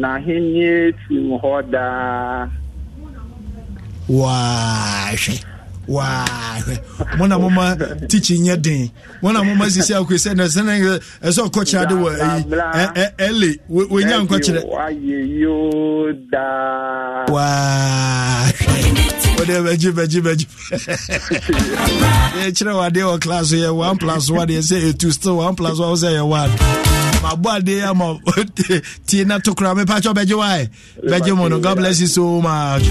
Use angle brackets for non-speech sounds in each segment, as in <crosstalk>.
n'ahennye tim hɔ daa. waahwɛ waahwɛ mo na moma tikyi nyɛ den mo na moma sisi akɔ sɛ na sɛ ɛsɛ ɔkɔkyerɛ de wɔ ayi ɛle wɔnya nkɔkyerɛ waahwɛ wode bɛgye bɛgye bɛgye yɛkyerɛ wɔ adeɛ wɔ class yɛ one plus one, yɛ sɛ ɛtu still one plus one, wo sɛ yɛ 1 mabɔ ade ama tie na to kora mepatwɛ bɛgye wae bɛgye mu no god bless you so much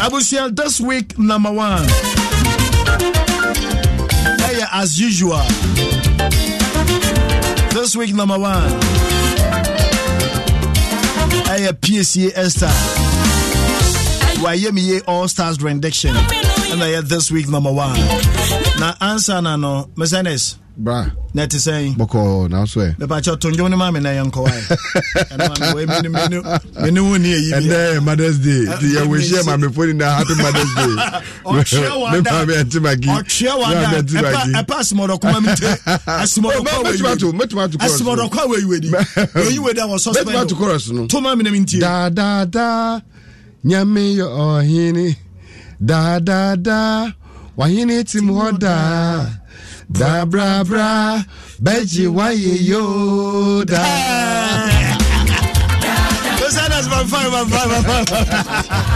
Abusia, this week number one. Hey, as usual. This week number one. Hey, PSA Esther. Wayemi All Stars rendition. And I this week number one. Now answer no, Mesenes. bra na ti sɛn bɔkɔ na so ɛ bɛpa kyɛ to ndwom no ma me na yɛ nkɔ wae mene wo ne ɛyi ɛnɛ mothers day nti yɛwɔhyia mamefo ni na happy mothers day memfamɛte magiɛpa asomɔdɔkoma mte asomɔdɔkɔ a wɔyiwadi wɔyiwadi a wɔsɔsmɛtoma to chorus <laughs> no toma mene mentie daadaadaa nyame yɛ ɔhene daadaadaa wahene tim hɔ daa Da bra beji wayɛ yo da Send us one, one, one, one, one.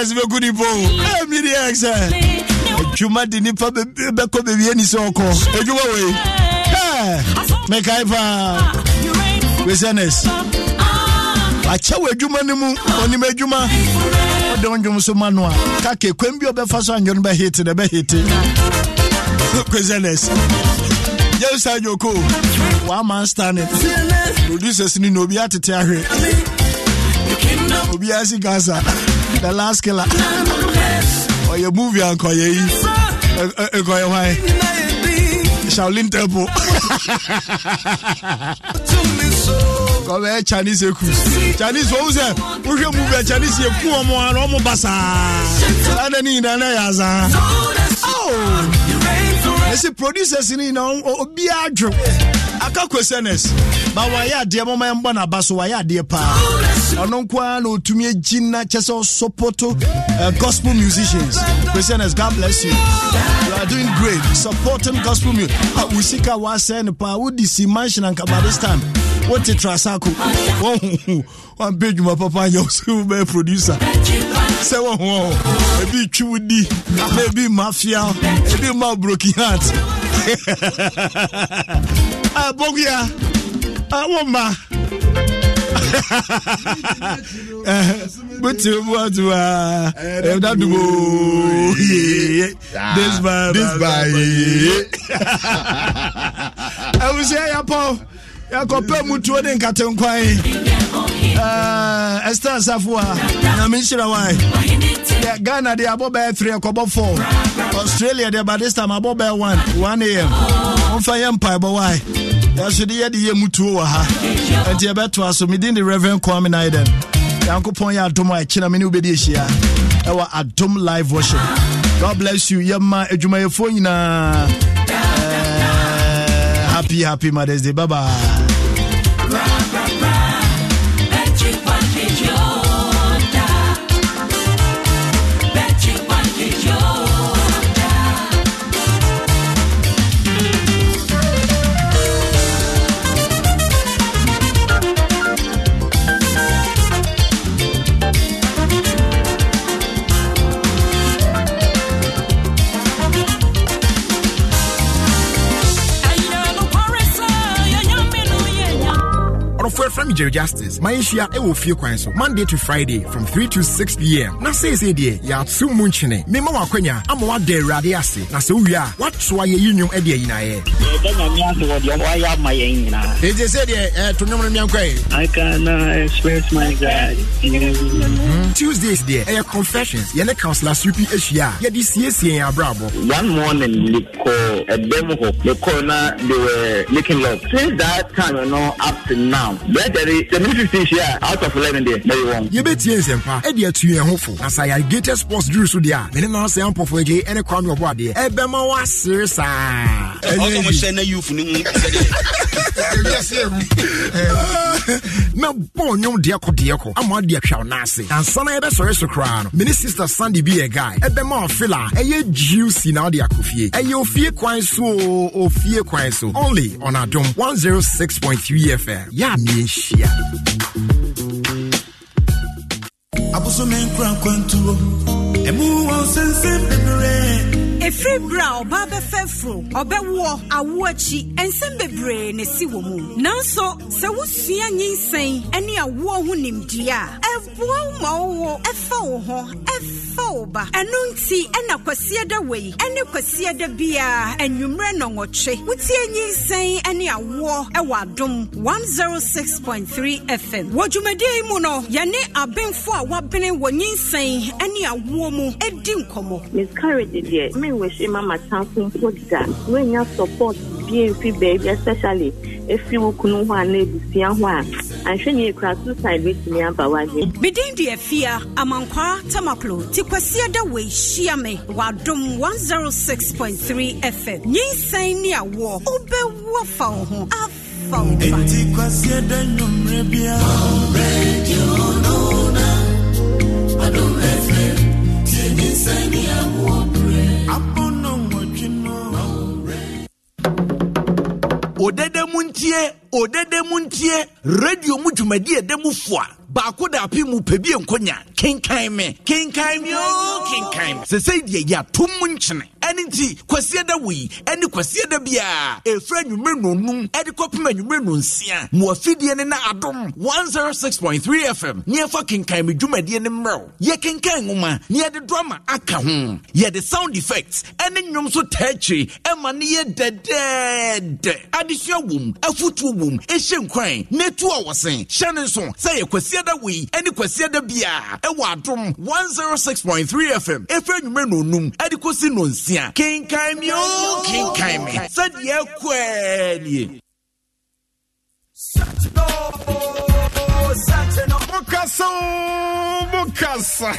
na sɛ bɛgu nipo medeɛ sɛ adwuma eh. de nnipa bɛkɔ baabi ani sɛ ɔkɔ adwuma wei mekae paa wesɛnes akyɛ wɔ adwuma no mu ɔnim adwuma ɔde wo ndwom so ma no a kake kwan bi ɔbɛfa so anwɔ no bɛhete na bɛhete kwesɛnes <laughs> yɛsa dwoko wama stane producers ni na obi atete ahwɛ obiaa si gasa the last killer. Or your movie and call you. Call why? Shaolin Temple. Come here, Chinese eku. Chinese wọ́n sẹ́, wọ́n hwẹ́ mu bẹ̀ Chinese eku ọmọ ọmọ basaa. Sáà dẹ́ni yìí dáná yà sá. ɛsɛ producers no nyina obi dwom aka questioners ma wayɛ adeɛ moma yɛmbɔ no aba so wayɛ adeɛ paa ɔno nko na ɔtumi agyi na kyɛ sɛ eh, gospel musicians questioners god bless you you are doing great supporting gospel music a wo sika woasɛe no paa wode si mansion anka by this time wote trasako wohu wampɛ adwuma papa anyɛ wo sɛ wobɛyɛ producer sɛ wɔ ho ebi twiwudi na ebi mafia ebi ma broken heart abogua <laughs> ah, awo ah, ma bótìrì mu àtúwà ẹ̀dá eh, dùbò yéye this man ah, this man yéye ẹ̀wùsí ẹ̀yà pọ̀ yɛkɔpɛ mu tuo ne nkatenkwan ɛsta asafo a nyame nhyira wa ghana deɛ abɔ bɛyɛ 3 ɛkɔbɔ 4 australia deɛ bade stam abɔ bɛyɛ 1 1am ɔmfa yɛ mpaebɔ wa yɛso de yɛde yɛ mu tuo wɔ ha ɛnti yɛbɛtoa so medin de reverend kwame niden nyankopɔn yɛ adom a ɛkyena me ne wobɛdi ahyia ɛwɔ adom live worship god bless you yɛma adwumayɛfoɔ nyinaa happy, happy Mother's Day. Bye bye. Kwame Jerry Justice, Maisha Ewo Fio Kwanso, Monday to Friday from 3 to 6 p.m. Na say say dear, ya tsu munchine. Mema wa kwenya, ama wa de rade ase. Na se uya, what so aye yinyum e in yina ye. It is said eh to nyum nyam kwai. I can uh, express my God. Mm-hmm. Tuesdays there, eh confessions, ye ne counselor supi ehia. Ye di siesie ya brabo. One morning we call a demo, they call they were making love. Since that time you know up to now, mɛri sɛ mini fifteen hyia out of eleven deɛ mɛri wɔn. yɛbɛtie nsɛmpa ɛde atu yɛn ho fo na sa yare gated sports duru so deɛ a mene na sɛ ampɔfo agye ɛne kwame ɔbɔ adeɛ ɛbɛma wo asere saa. ɔsɔ mo hyɛ na youth ne mu sɛdeɛ. <laughs> <laughs> mɛbɔ nnwom deɛ kɔ deɛ kɔ ama ade atwa wo n'ase ansa na yɛbɛsɔre so koraa no mene sister sunday bi yɛ guy ɛbɛma ɔfila a ɛyɛ juicy na ɔde akɔ fie ɛyɛ ofie kwan so o ofie kwan so only on adom 106.3 fm yɛ a miɛnhyia abosome nkura nkwantuo ɛmu wɔ sensɛm bebree ɛfiri berɛ a ɔbaa bɛfɛ foro ɔbɛwoɔ awo akyi ɛnsɛm bebree na ɛsi wɔ mu nanso sɛ wosua nyinsɛn ne awoɔ ho nimdeɛ a ɛboa wo ma wowo ɛfa wo ho ɛfa wo ba ɛno nti ɛna kwasiɛda wei ɛne kwasiɛda biara anwummerɛ nɔwɔtwe wotie nyinsɛn ne awoɔ ɛwɔ adom 106.3 fm wɔ dwumadie yi mu no yɛne abenfo a wɔabene wɔ nyinsɛn ne awoɔ mu ɛdi nkɔmmɔ miscarriage deɛ wɔhyɛ ma ma tamfo mpo da woanya support bie mfi baabi especially efi wo kunu a na ebusua ho a ahwɛ ne ekura suicide betumi aba wagye. bidin di afia amankwa tamaklo ti kwasi ɛda wɔ ehyia me wadom one zero six point three fm nyinsɛn ni awoɔ wobɛwɔ fa wo ho afa wo fa. eti kwasi ɛda nnwomre bia. ɔrɛdio nona adom fm ti nyinsɛn ni odede mu ntie odede mu ntie radio mu dwumadi ɛdɛ mu foa baako da api mu pɛbi nkonya kenkan me kenkan me o oh, kenkan me sɛsɛi deɛ yɛato mu nkyene ɛne nti kwasiɛ da wei ɛne kwasiɛ da biaa ɛfiri anwummere no num ɛde kɔpem anwummere no na ma One zero oh six point three fm ne yɛfa kenkan me dwumadie ne mmerɛw yɛkenkan nwoma ne yɛde drama aka ho yɛde sound effects ɛne nnwom so taakyiri ɛma ne yɛ dɛdɛɛdɛ adesua wom afotuo wom ɛhyɛ nkwan na ɛtu a wɔsen hyɛ ne nso sɛ yɛ kwasiɛ da wei ɛne kwasiɛ ɛwɔ oh point three fm ɛfɛ nwuma nonum ɛde kɔsi nonsia kenkan mi o kenkan mi sɛdeɛ ɛkɔ ɛɛ nie. Mukasa, Mukasa. mokasa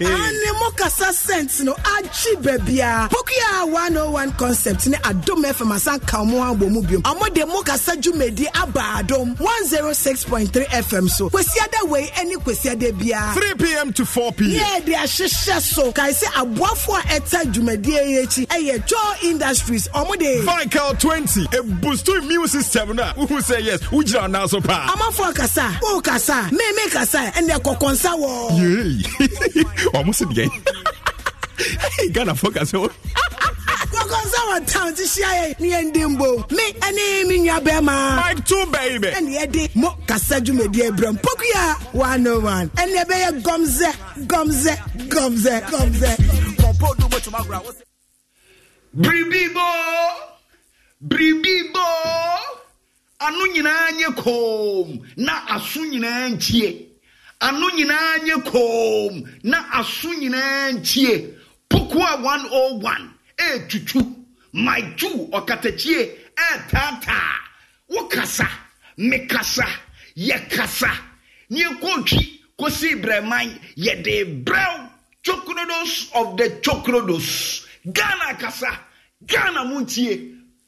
ane mokasa scent no agye baabiaa pokua 101 concept ne adom fm asanka ɔmo abɔ mu biom ɔmo de mokasa dwumadi aba adom 106.3 fm so kwasiada wei ne kwasiada biaa 3pm to 4pm yɛ de ahyehyɛ so kae sɛ aboafo a ɛta dwumadie yi akyi ɛyɛ joe industries ɔmo de vical 20 ɛbusto immune system no a wohu sɛ yes wogyina ɔnaa so paa amafo akasa o kasa meme kasa ɛnɛ kɔkɔ nsa wɔ. yee <laughs> ɔmo si diɛ ghana fɔ kasa o. kɔkɔnsa wɔ town ti hyia yɛ ne yɛn den bo me ɛne me nua bɛrima mike two bɛyibɛ ɛne yɛde mo kasa dwumadie brɛm one oh one ɛne ɛbɛyɛ gɔmzɛ gɔmzɛ gɔmzɛ gɔmzɛ. biribi bo biribi bo ano nyinaa nye koom na aso nyinaa ntie ano nyinaa nye koom na aso nyinaa ntie pokua 101 ɛɛtutu e maiju ɔkatakyie ɛɛtaataa e kasa. mekasa yɛkasa kosi kɔsi brɛman de brɛw chokrodos of the chokrodos ghana kasa ghana mu ntie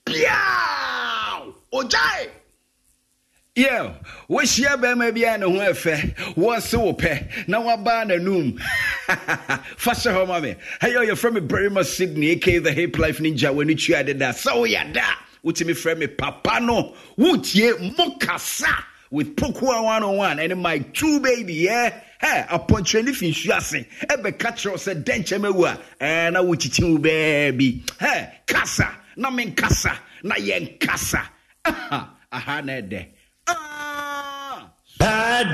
biaa ogyae yɛ wohyia bɛrima bi a ne ho ɛfɛ wɔse wo pɛ na wabaa n'anum <laughs> fa hyɛ hɔ ma me ɛyɛ yɛfrɛ me barima sydney aka the hip life ninja w'ani tua deda sɛ woyɛ da wotumi frɛ me papa no wotie mo kasa with Pokua 101 and my two baby, yeah. Hey, upon training if you say, Ebe catcher said, Denche mewa, and I would teach baby. Hey, Casa, na men Casa, na yen Casa. <laughs> Aha, aha, ne de. Ah!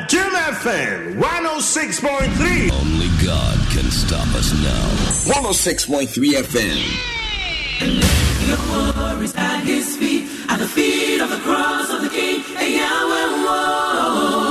Jim FM 106.3. Only God can stop us now. 106.3 FM. No worries at his feet, at the feet of the cross of the King, and Yahweh. Whoa.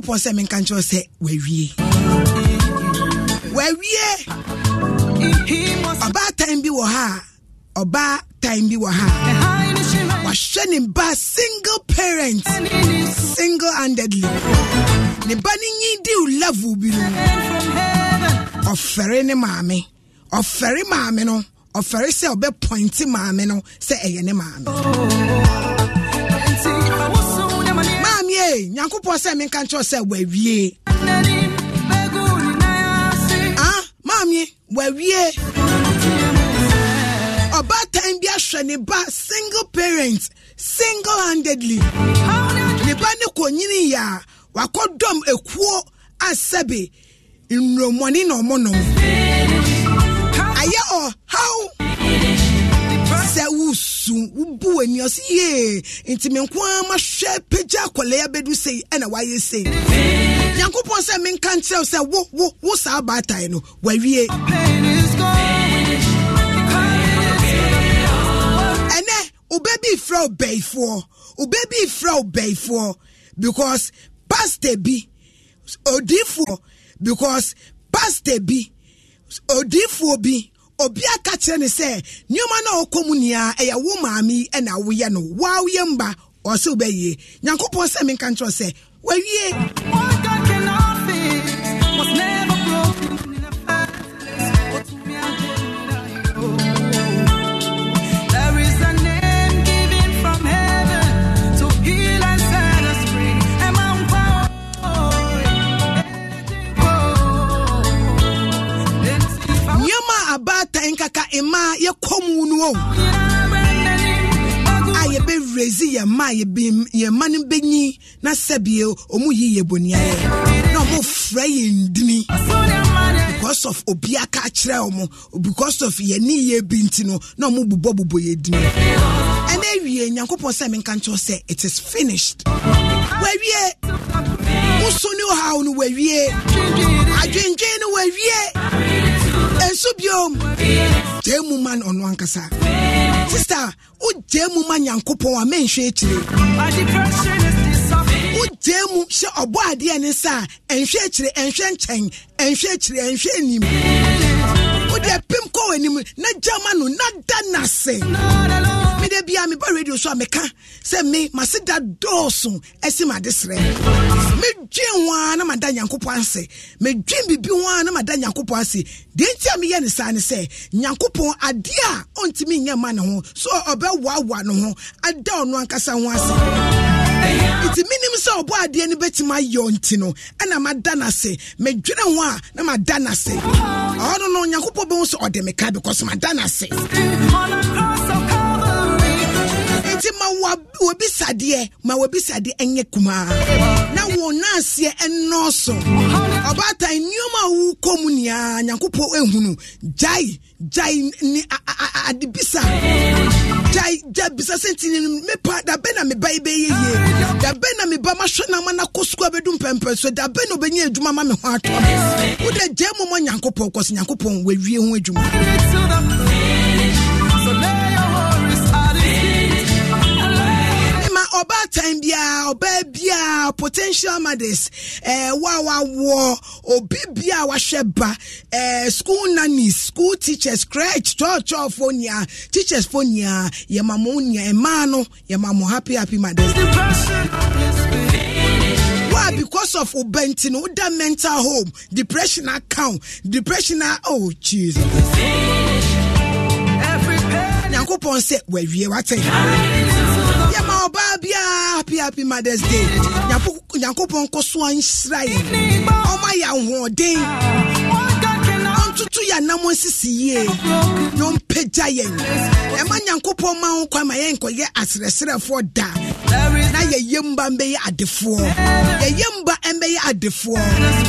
nyankopɔn sɛ menka nkyerɛ sɛ wawie wawie ɔbaatan bi wɔ ha a ɔbaatan bi wɔ ha a wahwɛ ne ba single parent single handedly ne ba no nyi di wo level bi no ɔfɛre ne maame ɔfɛre maame no ɔfɛre sɛ ɔbɛpɔinte maame no sɛ ɛyɛ ne maame afei nyankopɔn sɛ menka nkyerɛ sɛ wawie ah maame wawie ɔbaatan bi ahwɛ ne ba single parent single handedly ne ba ne kɔnyini yɛ a wakɔdɔm ekuo asɛbe nnuromɔni na ɔmo nom ayɛ ɔhaw sɛ wosu wobu w'ani ɔsɛ yee nti nko ara mahwɛ pagya akɔlɛɛ abɛdu sei ɛna wayɛ sei nyankopɔn sɛ menka nkyerɛw sɛ wo wo wo saa baatae no wawie ɛnɛ ɔbɛ bi frɛ ɔbɛifoɔ ɔbɛ bi frɛ ɔbɛifoɔ because pastor bi odiifoɔ because pastor bi odiifoɔ bi obi aka kyerɛ ne sɛ nneɛma no a ɔkɔ mu nyinaa ɛyɛ wo maame ɛna woyɛ no waa woyɛ mba ɔsɛ wobɛyie nyankopɔn sɛ menka nkyerɛ sɛ wawie sɛ nkaka mmaa yɛkɔ mu no o a yɛbɛwurɛzi yɛ mma yɛ mma no bɛnyi na sɛbie ɔmu yi yɛ boniayɛ na ɔmofrɛ yɛ ndini because of obia ka kyerɛ ɔmo because of yɛne yɛ bi nti no na ɔmo bobɔ bobɔ yɛ dini ɛna awie nyankopɔn sɛ menka nkyɛw sɛ it is finished wawie woso ne ɔhaw no wawie adwendwen no wawie ɛnso biom gyae mu ma ɔno ankasa sista wogyae mu ma nyankopɔn a menhwɛ akyire wogyae mu hyɛ ɔbɔ adeɛ ne nsa a ɛnhwɛ akyire ɛnhwɛ nkyɛn ɛnhwɛ akyire ɛnhwɛ anim deɛ pem kɔ anim na gyama no na da nase mede bia meba radio so a meka sɛ me mase da dɔɔso asi made serɛ medwen ho a na mada nyankopɔn ase medwen biribi ho a na mada nyankopɔn ase deɛ nti a meyɛ ne saa ne sɛ nyankopɔn adeɛ a ɔntumi nyɛ ma ne ho so ɔbɛwoawoa no ho ada ɔno ankasa ho ase nti menim sɛ ɔbɔ adeɛ no bɛtumi ayɛ nti no ɛna mada no ase medwene ho a na mada no ase ɔno no nyankopɔn wobɛhu sɛ ɔde me ka because mada no ase nti ma wabisadeɛ ma wabisadeɛ ɛnyɛ kumaa na wɔn aseɛ ɛnɔɔso ɔbaatan nneɛma a wokɔ mu nyinaa nyankopɔn ehunu gyae gyae ne adebisa gyae gya bisa sentini no mepa dabe na meba yi bɛyɛ dabe na meba mahwɛ na ma sukuu abɛdu mpɛmpɛ dabe na obɛnya adwuma ma me ho atɔ wode gyae mmɔmɔ nyankopɔn kɔso nyankopɔn wawie ho adwuma ɔbaatan biara ɔbaa biara potential mothers ɛɛ wa wawoɔ obi biara wahwɛ ba ɛɛ school nannies school teachers crèche churchɔfo nyia teachers fo nyia yɛmamu nyia mmaa no yɛmamu happy happy mothers. Why? Because of Ubentin, that mental home, depression account, depression, oh, Jesus. Nyankopɔn sɛ wawie watɛn ma ɔbaa biara happy happy mothers day nyankopɔn nkɔ so anhyira yɛ ɔma yɛ ahoɔden ɔntoto yɛ anam nsisi yie na ɔmpagya yɛn ɛma nyankopɔn ma ho kwan ma yɛnkɔyɛ aserɛserɛfoɔ da na yɛyɛ mba mbɛyɛ adefoɔ yɛyɛ mba mbɛyɛ adefoɔ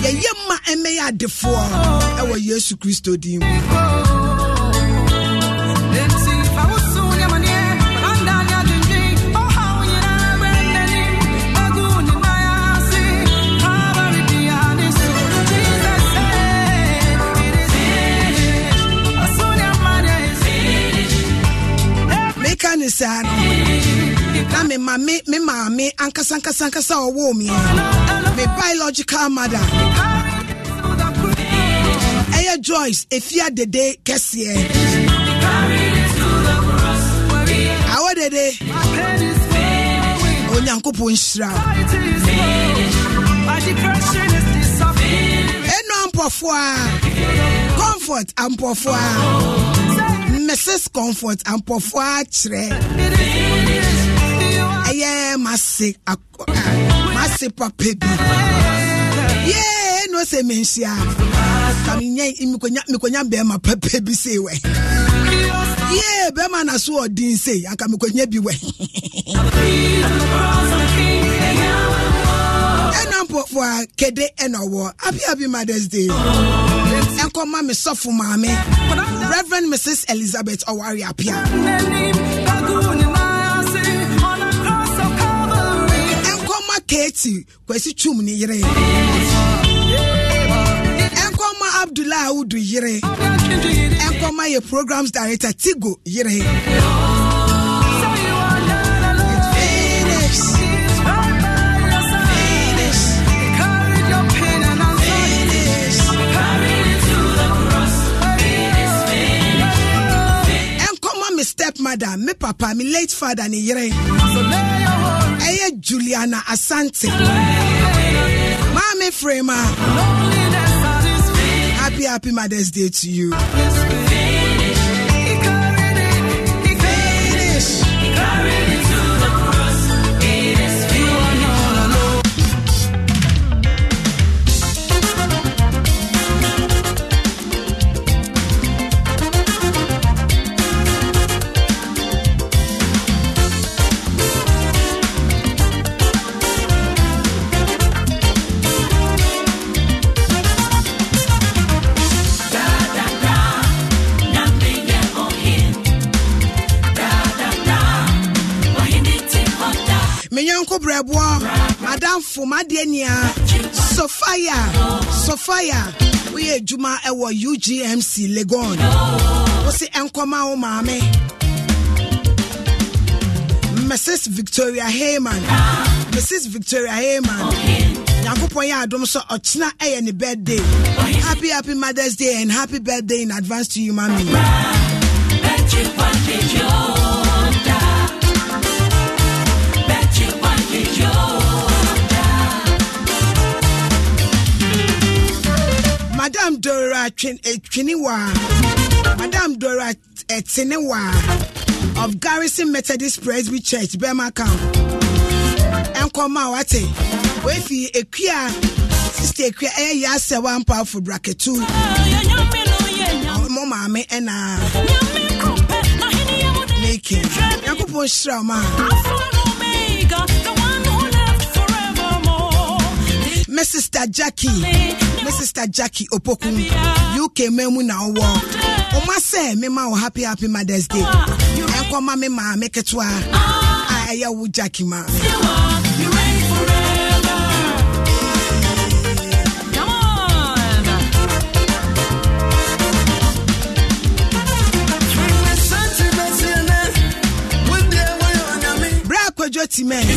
yɛyɛ mma mbɛyɛ adefoɔ ɛwɔ yesu kristo din mu saa no na me maame me maame ankasa ankasa ankasa ɔwɔ mi me biological mother ɛyɛ Joyce efia dede kɛseɛ awɔ dede onyankopɔn nhyira ɛnu ampɔfoɔ a comfort ampɔfoɔ a. mrs comfort ampɔfo akyerɛ ɛyɛ mase ah, mase papa bi yee na ɔsɛ menhyia ka menyɛ mekonya bɛrima papa bi sei wɛ yee bɛrima na so ɔden sei anka mekonya bi wɛ <laughs> ɛna mpɔfoɔ a kede ɛna ɔwɔ happy happy mother's day ɛnkɔma me sɔfo maame reverend mrs elizabeth ɔware apia ɛnkɔma Kwesi kwasi twum ne yere ɛnkɔma abdullah awudu yere ɛnkɔma yɛ programs director tigo yere stepmother me papa me late father ne yere ɛyɛ juliana asante maame frema happy happy mother's day to you ɛboɔ madam fomadeɛ nia sofia sofia woyɛ adwuma ɛwɔ ugmc legon wo se ɛnkɔma wo maame mrs victoria Heyman, mrs victoria hayman nyankopɔn yɛ adom sɛ ɔkyena ɛyɛ ne birthday happy happy mother's day and happy birthday in advance to you mami madam dora eh, twini wa madam dora ɛtini eh, wa of garrison methodist presby church bɛrma kan nkɔmma wate wefi ekuya, sista ekuya. Eh, ɛyɛ yasɛ one powerful bracket braketu oh, mo maame ɛna neke nyankopɔn hyira ɔma a. sister Jackie me sister Jackie Opoku, UK Memu na owo. Oma se me ma o happy happy Mother's Day. Enko ma me ma make it wa. wu Jackie ma. security men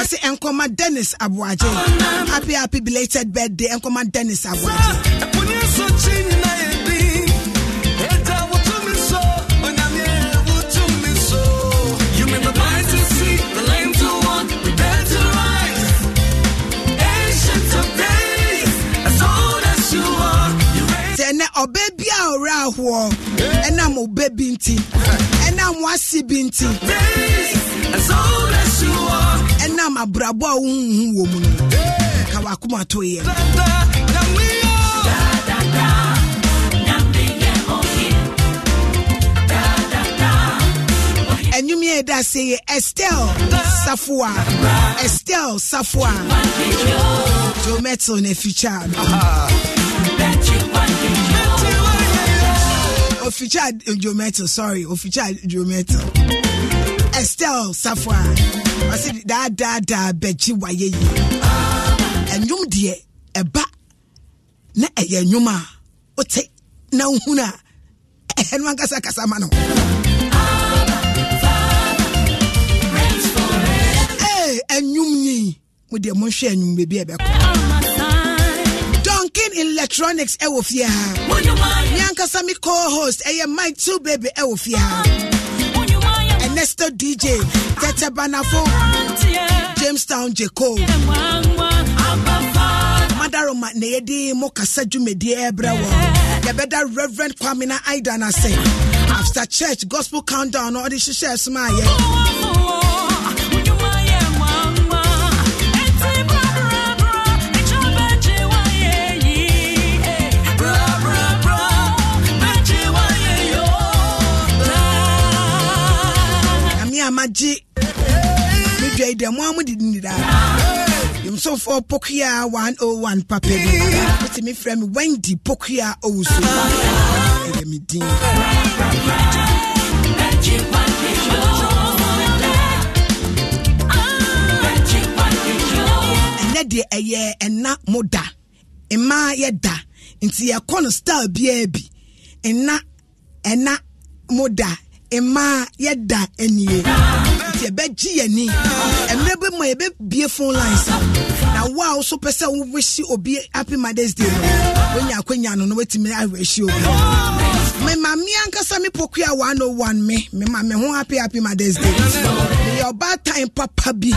ɔsɛ nkɔma dennis aboagye happy happy belated birthday nkɔma dennis aboagye. ɔbaa bi a ɔwerɛ ahoɔ wo be bi nti ɛnam wasi bi nti ɛnam abrabɔ a wohuhu wɔ mu no ka wakoma to yɛ ɛnwom yɛ ɛda se yɛ estel Safua, estel safoa tometo ne ficha oficha jometo sorry oficha jometo estelle safwa ɔsi daadaadaa bɛgye wayɛ yie ɛnwom deɛ ɛba na ɛyɛ nnwom a wote na wohunu a ɛhɛ no ankasa kasa ma no ɛnwom nyi mo deɛ monhwɛ anwum baabi ɛbɛkɔ Thinking Electronics ɛwɔ fie ha. Nyankasa mi co-host ɛyɛ eh, Mike Two Baby ɛwɔ fie ha. Ernesto DJ, Tete Banafo, Jamestown J. Cole. Madaroma na yɛde mo kasa dwumadie eh, ɛbrɛ wɔ. Yɛbɛda Reverend Kwamina Aida na After church gospel countdown na ɔde hyehyɛ ɛsom ayɛ. magye medwa yi dɛ mo a mode ni daa nsofo pokia 101 papa bi wotumi frɛ me wendy pokia ɔwo so ɛyɛ me din ɛnɛ deɛ ɛyɛ ɛna mo da mmaa yɛ da nti yɛkɔ no style biara bi ɛna ɛna mo da mmaa yɛda nie nti yɛbɛgye yɛni mmerɛ bɛ mu a yɛbɛbie phone lines na wo a woso pɛ sɛ wowɛhyi obi happy mothers day no wonya akwanya no no woatumi awɛhyi obi me ma me ankasa me pokua 101 me me ma me ho happy happy mothers day meyɛ ɔbaatan papa bi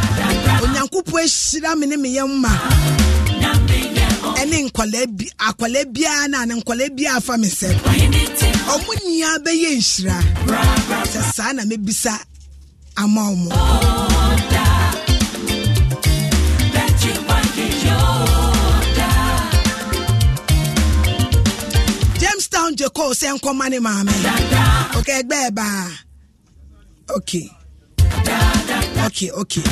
onyankopɔn ahyira me ne meyɛ ma ɛne akwalaa biara na ne nkwalaa biara afa me nsɛm ɔmo nyinaa bɛyɛ nhyira sɛ saa na mebisa ama ɔmo. Jamestown Jacob sɛ nkɔma ne maame Ok, ɛgbɛɛ baa Ok. ok ok.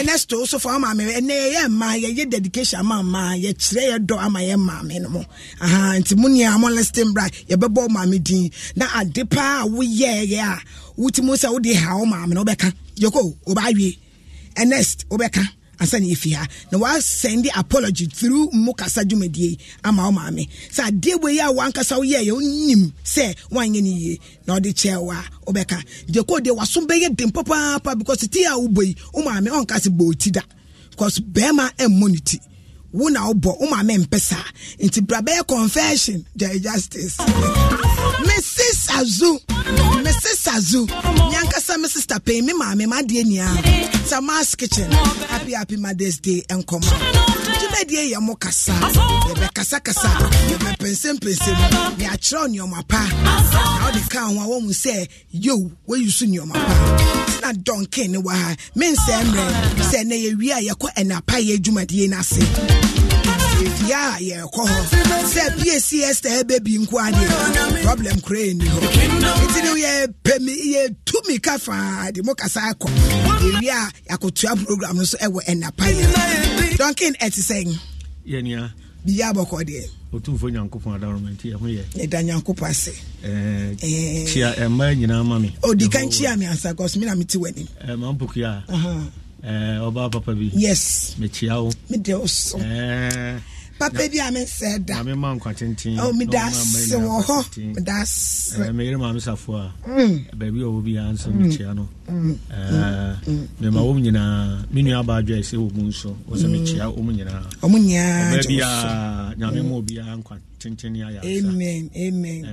ɛnɛ store so fa maame ɛnɛ yɛyɛ mmaa yɛyɛ dedication ama mmaa yɛkyerɛ yɛ dɔ ama yɛ maame no mo nti mu nea mo listing bra yɛbɛbɔ maame din na ade paa a woyɛɛyɛ a wotimu sɛ wode ha wo maame no wobɛka yɛko wobɛawie ɛnest wobɛka ansa ne yɛfie ha na wasɛn de apology through mo kasa dwumadie yi ama wo maame sɛ adeɛ wei a wankasa woyɛɛ yɛ wonim sɛ woanyɛ no yie na ɔde kyɛɛ wo a wobɛka gye kɔ deɛ waso bɛyɛ den papaapa because ti a wobɔ yi wo maame ɔnka se bɔɔ ti da because bɛrima mmɔ ne ti wo na wobɔ wo maame mpɛ saa nti brabɛyɛ confession jai justice mrs azu mrs azu nyankasa me sister pɛi me maame madeɛ sa mas kitchen happy happy mothers day nkɔma dwumadie yɛ mo kasa yɛbɛkasakasa yɛbɛpɛnsɛmpɛnsɛm ne akyerɛw nneɔma pa na wode ka ho a wɔmu sɛ yo woyi so nneɔma pa na dɔnke ne wɔ ha mensɛ mmerɛ sɛ ɛnɛ yɛwie a yɛkɔ ɛnapa yɛ adwumadie no ase yɛ a yɛrekɔ hɔ sɛ psc ɛsta ɛbɛbi nko adeɛ problem koraa ɛni hɔ ɛti ne yɛpɛmi yɛtumi ka faa de mo kasa akɔ ɛwie a yɛakotoa program no so ɛwɔ eh, ɛnapa yɛ donkin ɛte eh, sɛn yɛnia biribi abɔkɔ deɛ ɔtumfo nyankopɔn adaromanti ɛho yɛ ɛda nyankopɔn ase kyia eh, ɛma nyinaa ma me ɔdi ka nkyia me ansa kɔso me na mete w'anim mampokuaa ɔbaa eh, papa bi yes mekyia wo mede wo so eh. papa bi a mensɛ da maame ma nkwa tenten oh, medase wɔ hɔ medase eh, meyere maame safo a mm. baabi ɔwɔ biaa nso mekyia no mm. mm. mema wɔ m nyinaa me nua abaa adwa ɛsɛ wɔ mu nso wɔ sɛ mekyia wɔ m nyinaa ɔmo nyinaa ɔbaa biaa nyame ma obiaa nkwa kyenkyen ne ayɛ asa amen amen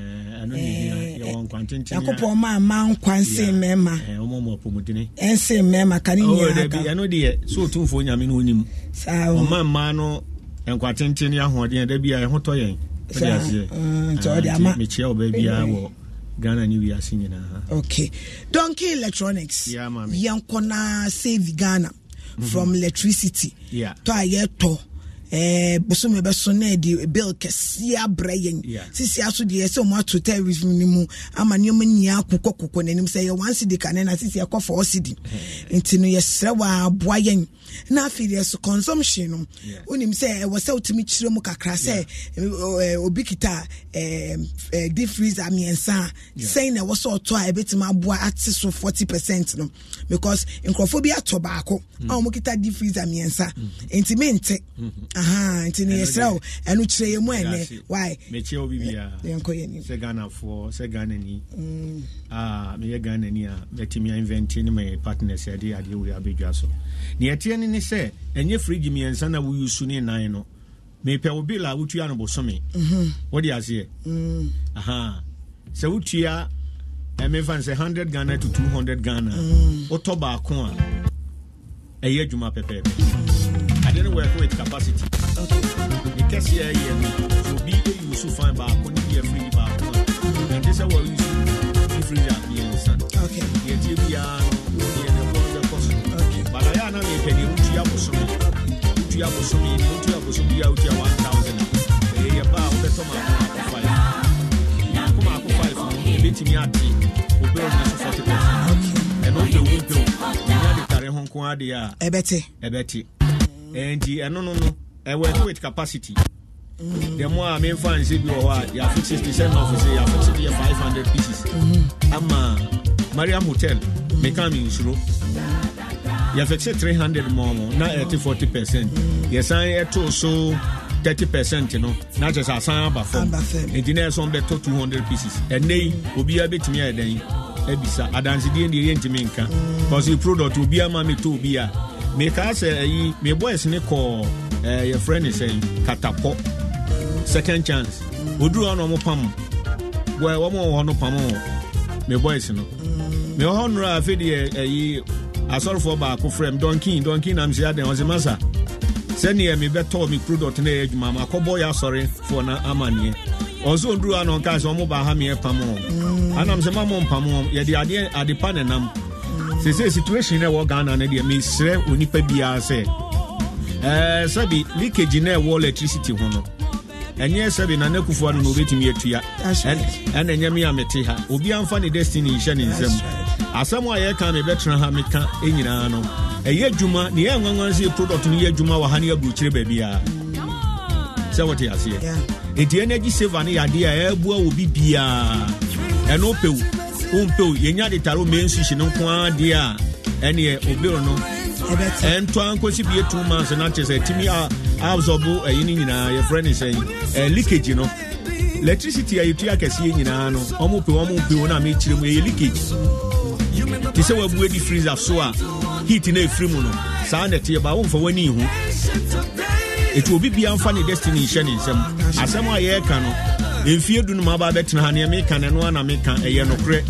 ɛno eh, ne eh, yɛwɔ nkwa kyenkyen yakopɔn ma ama nkwa nsen mmarima wɔn eh, mu apɔmudini nsen mmarima ka ne oh, nyinaa aka ɛno deɛ so otumfoɔ nyame no onim saa ɔma mmaa no nkwa kyenkyen ne ahoɔden ɛda bi a ɛho tɔ yɛn sɛ aseɛ mekyia wo baabiaa wɔ ghana ne wiase nyinaa okay donkey electronics yeah, yɛnkɔ na save ghana mm -hmm. from mhm. electricity yeah. tɔ a yɛtɔ Eh, bosome bɛso na ɛde bill kɛseɛ abrɛ yɛn sisia so deɛ sɛ ɔmo ato terrorism no mu ama nneɛma nyinaa kokɔ kokɔ n'anim sɛ yɛ one cedi ka ne na sisia kɔ four nti no yɛsrɛ wɔ aboa yɛn na afei deɛ so consumption no wonim sɛ ɛwɔ sɛ wotumi kyerɛ mu kakra sɛ obi kita de freezer mmiɛnsa a sɛn na ɛwɔ sɛ ɔtɔ a ɛbɛtumi aboa ate so 40 percent no because nkurɔfoɔ bi atɔ baako a wɔn mm. kita de freezer mmiɛnsa mm-hmm. nti mente mm-hmm. nti ne yɛsrɛ wo ɛno kyerɛ yɛ mu ɛnɛ why mekyɛ wo bibia sɛ ghanafoɔ sɛ ghanani mm. ah, meyɛ ghanani a mɛtumi invente ne my partners ɛde adeɛ wura abɛdwa so ne yɛteɛ adeɛ ne ne sɛ ɛnyɛ firiji mmiɛnsa na woyi su ne nan no mepɛ wo bill a wotua no bosome mhm. wode aseɛ mm. aha sɛ wotua ɛmefa sɛ 100 ghana to 200 ghana mm. wotɔ baako a ɛyɛ adwuma pɛpɛɛpɛ adeɛ no work with capacity ne kɛseɛ ɛyɛ no sɛ obi ɛyi wo so fan baako ne bia firiji baako a ɛnte sɛ wɔyi so ne firiji a mmiɛnsa yɛtie biara no kaa eh, eh, eh, na mepɛni 1000 ba no so no no We with capacity the more I mean, fans, if you are, you have 60% of say, you have 60 500 pieces. I'm mm-hmm. a Mariam Hotel, Mekami Usuro. yɛfɛkyɛ 300 mmɔɔ na ɛte 40 percent yɛsan ɛtoo so 30 percent no na kyɛ sɛ asan aba fam enti na ɛsɔn bɛtɔ 200 pieces ɛnɛ yi obiara bɛtumi ayɛ dɛn abisa adansedeɛ deɛ yɛntumi nka bcause product obiara ma to obi a mekaa sɛ ayi mebɔ ɛs ne kɔɔ eh, yɛfrɛ ne sɛ katapɔ second chance ɔduru hɔ na ɔmo pam wɔma wɔ hɔ no pam mebɔ ɛs no mewɔ hɔ nnora afei deɛ ayi asɔrefoɔ baako frɛ m dɔnkin dɔnkin nam sɛ adɛn ɔse masa sɛneɛ mebɛtɔɔ me product na ɛyɛ adwuma makɔbɔ yɛ asɔrefoɔ no amanneɛ ɔnso ɔnduru a na sɛ ɔmo baa ha meɛ pam ɔ mm. anam sɛ mamɔ mpam ɔ yɛde adeɛ ade pa ne nam mm. sɛsɛ situation na ɛwɔ ghana no deɛ mesrɛ onipa biara sɛ ɛɛ sɛbi leakage na ɛwɔ electricity ho no ɛnyɛ sɛbi nana na obɛtumi atua ɛnyɛ me a ha mfa asɛm a yɛka na ɛbɛtena ha meka nyinaa no ɛyɛ adwuma ne yɛ nwanwan sɛ product no yɛ adwuma wɔ ha ne aburokyerɛ baabiaa sɛ wote aseɛ ɛnti energy saver no yɛadeɛ a ɛɛboa wɔ bi biaa ɛno wopɛw wompɛw yɛnya detare ɔmɛ nsuhye no nko a deɛ a ɛneɛ obiro no ɛntoa nkɔsi bie two months no akyɛ sɛ atumi absorbo ɛyi no nyinaa yɛfrɛ ne sɛn leakage no electricity a yɛtua akɛseɛ nyinaa no ɔmopɛ ɔmopɛ wo no a mekyerɛ mu ɛyɛ leakage te sɛ wabu adi freezer so a heat no ɛfiri mu no saa na ɛteɛ ba womfa w'ani ho ɛti obi bia mfa ne destiny nhyɛ ne nsɛm asɛm a yɛreka no ɛmfie du no ma aba bɛtena ha neɛ meka no ɛno ana meka ɛyɛ nokorɛ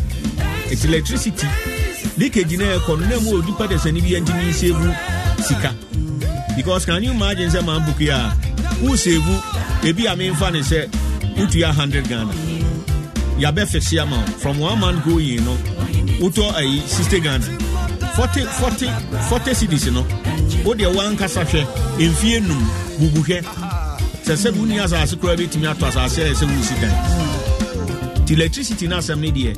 ɛti electricity leakage na ɛkɔ no na mu onipa dasani bi ɛnti ne nsɛvu sika because can you imagine sɛ maa buku a wosɛvu ebi a memfa ne sɛ wotua 100 ghana yɛabɛfɛse ama from one man going no wotɔ ayi sixty ghana forty forty forty cedis no wo deɛ wankasa hwɛ mfie num bubu hwɛ sɛ sɛ wo ni asase koraa bɛtumi atɔ asase a ɛsɛ wosi dan nti electricity na asɛm no deɛ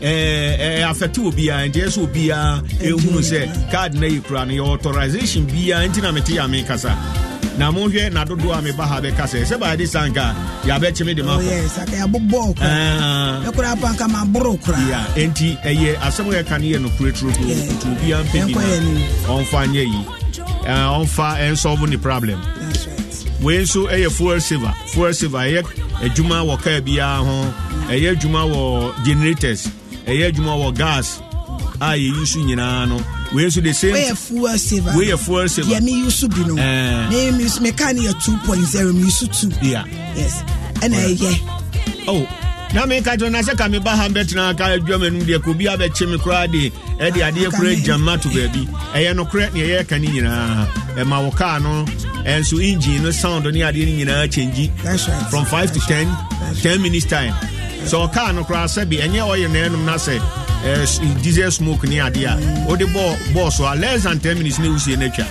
ɛɛ afɛte obiara nti ɛsɛ obiara ehunu sɛ card na yi kura no yɛ authorization biara nti na mete yɛ ame kasa na monhwɛ nadodoɔ a meba ha bɛka sɛ sɛ baade sa nka yɛabɛkyeme de maɛnti oh, ah. ɛyɛ asɛm a yɛka no yɛ nokorɛ turoturo obia mpɛni ɔmfa nyɛ yi ah, ɔmfa ɛnsɔvo ne problem wei nso ɛyɛ fuel saver fuel saver ɛyɛ adwuma wɔ kaa biara ho ɛyɛ adwuma wɔ generators ɛyɛ adwuma wɔ gas a yɛyi so nyinaa no wey nso the same. wey yɛ fuel saver. wey yɛ fuel saver. diɛ mi yusu bi no. ɛɛ mi mi kaa yɛ two point zero mi yusu two. yeah. yes ɛna ɛyɛ. oh na mi ka kyerɛ na sɛ ka mi ba ha bɛ tena ka adwa mu anum deɛ ko bi abɛ kye mi koraa de ɛde ah, adeɛ kura gyama to baabi ɛyɛ no korɛ ne ɛyɛ ka ne nyinaa ɛma wo kaa no ɛnso engine no sound ne adeɛ no nyinaa kyɛngyi from five to ten ten minutes time So ɔkaa no koraa sɛbi ɛnyɛ ɔyɛ na ɛnum na sɛ Eh, dj smoke ne adeɛ a wode bɔɔ so a less than ten minutes ne wosie no atwa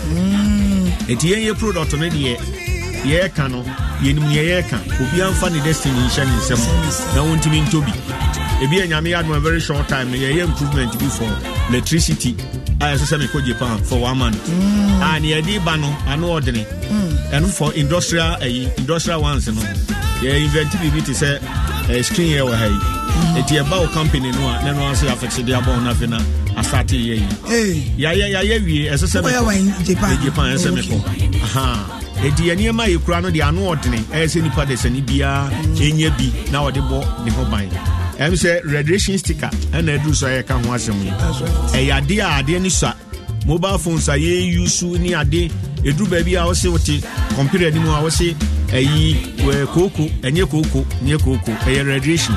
ɛnti mm. yɛnyɛ product no deɛ yɛɛka no yɛnim neɛ yɛɛka obiaa mfa ne destiny nhyɛ ne nsɛm na wontumi ntɔ bi ebi anyame yɛ a very short time no yɛyɛ improvement bi for electricity a ɛsɛ sɛ mekɔ japan for one month mm. a ne yɛde ba no ano ɔdene mm. ɛno for industrial ayi industrial ones no yɛ invent biribi te sɛ uh, screen here, wɔ ha yi ɛti ɛba wo company no a ne no ase afɛkse de abɔ no afei na asate yɛ yi yɛayɛ yɛayɛ wie ɛsɛ sɛ mekɔgyepan ɛsɛ mekɔ ɛti yɛ nneɛma a yɛkura no deɛ ano ɔdene ɛyɛ sɛ nnipa de sɛne eh, biara mm. enye bi na ɔde bɔ ne ho ban ɛm eh, sɛ radiation sticker ɛna ɛduru so a yɛka ho asɛm yi ɛyɛ adeɛ a adeɛ no sua mobile phones a yɛyusu ne ade ɛduru baabi a wɔse wote computer ni anim a wɔse ɛyi wɛ kooko ɛnyɛ kooko ɛnyɛ kooko ɛyɛ radiation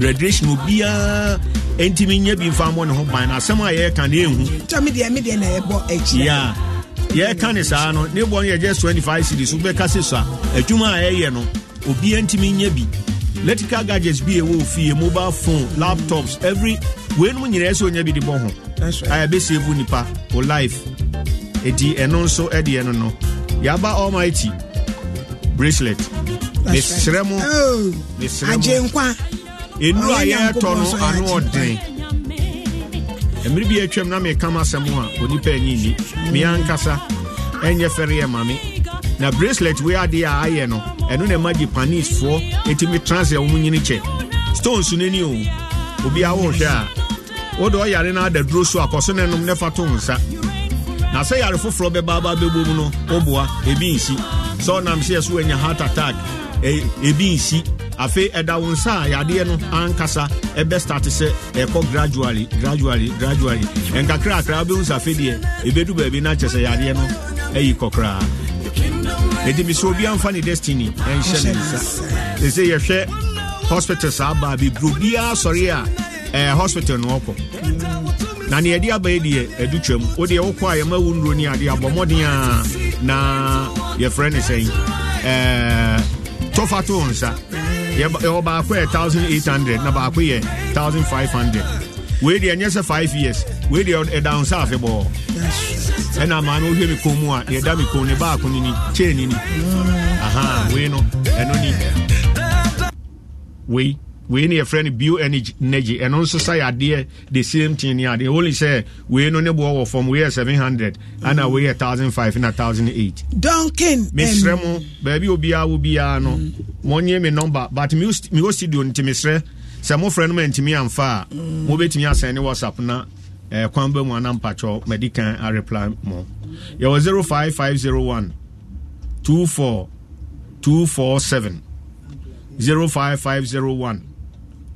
radiation obiara ɛntumi nyɛ bi nfa mmɔ ne ho ban na asɛm a ka ne ehu. tɔmi deɛ mi deɛ na yɛ bɔ akyi. yaa yɛreka ne saa no ne bɔ no yɛ just twenty five cedis wo bɛka se so a adwuma a ɛyɛ no obiara ntumi nyɛ bi electrical gadgets bi ɛwɔ fie mobile phone laptops every weinom nyinaa ɛsɛ onya bi de bɔ ho a yɛbɛsievu nipa o life eti ɛno nso ɛdeɛ no no yaba almighty. bracelet mesrɛ mo mesrɛ mo ɛnu a yɛɛtɔ no ano ɔden mmere bi atwam na mekama asɛm a onipa ani ni meankasa ɛnyɛ fɛreyɛ ma me na bracelet wei adi a ayɛ no ɛno na ɛma japanesefoɔ ɛtumi transɛ wo mu nyini kyɛ stones no ni o Obi wohwɛ a wode ɔyare no adaduro so akɔ so no nom ne fa to nsa na sɛ yare foforɔ bɛbaaba bɛbom no woboa ɛbi nsi sɛ ɔnam sɛ ɛso anya heart attack e, ebi nsi afei ɛda wo nsa a yadeɛ no ankasa ɛbɛ start sɛ ɛkɔ gradually gradually gradually ɛnkakra akra wobɛhu sɛ afei deɛ ɛbɛdu baabi no akyɛ sɛ yadeɛ no ayi kɔ koraa ɛti sɛ obi amfa e ne destiny ɛnhyɛ ne nsa ɛsɛ e yɛhwɛ hospital saa baa bebrɛ obiaa sɔre a ɛɛ hospital no ɔkɔ na neɛ yɛde abayɛ deɛ ɛdu twam wodeɛ wokɔ a yɛma wo nnuro ne adeɛ abɔ a na Your friend is saying, tɔfa uh, to nsa yɛwɔ baako yɛ 1800 na baako yɛ 1500 wei deɛ ɛnyɛ sɛ 5 years wei deɛ ɛda nsa afebɔɔ ɛna maa no wohwɛ me kon mu a yɛda me kon ne baako no ni kyɛɛ ni ni aha wei no ɛno ni wei wei ne yɛfrɛ no bio energy ɛno nso sa yɛ adeɛ the same thing ne adeɛ only sɛ wei no ne boɔ wɔ fam wei yɛ 700 ana mm. wei yɛ 1005 na 1008 donkin mesrɛ mo baabi obiaa wo biaa no mɔnye me number but mewɔ studio nti mesrɛ sɛ mofrɛ no ma ntimi amfa a mm. mobɛtumi asɛn ne whatsapp na eh, kwan ba mu ana mpakyɛ madi kan areply mɔ yɛwɔ 05501 24 247 05501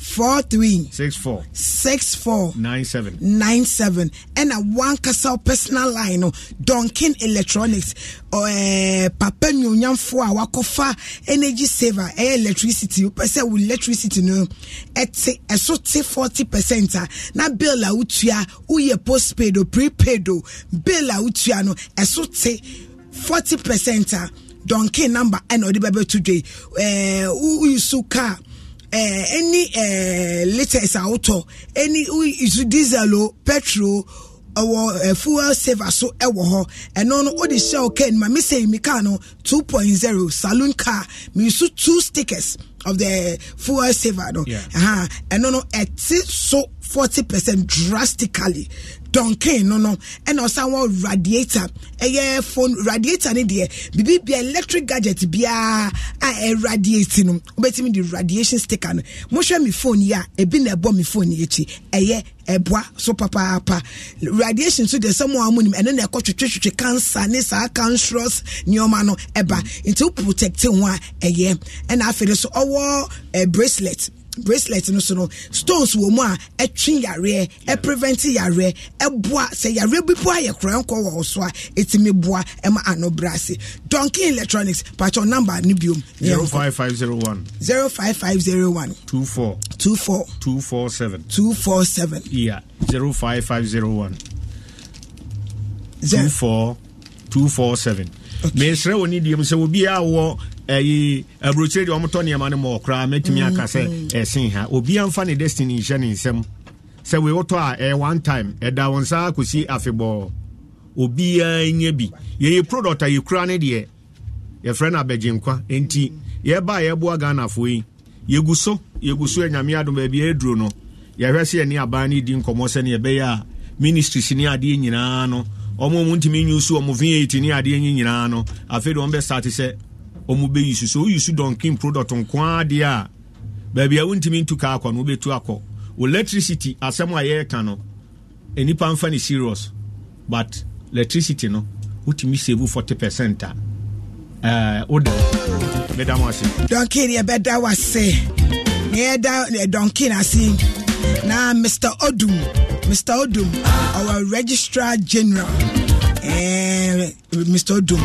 four three six four six four nine seven nine seven and a one castle personal line Dunkin Electronics or uh, eh, Papa Nyonyam for our kofa energy saver eh, electricity pese with electricity no ete eso eh, te forty percent ah. na bill a utia uye postpaid or oh, prepaid o oh. bill a utia no eso eh, te forty percent a ah. Dunkin number and odi bebe today eh uh, uyu car ɛne eh, eh, ɛɛ litres a wotɔ ɛne isu diesel o petrol ɛwɔ uh, eh, fuel saver so ɛwɔ hɔ ɛno no wode hyɛ wo kaa nima mesɛ mi car no 2.0 saloon car menso two stickers of the fuel saver no yeah. ɛno uh-huh. no ɛte so 40 percent drastically Donkey, no no ɛna ɔsan wɔ radiator ɛyɛ phone radiator ne deɛ biribi bia electric gadget biara a ɛradiate no wobɛtumi de radiation sticker no mohwɛ me phone yi a ebi na ɛbɔ me phone yi akyi ɛyɛ ɛboa so papaapa radiation nso deɛ sɛmo a monim ɛno na ɛkɔ twetwetwetwe cancer ne saa cancerous nneɔma no ɛba nti wo protect ho a ɛyɛ ɛna afei so ɔwɔ bracelet bracelet no so no stones wɔ mu a ɛtwe yareɛ ɛprevent yareɛ ɛboa sɛ yareɛ bi po ayɛ korɛ nkɔ wɔ so a ɛtumi boa ɛma ano brase donkey electronics patron number ne four. Two four seven. Two four seven. yeah Zero zero five five one. Two four. Two four seven. mesrɛ wɔ ne deɛ mu sɛ obiaa wɔ ɛyi aburokyire deɛ ɔmotɔ nneɛma no ma ɔkoraa mɛtumi aka sɛ mm-hmm. ɛsen ha obiaa mfa ne destiny nhyɛ ne nsɛm sɛ wei wotɔ a ɛyɛ one time ɛda wo nsa kɔsi afebɔɔ obiaa nya bi yɛyɛ product a yɛkura ne deɛ yɛfrɛ no abɛgyenkwa enti yɛba a yɛboa ghanafoɔ yi yɛgu so yɛgu so anyame adom baabi ɛduro no yɛhwɛ sɛ yɛne aban no di nkɔmmɔ sɛne yɛbɛyɛ a si ne adeɛ nyinaa no ɔmo ɔmo ntumi nyi so ɔmo v8 ne adeɛ nyi nyinaa no afei de ɔmo bɛ start sɛ ɔmo bɛ yi so so donkin product nko adeɛ a baabi a wontumi ntu kaa akɔ no wobɛtu akɔ electricity asɛm a yɛreka no e nipa nfa ne serious but electricity no wotumi save forty percent a ɛɛ eh, o da bɛda ase. donkin yɛ bɛda wase na yɛ da donkin ase na mr odum. Mr. Odum, our Registrar General. Eh, Mr. Odum,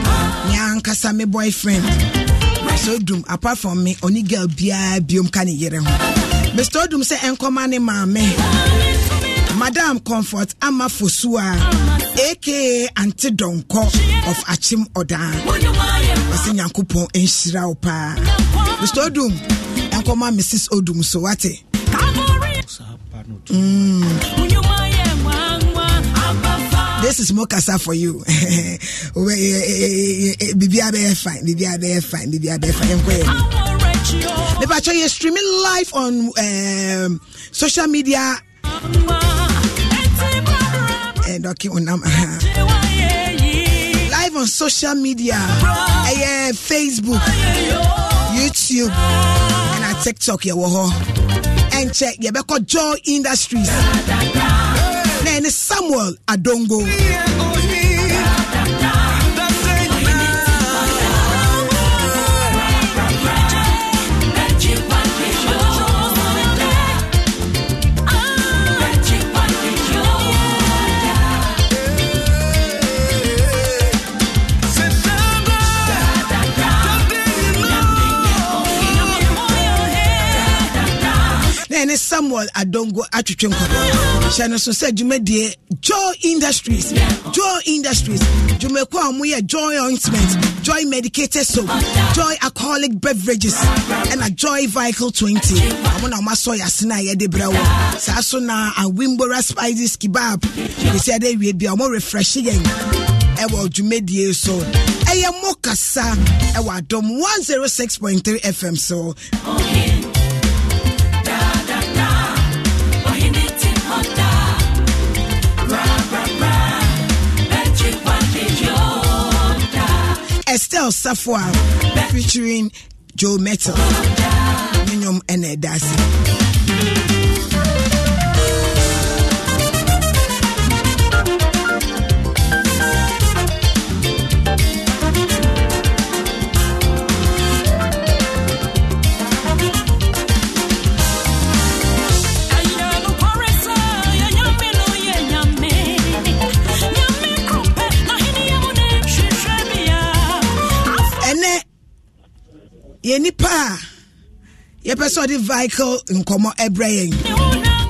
nyankasa me boyfriend. Mr. Odum, apart from me, only girl biara biom ka yere Mr. Odum sɛ ɛnkɔma ne maame. Madam Comfort Ama Fosua, aka Auntie Donko of Achim Odan. Ɔsɛ Nyankopɔn nhyira wo paa. Mr. Odum, ɛnkɔma Mrs. Odum so wate. Mm. This is more kasa for you. <laughs> Eh, eh, eh, bibi abe fine, bibi abe fine, bibi abe fine. Me patcho you streaming live on um, social media. And okay, <laughs> Live on social media, eh, Facebook, YouTube, and TikTok. Yeah, yeah, because joy industries na samuel adongo ne samuel adongo atwitwe nkɔmɔ hyɛ no so sɛ dwumadie joy industries joy industries dwumako a wɔyɛ joy ointment joy medicated soap joy alcoholic beverages ɛna joy vehicle 20 ɔmo na ɔmasɔ yɛase no a yɛde brɛ wɔ saa so na awimbora spices kebab de sɛ yɛde awie bia ɔmo refreshe yɛn ɛwɔ dwumadie so ɛyɛ mo kasa ɛwɔ adom 106.3 fm so Estelle Safwa featuring Joe Metal. and yɛ nipa a yɛpɛ sɛ ɔde vehicle nkɔmmɔ ɛbrɛ yɛn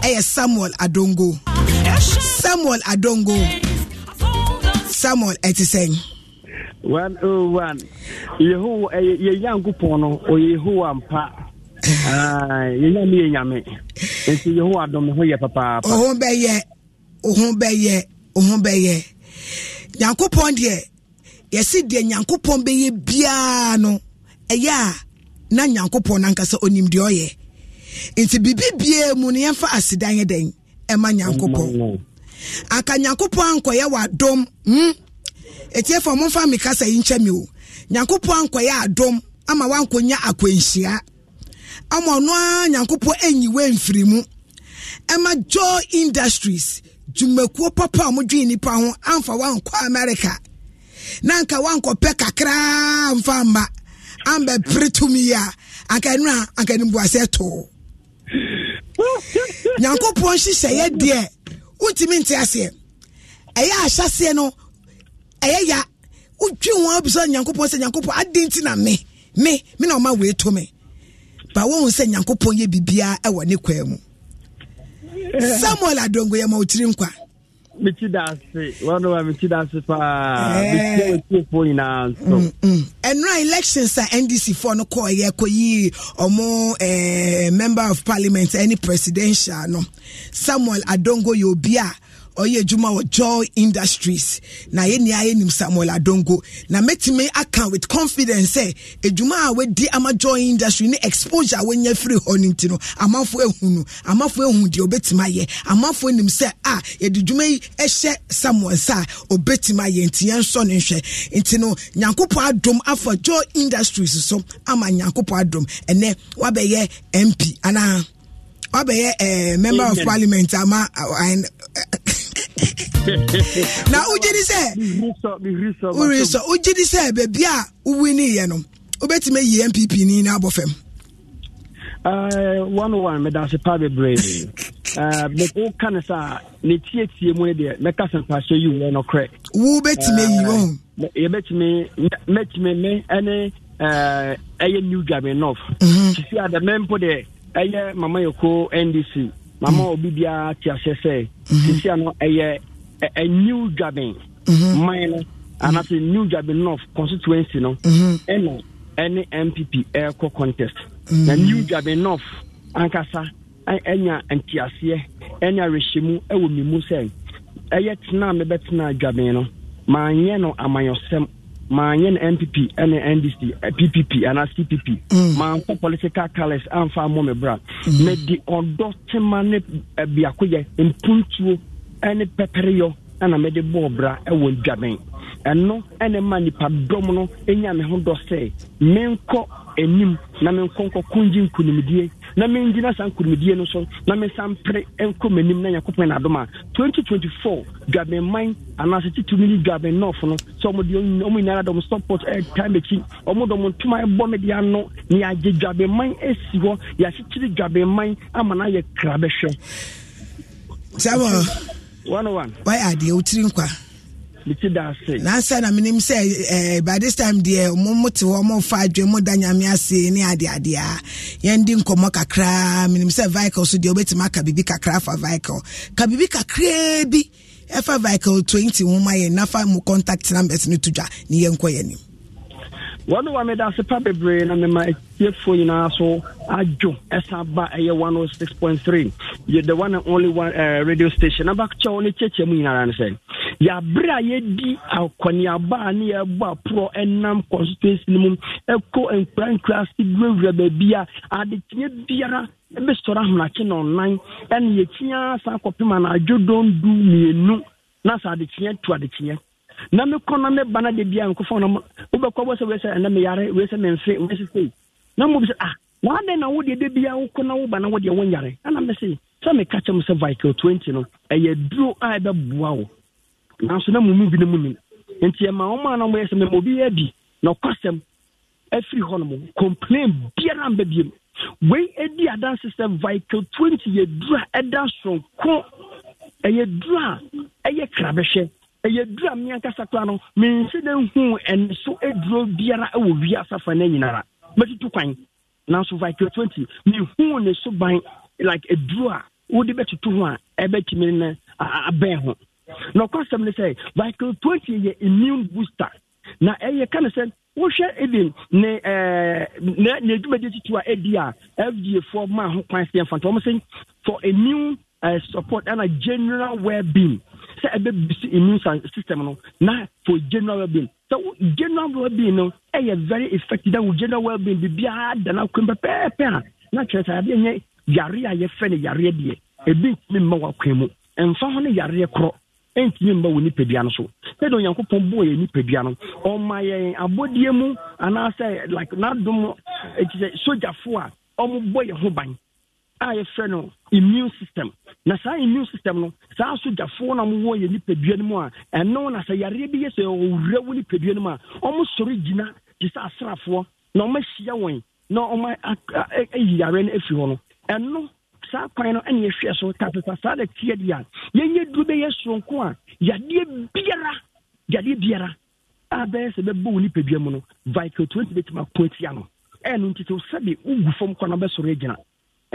ɛyɛ samuel adongo samuel adongo samuel ɛte sɛn one oh one yehowa eh, yɛ yankopɔn no ɔyɛ yehowa mpa yɛnya ne yɛ nyame nti yehowa dom ne ho yɛ papaapa ɔho bɛyɛ ɔho bɛyɛ ɔho bɛyɛ nyankopɔn deɛ yɛsi deɛ nyankopɔn bɛyɛ biara no ɛyɛ a na nyankopɔn nankasa onim deɛ ɔyɛ nti biribi biara mu no yɛmfa asedan yɛ dɛn ɛma nyankopɔn anka nyankopɔn ankɔyɛ w'adom hmm? etiefoɔ momfa mi kasa yi nkyɛn mi o nyankopɔn ankɔyɛ adom ama wankɔnya akwanhyia ama ɔno a nyankopɔn enyiwe nfiri mu ɛma joy industries dwumakuo papa a wɔdwi nipa ho amfa wankɔ america na nka wankɔpɛ kakraa mfa mma. ambɛpere tumi a anka ɛno a anka nimbuasɛ too nyankopɔn nhyehyɛeɛ deɛ wontumi nte aseɛ ɛyɛ ahyɛseɛ no ɛyɛ ya wotwi wɔn abisa nyankopɔn sɛ nyankopɔn adi nti na me me me na ɔma wee to me ba wɔn sɛ nyankopɔn yɛ biribiara ɛwɔ ne kwan mu samuel adongo yɛ ma otiri nkwa meti da ase wọn wa meti da ase paa eh. meti da ose nyinaa nso. ɛnura mm, mm. elections a ndc fɔ no kɔ yɛ kɔ yi ɔmo member of parliament ɛne presidential no samuel adongo yɛ obi a ɔyɛ adwuma wɔ joy industries na yɛni a nim samuel adongo na mɛtumi aka with confidence sɛ eh. adwuma e a wadi ama joy industry ne exposure a wɔnya firi hɔ no nti no amanfoɔ ehu no amanfoɔ ehu deɛ obetumi ayɛ amanfoɔ nim sɛ a ah, yɛde dwuma yi e ɛhyɛ samuel nsa a obetumi ayɛ nti yɛn ne nhwɛ nti no nyankopɔ adom afa joy industries so ama nyankopɔ adom ɛnɛ wabɛyɛ mp anaa wabɛyɛ ɛɛ eh, member of parliament ama ɛɛ. Eh, <laughs> na wogye di sɛ wore sɔ wogye di sɛ baabi a wowiniyɛ no wobɛtumi ayi npp ni no abɔ fam one one meda ase pa bebree woka no sɛ a ne tietie mu no deɛ mɛka sɛ mpahyɛ yi wɔ nokorɛ wobɛtumi ayi wɔ yɛbɛtumi mɛtumi me ɛne ɛyɛ new dwame north sisi ada mempo deɛ ɛyɛ mama yɛko ndc mama obi bia te ahyɛ sɛ mhm. sisia no ɛyɛ a new dwaben mhm. man no anaasɛ new dwaben north constituency no mhm. ɛna ɛne npp ɛrekɔ contest na new dwaben north ankasa ɛnya nteaseɛ ɛne awerɛhyɛmu ɛwɔ mimu sɛ ɛyɛ tena a mebɛtena dwaben no maanyɛ no amanyɔsɛm maanyɛ no npp ne ndc ppp eh, ana cpp mankɔ mm. political colours amfa mmɔ me bra mm. mede ɔdɔ tema ne eh, biakoyɛ mpuntuo ne pɛpɛreyɔ ɛna mede bɔɔ bra ɛwɔ eh, dwamen ɛno ɛne ma nipadɔm no ɛnya me ho dɔ sɛ menkɔ anim na menkɔ nkɔkɔngye nkonimdie na mengyina saa nkurumidie no so na mensa mpere nkɔ m'anim na nyankopɔn n'adom a 2024 dwabenman anaasɛ titumi ne dwaben nɔɔfo no sɛ ɔmode ɔmo nyinaa dɔm support ɛta m'akyi ɔmo dɔm ntoma ɛbɔ me de ano ne yɛagye dwabenman asi hɔ yɛakyekyere dwabenman ama no ayɛ krabɛhwɛ sɛ wɔ 101 wayɛ adeɛ wotiri nkwa meti da ase. n'asa na minim sɛ ɛɛ eh, by this time deɛ mo mo te hɔ mo fa adwene mo da nyame ase ne ade ade a yɛn di nkɔmɔ kakra minim sɛ vehicle so deɛ obetumi aka bibi kakra afa vehicle ka bibi kakra bi ɛfa vehicle twenty wɔn ma yɛn nafa mo contact numbers no to dwa ne yɛn kɔ yɛn nim wɔne wa meda ase pa bebree na mema atiefoɔ nyinaa so adwo ɛsan e ba ɛyɛ 106.3 yɛ the one and only one uh, radio station na bakyɛ wo ne mu nyinaa ne sɛ yɛaberɛ a yɛdi akɔneaba a ne yɛbɔ aporɔ ɛnam constituency no mu ɛkɔ nkura nkura se durawura baabi a adeteɛ biara bɛsɔre ahomakye na ɔnan ɛne yɛtia san kɔpem anadwo du mienu na sɛ adekyeɛ tu adekyeɛ na me kɔn na me ba na de bia mekɔ na mo wobɛkɔ bɔ sɛ wɛsɛ ɛnɛ me yare wɛsɛ me mfe wɛsɛ sei na mo bi sɛ ah wɔn adɛn na wodeɛ de bia wokɔ na woba na wodeɛ wonyare ana me se sɛ meka kyɛm sɛ vital 20 no ɛyɛ duro a ɛbɛboa wo nanso na mumu bi no mu nim nti ɛma wɔn a na wɔyɛ sɛ mɛma obi yɛ bi na ɔkɔsɛm afiri hɔ nom complain biara mbɛ biem wei adi adanse sɛ vital 20 yɛ duro a ɛda soronko ɛyɛ duro a ɛyɛ krabɛhwɛ ɛyɛ dura mi ankasa kora no mensi de hu ɛnso eduro biara ɛwɔ wiase fa ne nyinara mɛtutu kwan nanso vacuum twenty mehu ne so ban like eduro a wode bɛtutu ho a ɛbɛtumi ne abɛn ho na ɔkɔ asɛm ne sɛ vacuum twenty yɛ immune booster na ɛyɛ ka ne sɛ wohwɛ even ne ɛɛ ne ne dwumadie tutu a edi a fda foɔ maa ho kwan sɛ ɛfa nti wɔn sɛ for immune uh, support ɛna general well being sɛ ɛbɛbisi immune system no na for general well-being so, general well-being no ɛyɛ very effective na wo general well-being biribiara da no akwan pɛpɛɛpɛ a na kyerɛ sɛ adeɛ nyɛ yareɛ a yɛfɛ no yareɛ deɛ ebi ntumi mma wakwan mu ɛmfa ho ne yareɛ korɔ ɛntumi mma wɔ nipadua no so sɛdeɛ onyankopɔn bɔɔ yɛ nipadua no ɔma yɛn abɔdeɛ mu anaasɛ like n'adom sogyafoɔ a ɔmobɔ yɛ ho ban a yɛfrɛ no immune system na saa immune system no saa sogyafoɔ no mowɔ yɛ nipadua no mu a ɛno na sɛ yareɛ bi yɛ sɛ ɔwura wo nipadua no mu a ɔmo sɔre gyina te sɛ asrafoɔ na ɔmahyia wɔn na ɔma ayi no afiri hɔ no ɛno saa kwan no ɛne yɛhwɛ so tapesa saa da tiɛ deɛ a yɛnyɛ duru bɛyɛ soronko a yadeɛ biara yadeɛ biara a bɛyɛ sɛ bɛbɔ wo nipadua mu no vicotronti bɛtumi ako atia no ɛno nti sɛ sɛbe wogu fam kɔ na wobɛsɔre agyina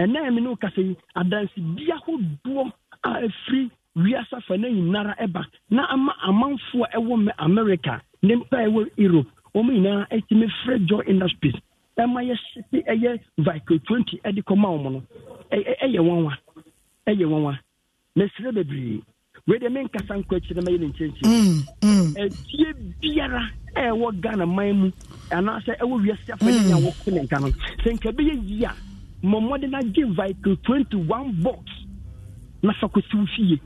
ɛnna ɛmi n'o kasa yi adansi bi ahodoɔ a efiri wiasa fa ne nyinara ɛba na ama amanfoɔ ɛwɔ mɛ america ne mpa ɛwɔ europe wɔn nyinaa ɛtumi frɛ joy industries ɛma yɛ sipi ɛyɛ vaiko twenty ɛde ma wɔn no ɛyɛ nwanwa ɛyɛ nwanwa mesire bebree nkasa nkɔ ne nkyɛnkyɛn mm, mm. ɛtie biara ɛwɔ ghana man mu anaasɛ ɛwɔ ne mm. nyinaa ne nka no sɛ nka ma mmɔde na gye e hmm. e e vehicle twenty one box na fa kɔsiw fie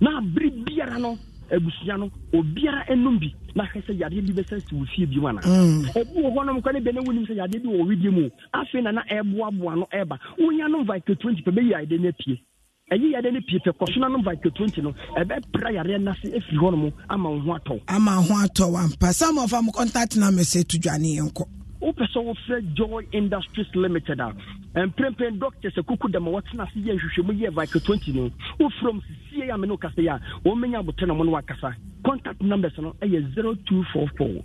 na abere biara no abusua no obiara nom bi na hwɛ sɛ yadeɛ bi bɛsɛ siw fie bi mu ana ɛbi wɔ hɔnom kɔ ne bɛ ne wonim sɛ yadeɛ bi wɔ mu afei na na ɛboaboa no ɛba wonya no vehicle twenty pɛ bɛyi ayɛdɛ no apue ɛyi yɛde ne pie pɛ kɔso na no vehicle twenty no ɛbɛpra yareɛ nase afiri hɔnom ama wo ho atɔ ama wo ho atɔ wampa sɛ ma mo contact na mɛsɛ to dwane yɛnkɔ wopɛ sɛ wofrɛ joy industries limited a mprempren doctors akuku dama wɔtena ase yɛ nhwehwɛmu yɛ vike 20 no wofrɛm sisie a me ne wokasa yi a wɔmmɛnya abotɔ na mo wakasa contact numbers no ɛyɛ 0244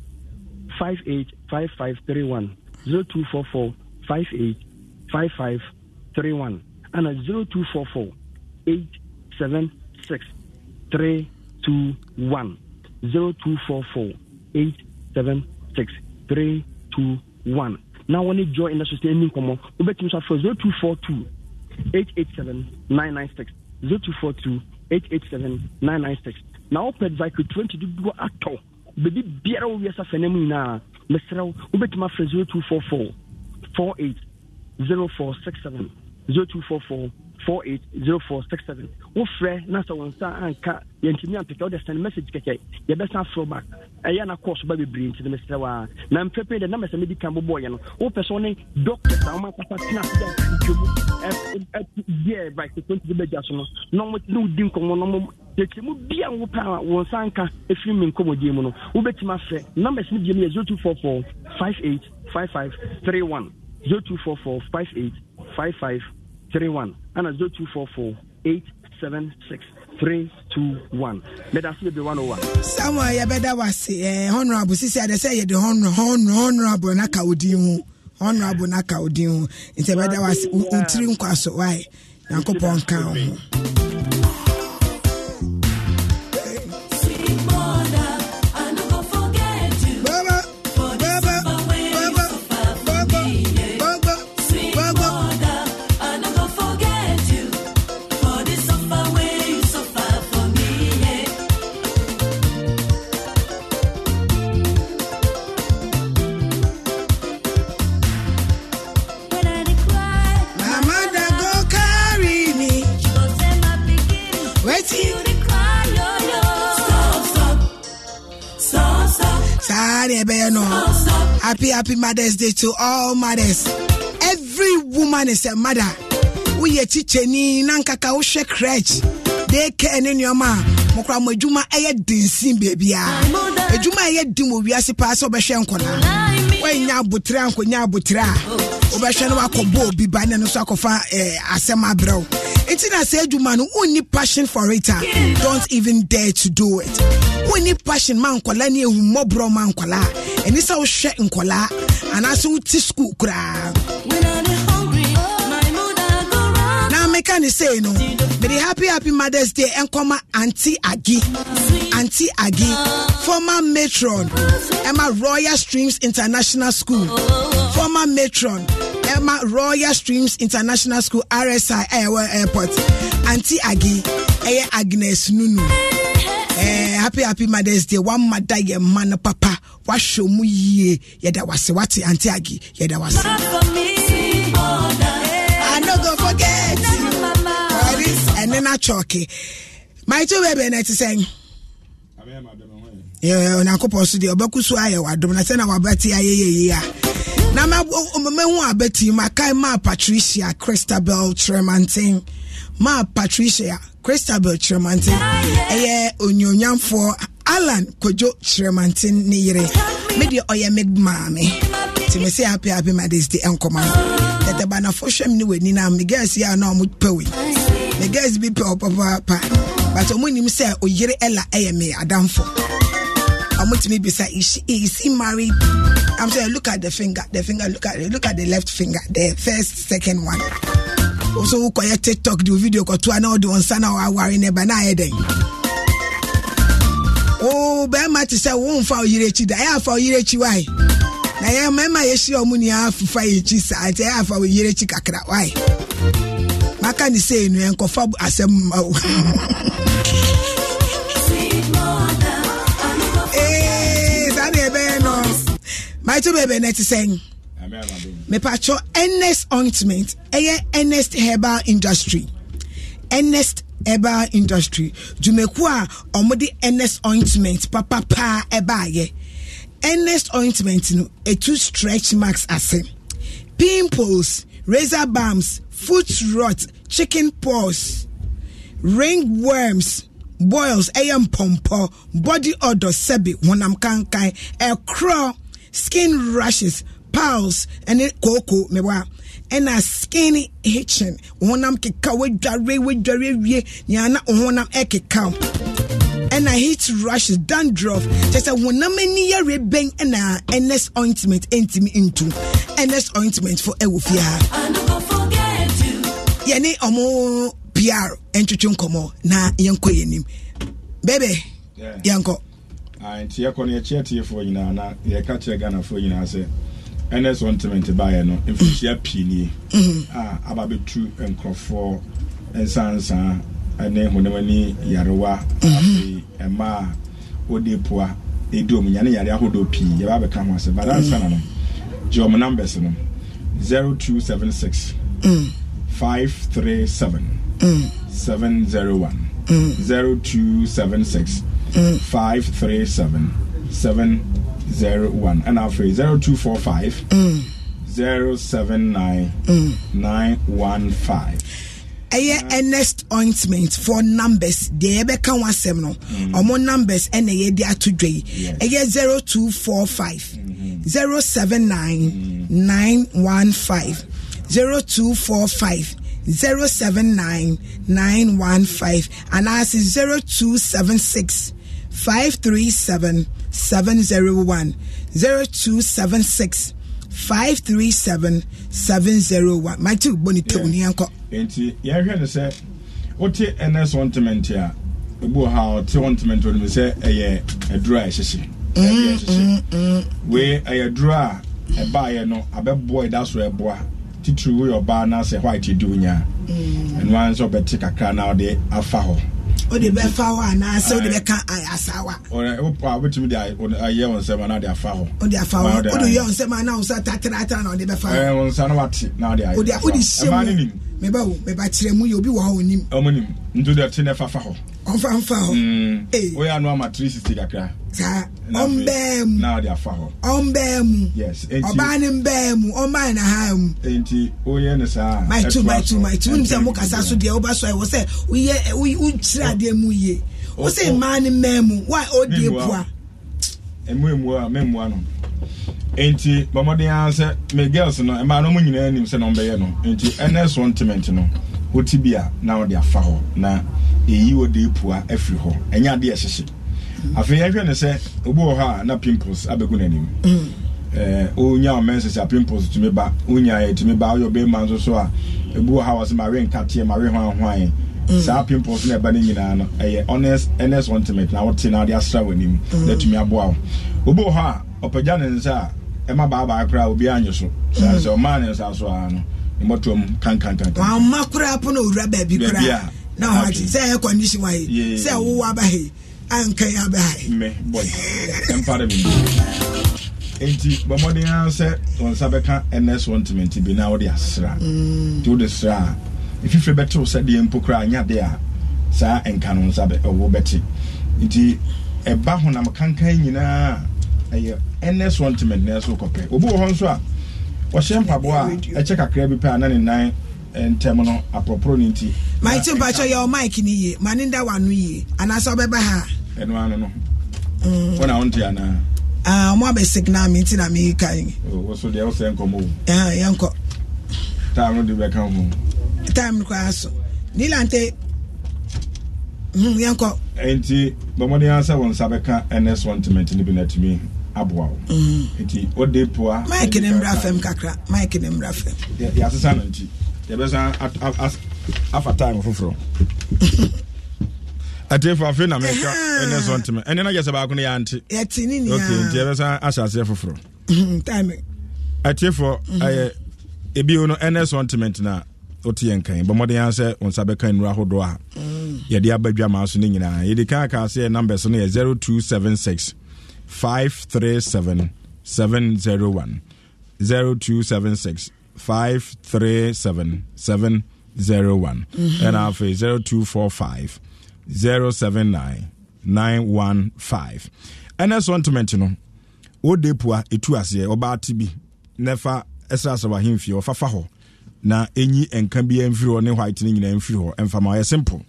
585531 0244 ana 0244 876 0244 876 one now na wɔne joy industries no ani nkɔmmɔ wobɛtumi so afrɛ 0242 887 996 0242 887 996 na wopɛ zycle 20 dodoɔ atɔ baabi biara wo wiasa fɛne mu nyinaa mesrɛ wo wobɛtumi afrɛ 0244 48 0467 0244 four eight zero four six seven wofrɛ na sɛ wɔn nsa anka yɛntumi message kɛkɛ yɛbɛsan frɛ back ɛyɛ na kɔɔ so ba bebree nti no mesrɛ wo a na mprɛpɛ dɛ na mɛsɛ medi kan bobɔɔyɛ no wopɛ sɛ wone doctor sa woma nkasa tena ase dɛ ntwamu deɛ advice ko nti bɛgya so no na ne wodi nkɔmmɔ na mo yɛkyerɛmu bia wo pɛ a wo nsa nka ɛfiri me nkɔmmɔdie mu no wobɛtumi afrɛ numbers no bia mu yɛ 0244 58 55 31 ɛna 0244 876 321 meda se yɛde 101 samuel yɛbɛda wo ase eh, honorable sisi adɛ sɛ yɛde honorable no aka wo din ho honorable no aka ho nti yɛbɛda wo ase wotiri wae nyankopɔn nka ho saa deɛ ɛbɛyɛ no happy happy mothers day to all mothers every woman is a mother woyɛ kyikyɛni na nkaka wohwɛ crach deekɛ ne nneɔma a mokora mo adwuma ɛyɛ densin baabiaa adwuma e ɛyɛ den wɔ wiase paa sɛ wobɛhwɛ nkɔnaa woannya abotire ankɔnya abotire a wobɛhwɛ no wakɔbɔ obi ba ne no so akɔfa eh, asɛm abrɛ wo nti na sɛ adwuma no wonni passion for it a don't even dare to do it wonni passion ma nkɔla ne ɛhummɔborɔ ma nkɔla a ɛne sɛ wohwɛ nkɔla anaasɛ wote school koraa can ne say no mede happy happy mothers day ɛnkɔma Auntie agi Auntie agi former matron Emma royal streams international school former matron Emma royal streams international school rsi eh, airport Auntie agi ɛyɛ eh, agnes nunu eh, happy happy mothers day one mother your ma no papa wahwɛ mu yie yɛda wase wate anti agi yɛda wase ɛne na chɔɔke maikye wɛbɛ na ɛte sɛn onyankopɔn so deɛ ɔbɛku so ayɛ wadom na sɛ na wabɛte ayɛyɛyi a na mɛhu abɛti makae maa patricia christabel tremantin maa patricia christabel tremantin ɛyɛ onyonyamfoɔ alan kodwo tremantin ne yere medeɛ ɔyɛ meg maame nti mese happy happy mothers day nkɔma no tɛtɛbanafo hwɛ m ne w'ani na megɛsi a na ɔmo pɛ wei ne girls bi pɛ ɔpapaapa but ɔmo nim sɛ oyere ɛla ɛyɛ me adamfo ɔmo tumi bisa is she is he married i'm saying look at the finger the finger look at look at the left finger the first second one so wokɔyɛ tiktok de wo video kɔtoa na ɔde wo nsa na ɔaware ne ba na ayɛ dɛn o oh, bɛrima te sɛ womfa ɔyere akyi da ɛyɛ afa ɔyere akyi Why? na yɛ mmarima yɛhyia ɔmo nyinaa fofa yɛ akyi saa nti ɛyɛ afa ɔyere akyi kakra Why? maka ne sei no yɛnkɔfa asɛm ma wo saa ne yɛbɛyɛ no maito bɛbɛ no te sɛn mepatwɔ ernest ointment ɛyɛ ernest herbal industry ernest herbal industry dwumaku a ɔmode ernest ointment papapaa ɛbaayɛ ernest ointment no ɛtu stretch marks ase pimples razor balms foot rot chicken pox ringworms boils ɛyɛ mpɔmpɔ body odor sɛbi honam kankan ɛkorɔ skin rashes pals ɛne kooko mɛwa ɛna skin hitching honam keka wadware wadware wie nyana honam ɛkeka ɛna heat rashes dandruff kyɛ sɛ honam ani yɛ rebɛn ɛna ns ointment ɛntimi ntu ns ointment for ɛwɔ fie ha yɛne ɔmo pr ntwetwe nkɔmmɔ na yɛnkɔ yɛnim bɛbɛ yɛnkɔ ah, nti yɛkɔ no yɛkyeɛ tiefoɔ nyinaa na yɛka kyerɛ ghanafoɔ nyinaa sɛ ɛnɛs ɔntiment baeɛ no mfihyia pii nie mhm. a ah, aba bɛtu nkurɔfoɔ nsansaa ne honam ani yarewa mhm. afei ɛma a wɔde poa ɛdi ɔmu nyane yare ahodoɔ pii yɛba bɛka ho ase badansa na no mhm. gye ɔmo numbers no 0276 mm five three seven mm. seven zero one mm. zero two seven six mm. five three seven seven zero one and after zero two four five zero seven nine nine one five. ɛyɛ earnest ointment for numbers deɛ yɛbɛka ho asɛm no ɔmo numbers and yɛde ato dwa yi ɛyɛ zero two four five mm-hmm. zero seven nine mm-hmm. nine one five. 0245 079915 anaasɛ 0276 537 701 0276 537 701 mate bɔ ne tamu ne yɛnkɔ nti yɛhwɛ no sɛ wote ns ontiment a ɛbu ha ɔte ontiment onim sɛ ɛyɛ aduro a ɛhyehye wei ɛyɛ aduro a ɛbaeɛ no abɛboa ɛda so ɛboa titiri woyɛ ɔbaa na sɛ white di wonya mm. ɛno ara nso ɔbɛte kakra na ɔde afa hɔ ɔde bɛfa hɔ anaasɛ ɔde bɛka asawa wobɛtumi de ayɛ wo nsɛm ana ɔde afa hɔ ɔde afa hɔ wode yɛ wo nsɛm ana wo sa tatratra na ɔde bɛfa hɔ wo nsa no wate na ɔde ayɛ wode hyɛ mu meba wo meba kyerɛ mu yɛ obi wɔ hɔ onim ɔmo nim nto de ɛte ne fa fa hɔ ɔmfa mfa hɔ mm. ee oyɛ anu ama three sixty kakra saa ɔmbɛɛ mu na ɔde afa hɔ ɔmbɛɛ mu yes eti ɔbaa ne mbɛɛ mu ɔmbaa ne ha mu eti oyɛ ne saa my two my two my two nim sɛ mo kasa so deɛ ɔba so ɛwɔ sɛ oyɛ okyerɛ adeɛ mu yie ɔsɛ mmaa ne mbɛɛ mu wa ɔdie pua emu emu a mɛ mua no nti bɔmmɔden ara sɛ me girls no mmaa no mu nyinaa nim sɛ na ɔmbɛyɛ no nti ns ointment no wɔte bi a na wɔde afa hɔ na ɛyi wɔde epua afiri hɔ ɛnyɛ adeɛ ɛhyehyɛ afei yɛhwɛ ne sɛ obi wɔ hɔ a na pimples abɛgu n'anim mm. ɛɛ onya ɔmɛnsis a pimples tumi ba onya ɛtumi ba ɔyɛ ɔbɛrima nso so a ebi wɔ ha wɔ sɛ mawe nkateɛ mawe hwan hwan mm. saa pimples na ɛba ne nyinaa no ɛyɛ ns ointment na wɔte na wɔde asra wɔ anim mm. na ɛtumi aboa wo obi wɔ hɔ ɔpagya ne nsa a ɛma baabaa koraa obi anyi so sɛ ọma mhm. ɔmaa ne nsa so a no mmɔtoam kankankankan wɔama koraa na baabi na sɛ ɛyɛ wa yi sɛ anka yi aba sɛ nsa bi na asra mm. nti sra a sɛ deɛ mpo a saa nka no nsa bɛ ɛwɔ bɛte nti ɛba honam kankan nyinaa ɛyɛ ɛnɛ so ntoma ne so kɔpɛ obi wɔ hɔ nso a ɔhyɛ mpaboa a ɛkyɛ kakra bi pɛ a na ne nan eh, ntɛm no apɔpɔrɔ ne nti. maa ti mpatsɔ yɛ ɔmaa iki ni yie maa ni da wa nu yie anaasɛ ɔbɛba ha. ɛnu ano no. Mm. wɔn na wɔn ti ana. aa ah, ɔmo abɛ signal mi ti na mi ka yi. Oh, woso deɛ wosɛ nkɔmɔ o. ɛn ah, yɛn kɔ. taam no de bɛ kan ho. taam no kɔ aso nilante mm, yɛn kɔ. ɛnti bɔmɔden ansa wɔn nsa bɛka ɛnɛ sɔntimɛnti e ni bi na tumi aboa wo mm. nti ɔde poa mike ne mmra fam kakra mike ne mmra fam yɛasesa no nti yɛbɛsan afa time foforɔ <laughs> atiefo afei na meka ɛne sɔ nteme ɛne na gyɛ sɛ baako no yɛante yɛte ne nti yɛbɛsan ahyɛ aseɛ foforɔ mm-hmm, time atiefo mm-hmm. ɛyɛ ebio no ɛne sɔ ntement no a wote yɛn kan bɔmmɔden a sɛ wo nsa bɛka nnuro ahodoɔ a mm. yɛde aba dwamaa so no nyinaa yɛde kan aka aseɛ numbers no yɛ 0276 537 701 0276 537 701 mm-hmm. and afei 0245 079 915 ɛnɛ so ntomanti no wode pua ɛtu aseɛ ɔbaa te bi na fa ɛsrɛ asɛ wahemfie ɔfafa hɔ na ɛnyi nka bi amfiri hɔ ne white no nyinaa mfiri hɔ ɛmfama ɔyɛ simple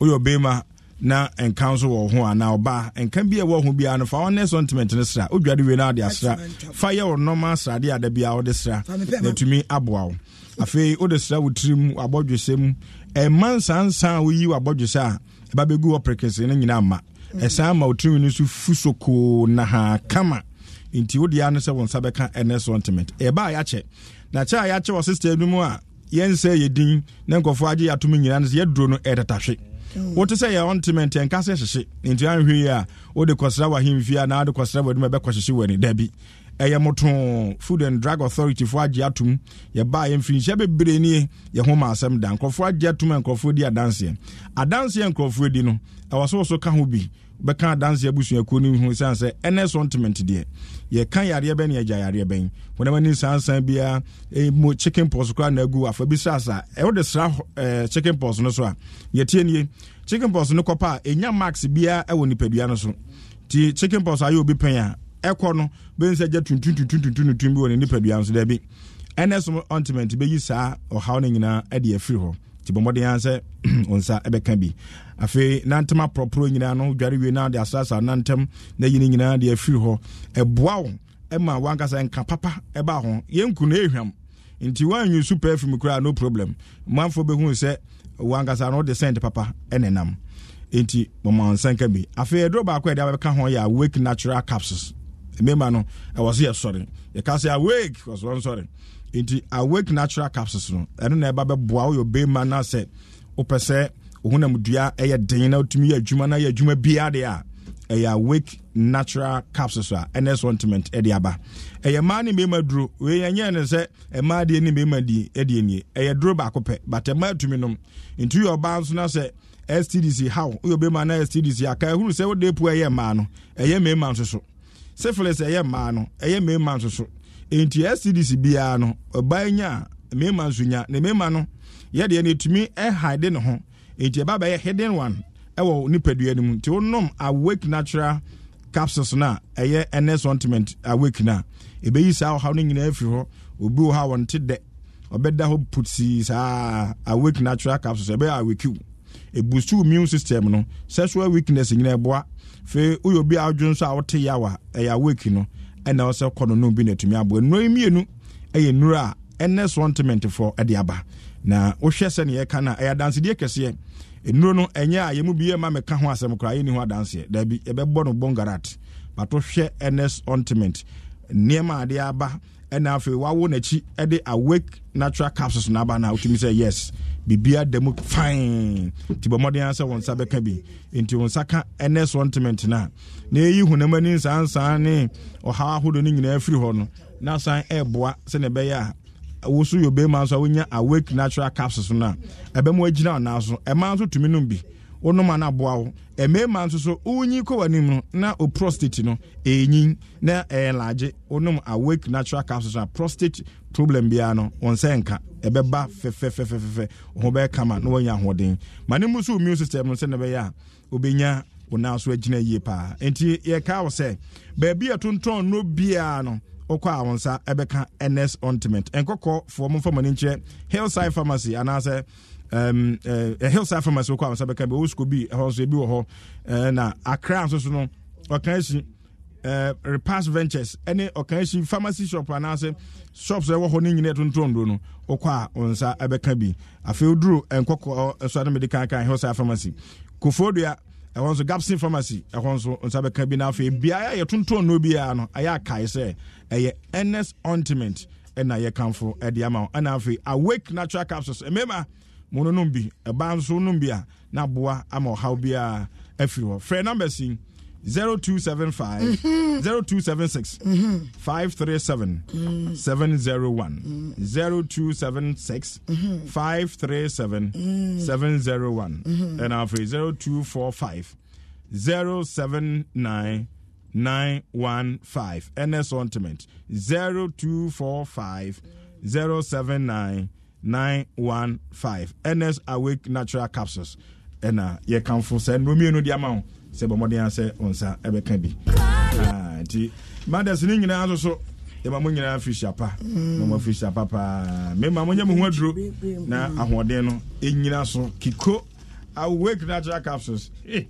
woyɛ ɔbɛma na nka nso wɔ ho anaa ɔbaa nka bi a ɛwɔ ho biara no fa wɔn next sentiment no sra odware wie no ade asra fa yɛ wɔ nɔɔma asrade ada biara wɔde sra na atumi aboa wo afei wode sra wo tirim abɔdwesɛ mu ɛma nsansan a woyi wabɔdwesɛ a ɛba bɛgu wɔ prekese no nyinaa ma ɛsan ma wo tirim no nso fu sokoo nahaa kama nti wode a no sɛ wo nsa bɛka ɛnɛ sentiment ɛba a yɛakyɛ na kyɛ a yɛakyɛ wɔ sister no mu a yɛnsɛ yɛ din na nkɔfoɔ agye yɛatom nyinaa no sɛ yɛduro no ɛtetahwe wote sɛ yɛ ointment ɛnka sɛ hyehye nti anhwɛ yi a wode kɔsra wahemfie anaa wode kɔsra wadum ɛbɛkɔhyehye w'ani dabi ɛyɛ motoo food and drug authority foɔ agye atom yɛbaa yɛ mfirinhyia bebree nie yɛ ho ma asɛm da nkurɔfoɔ agye atom a nkurɔfoɔ di adanseɛ adanseɛ nkurɔfoɔ di no ɛwɔ so wo so ka ho bi bɛka adanseɛ abusuakuo no hu siane sɛ ɛnɛ sontment deɛ yɛka yareɛ bɛn ne yɛgya yareɛ bɛn wonama ni sansan biara e, mu chicken pos koraa na agu afa bi sɛ asa ɛwode sra chicken pos no so a yɛtie nie chicken pos no kɔpa a ɛnya max biara ɛwɔ nipadua no so nti chicken pos ayɛ obi pɛn a ɛkɔ no bɛhu sɛ gya tuntuntuntuntuntum bi wɔ ne nipadua nso daabi ɛnɛ so ontment bɛyi saa ɔhaw no nyinaa ɛde afiri hɔ nti bɔmmɔden a sɛ wo ɛbɛka bi afei nantam aporɔporɔ nyinaa no dware wie na de asasa nantam na yi ne nyinaa de afiri hɔ ɛboa wo ɛma wankasa nka papa ɛba ho yɛnku no ɛhwam nti woanwi super afiri mu koraa no problem manfoɔ bɛhu sɛ wankasa no wode sent papa ɛne nam nti mɔma nsɛnka bi afei ɛduro baako ɛde abɛka ho yɛ awake natural capsules mmarima no ɛwɔ so yɛsɔre yɛka sɛ awake ɔsɔre nsɔre nti awake natural capsules no ɛno na ɛba bɛboa woyɛ bɛrima no sɛ wopɛ sɛ honam dua ɛyɛ den na wotumi yɛ adwuma na yɛ adwuma biara deɛ a ɛyɛ awake natural capsules a ns ointment ɛde aba ɛyɛ mmaa ne mmarima duro wei ɛnyɛ ne sɛ mmaa deɛ ne mmarima di ɛdeɛ nie ɛyɛ duro baako pɛ but mmaa tumi nom nti yɛ ɔbaa nso na sɛ stdc how woyɛ bɛma na stdc aka ɛhunu sɛ wode pu ɛyɛ mmaa no ɛyɛ mmarima nso so syphilis ɛyɛ mmaa no ɛyɛ mmarima nso so nti stdc biara no ɔbaa nya a mmarima nso nya na mmarima no yɛdeɛ no ɛtumi ɛhaide ne ho nti ɛba bɛyɛ hidden one ɛwɔ nipadua no mu nti wonom awake natural capsules no a ɛyɛ ns ointment awake no a ɛbɛyi saa ɔhaw no nyinaa afiri hɔ obi wɔ hɔ a wɔnte dɛ ɔbɛda hɔ putsii saa awake natural capsules ɛbɛyɛ awake wo ɛbusu immune system no sexual weakness nyinaa ɛboa fei woyɛ obi a wodwo nso a wote yaw a ɛyɛ awake no ɛna ɔsɛ kɔ no no bi na atumi aboa nnuro yi mmienu ɛyɛ nnuro a ɛnɛ sontiment foɔ ɛde aba na wohwɛ sɛneɛ ka no ɛyɛ adansedeɛ kɛseɛ nnuro no ɛnyɛ a yɛmu bi yɛma meka ho asɛm koraa yɛni ho adanseɛ daabi yɛbɛbɔ no bongarat bato ns ontiment nneɛma adeɛ aba ɛna afei wawo n'akyi ɛde awake natural capsules no aba na wotumi sɛ yes biribia da mu fine nti bɔ mmɔden sɛ wɔn nsa bɛka bi nti wɔn nsa ka ns ontiment no a na ɛyi honam ani nsansan ne ɔhaw ahodoɔ no nyinaa firi hɔ no na san ɛreboa sɛnea ɛbɛyɛ a woso yɛ obɛma nso a wonya awake natural capsules no a ɛbɛma agyina anaa so ɛma nso tumi nom bi wonom a no wo ɛmɛma nso so wonyi kɔ w'anim no na o prostate no ɛnyin na ɛyɛlagye wonom awake natural capsules a prostate problem biara no wɔn sɛ nka ɛbɛba fɛfɛfɛfɛfɛ ho bɛyɛ kama na wɔanya ahoɔden ma ne mu so immune system no sɛ na ɛbɛyɛ a obɛnya wo nan so agyina yie paa enti yɛkaa wo sɛ baabi a tontɔn no biara no wokɔ a wo nsa ɛbɛka ns ontiment nkɔkɔfoɔ momfa mɔne nkyerɛ hillside pharmacy anaasɛ um, uh, hillside pharmacy wokɔ a wo nsa bɛka bi ɔwɔ bi ɛhɔ nso ebi wɔ hɔ uh, na akra nso so no ɔka ahyi uh, repass ventures ɛne ɔka ahyi pharmacy shop anaasɛ shops ɛwɔ hɔ no nyina ɛtontonduro no wokɔ a wo nsa ɛbɛka bi afei woduru nkɔkɔɔ nso ade kankan hillside pharmacy kofoɔ ɛhɔ nso gapsin pharmacy ɛhɔ nso nsa bɛka bi na afei biara yɛ tonton no biara no ɛyɛ akae sɛ ɛyɛ ns ointment ɛna yɛkamfo ɛde ama wo ɛna afei awake natural capsules mmarima mononom bi ɛbaa nso nom bi a na aboa ama ɔhaw biara afiri hɔ frɛ numbers 0244 0275 0276 537 701 0276 537 701 and after 0245 079 915 NS Ornament 0245 079 915 NS Awake Natural Capsules ɛna yɛkamfo sɛ nnomienu de ama amount sɛ bɔ mmɔden sɛ ɔnsa ɛbɛka bi ah, nti mothers no nyinaa nso so yɛma mo nyinaa firi hyapa na mm. mo afiri hyapa paa mema monyɛ mo ho aduro na ahoɔden no ɛnyina so kiko awake natural capsules <laughs>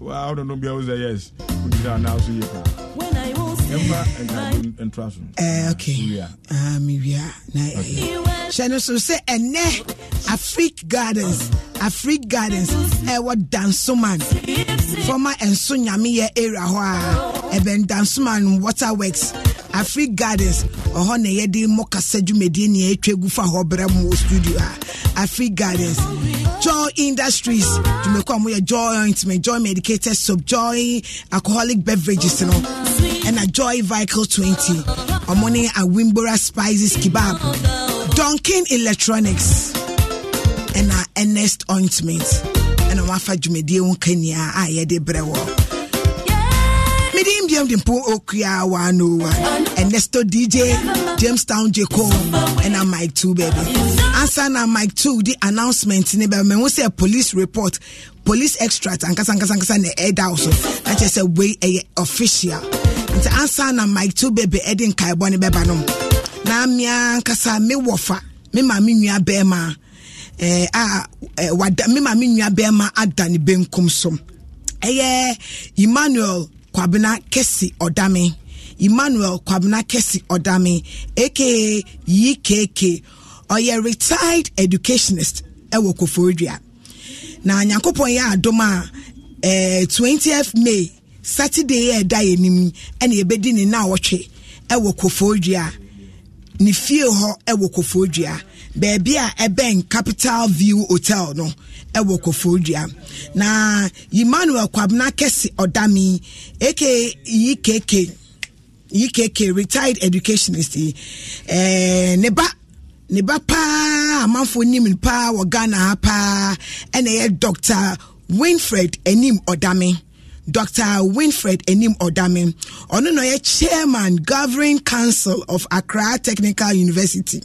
wow, I don't know, yes. Put it down now, so you can. Eh, okay. hyɛ no so ah, eh, eh. sɛ ɛnɛ afrik gardens afrik gardens ɛwɔ dansoman fɔma ɛnso nyameyɛ area hɔ a ah. dance man. waterworks afrik gardens Oh na yɛde mmɔ kasa dwumadie nea ɛtwa gu fa hɔ mo studio a ah. afrik gardens joy industries dwumakɔ a ya joy ointment joy medicated soap joy alcoholic beverages And a. Joy Vehicle 20, Omoni a Wimbora Spices Kebab, Dunkin Electronics, and our Ernest Ointment, and our Fajumedi Kenya, I had a brewer. Medium Jam Dimpo Okuya 101, Ernesto DJ, Jamestown Jacob, and I'm Mike 2, baby. Answer now Mike 2, the announcement, neighbor, me will say a police report, police extract, and kasankasa, and the head also. That is a way official. nti ansa na mike to bebe ɛde nkaebɔ ne bɛba na mmea nkasa mewɔ fa me maame nua bɛrima eh, a eh, wada me maame nua bɛrima ada ne benkum so ɛyɛ emmanuel kwabena kesi ɔdame emmanuel kwabena kesi ɔdame aka ekk ɔyɛ retired educationist ɛwɔ koforidua na nyankopɔn yɛ adom a eh, 20th may saturday yɛ ɛda yɛ nim ɛna yɛbɛdi ne na awɔtwe ɛwɔ kofoodua ne fie hɔ ɛwɔ kofoodua beebi a ɛbɛn capital view hotel no ɛwɔ kofoodua na emmanuel kwabena kɛse ɔdami aka ekk ekk retired educationist ɛɛ eh, ne ba ne ba paa amanfo nim paa wɔ ghana paa ɛna ɛyɛ dr winfred anim ɔdami. Dr. Winfred Enim Odame, ɔno na chairman governing council of Accra Technical University.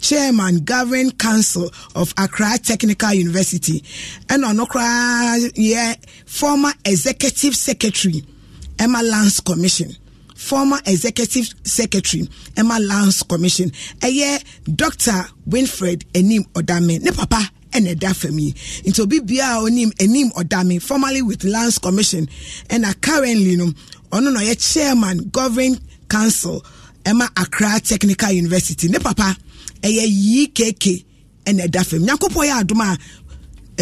Chairman Governing Council of Accra Technical University, and ɔno koraa former executive secretary Emma Lands Commission. former executive secretary emma lance commission ɛyɛ dr winfred enim odame ne papa ɛna ɛda fam yi nti obi biara onim anim ɔdame formerly with lands commission ɛna currently no ɔno na ɔyɛ chairman governing council ɛma accra technical university ne papa ɛyɛ ekk ɛna ɛda fam nyankopɔn yɛ adom a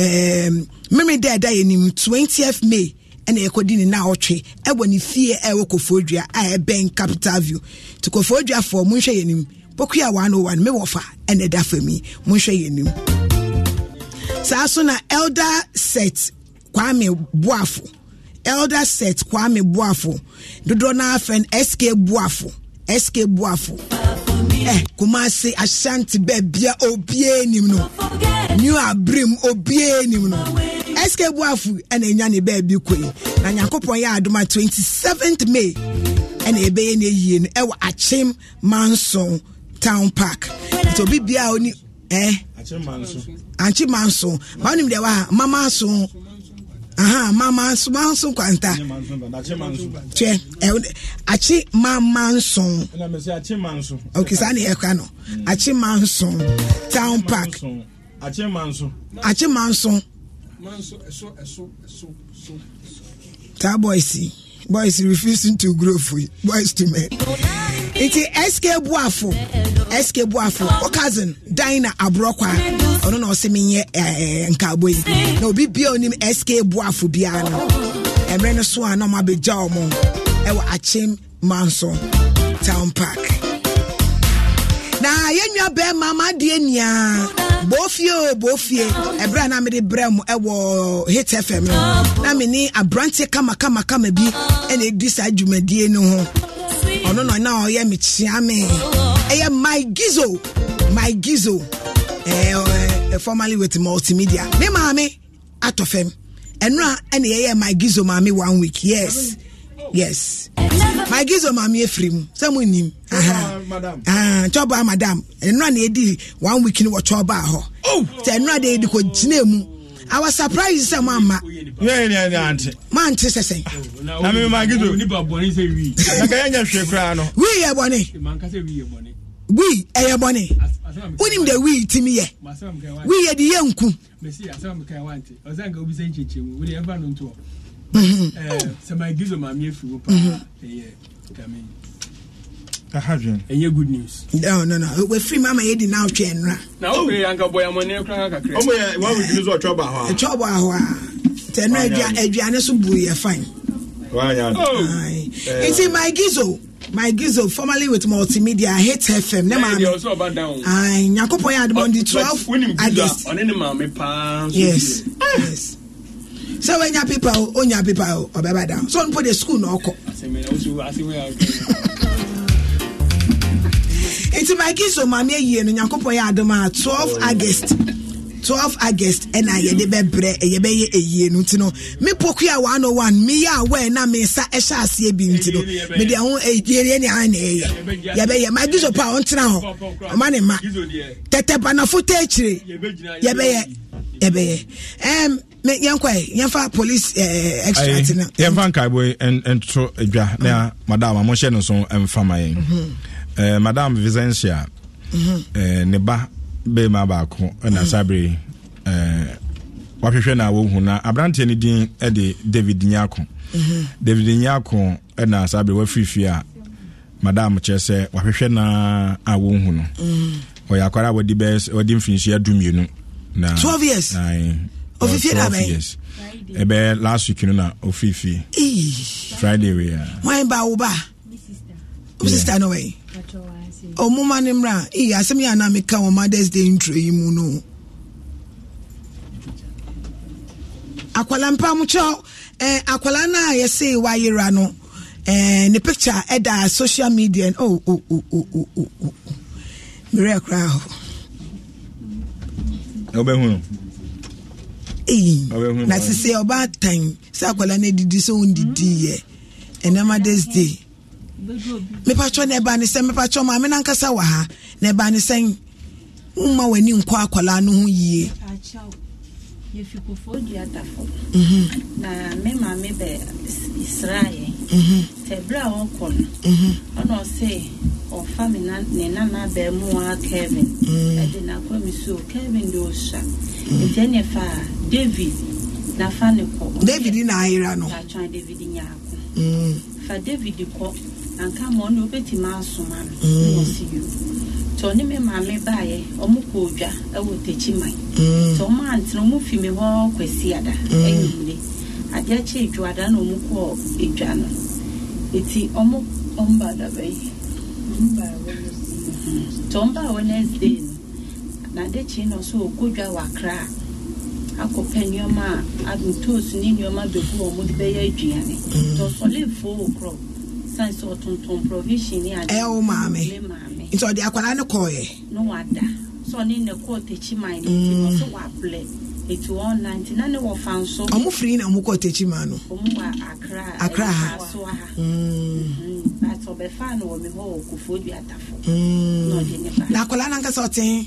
ɛɛm mmemme dɛ ɛda yɛ nim twentieth may ɛna yɛkɔdi ne na ɔtwe ɛwɔ ne fie ɛwɔ e kofoɔ dua a ɛbɛn e capital view to kofoɔ dua fo monhwɛ yɛ nim pokuya one oh one mewɔ fa ɛna ɛda fam yi monhwɛ yɛ nim. saa so na elder set kwame boafo elder set kwame boafo dodoɔ no afɛ no sk boafo sk boafo eh, kumase ashanti bɛɛbia obie nim no new abrim obie nim no sk boafo ɛna ɛnya ne baabi koi na nyankopɔn yɛ adoma 27th may ɛna ɛbɛyɛ no yie no ɛwɔ akyem manson town park nti obi biaa oni eh, ankye ma nso ma wonim deɛ wa mama so aha mama nso ma nso kwanta kyɛ akye mama nso ok saa ne yɛka no akye ma nso town park akye ma nso taboy si. boys refusing to grow for you boys to men. nti sk buafo sk buafo o cousin dina aburokwa ɔno na ɔsɛ mi nyɛ ɛɛ eh, eh, nkaabo na obi bia onim sk buafo biara no ɛmɛ no so a na ɔmo abegya ɔmo ɛwɔ akyem manso town park na yɛn nua bɛrima ama adeɛ nyinaa. bofie o bofie ɛberɛ na mede brɛ mu ɛwɔ hit fm no na mene aberanteɛ kamakamakama bi ɛna ɛdi saa dwumadie no ho ɔno no na ɔyɛ mekyea me ɛyɛ my gizo my gizo eh, eh, formerly with multimedia me maame atɔ fam ɛno a ɛna yɛyɛ my gizo maame one week yes yes my gizo maame efiri mu sɛ mo nim chɔba madam nnura na edi one week ni wɔ chɔba hɔ sɛ nnura de edi ko gyina mu our surprise sɛ mo ama mante sɛ sɛn wii yɛ bɔne wii ɛyɛ bɔne wonim dɛ wii timi yɛ wii yɛ de yɛ nku sɛ ma gizo ma mi efi wo paa mhm. ɛyɛ dami. ɛyɛ good news. no no no wafiri mu ama yɛ di na ɔtwe nnura. na o bere anka bɔ yamɔni ekura kakra. ɔmu yɛ wɔn wuli ni ɔtɔ bɔ ahɔ a. ɔtɔ bɔ ahɔ a tɛ no so bu yɛ fine. Oh. Eh. nti my gizo my gizo formerly with multimedia hit fm ne eh, maa mi nyankopɔn yɛ twelve august. yes yes sɛ wanya pepa o onya pepa o ɔbɛba da so mpo de sukuu na ɔkɔ nti mike so maame ayie no nyankopɔn yɛ adom a 12 august 12 august ɛna yɛde bɛbrɛ ɛyɛ bɛyɛ ɛyie no nti no me pokua one oh meyɛ a wɛ na me nsa ɛhyɛ aseɛ bi nti no mede ho ɛdierie ne a na ɛyɛ yɛbɛyɛ ma gizo pa a ɔntena hɔ ɔma ne ma tɛtɛ banafo ta akyire yɛbɛyɛ yɛbɛyɛ yɛnkɔ yɛmfa police uh, extract no yɛmfa nkaebo nto adwa mm-hmm. na madam a mohyɛ no so mfa ma yɛn mm-hmm. eh, madam mm-hmm. ne ba bɛɛma baako ɛna sabere wahwehwɛ na wɔhu na aberanteɛ no din de david nyako david nyako ɛna sabere wafirifie a madam kyerɛ sɛ wahwehwɛ na a wɔhu no ɔyɛ akwara a wɔde mfinhyia dumienu na 12 years ɔfifie da bɛyɛ ɛbɛyɛ last week no na ɔfiri fie friday wei a wan ba wo ba wo sister no wɛ ɔmoma no mmra ii asɛm yɛ anaa meka wɔ mothers day nturo yi mu no akwala mpa mu kyɛw eh, akwala no a yɛse wayera no eh, ne picture ɛda social media no oh, oh, oh, oh, oh, oh. oh. merɛ koraa hɔ wobɛhu no eyi na sisi ọba atan sẹ akwadaa na didi sẹ wọn didi yẹ ẹnama this day mepatwa na ɛba ne sɛn mepatwa maame nankasa wɔ ha na ɛba ne sɛn mma w'ani nkɔ akwadaa no ho yie yɛfikufo dua tafo na me maame bɛ israel sɛ berɛ a wɔkɔ no ɔna ɔse ɔfa ne nana abɛɛmoa kevin ɛde mm-hmm. nakɔ me so kevin de ɔhyia nti ɛne fa david nafa ne kɔ david na ayera no atwan david nyaako mm-hmm. fa david kɔ anka ma ɔne wobɛtumi asoma no na ɔsi bio nti ɔne me maame baeɛ ɔmo kɔ odwa ɛwɔ tɛkyi man mm. nti ɔmo antena ɔmo fi mi hɔ kwasi ada mm. ɛnyimire adeɛ kye ada na ɔmo kɔ edwa no eti ɔmo ɔmo ba adaba yi ɔmo ba awɔ ɔmo ba no ɔkɔ wɔ akra nneɛma a ne nneɛma ɔmo de mm. fo ɔtontɔn provision nti ɔde akwadaa no kɔɔyɛ. na wada so ɔne ne kɔɔ tɛkyi man no mm. nti ɔso wabrɛ etu wɔn na nti na ne wɔfa nso. ɔmo firi na ɔmo kɔɔ tɛkyi man no. ɔmo wɔ akra akra ha asoa ha. Mm. Mm-hmm. but ɔbɛfa no wɔ mi hɔ wɔ kofoɔ bi atafo. Mm. na ɔde ne ba. na akwadaa nankasa ɔte.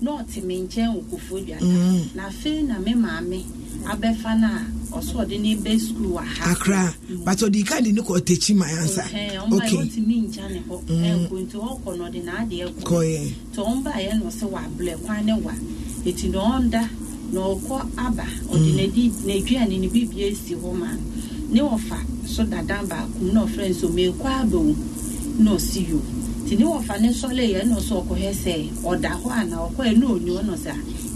na ɔte mi nkyɛn wɔ kofoɔ bi atafo. na afei na me maame. abɛfa no ọsọ ɔsɛ ɔde ne bɛ skul wɔ ha akra but ɔde ka de ne kɔ ɔtakyi ma ansa okɔtumi mm. kɔyɛ na aba ɔde mm. n'adi n'aduane si hɔ ma ne so dadan baako nso yoo nti ne wɔfa ne nsɔle yɛ ɛna ɔsɛ ɔkɔhɛ sɛ ɔda hɔ a na ɔkɔ ɛna onyo no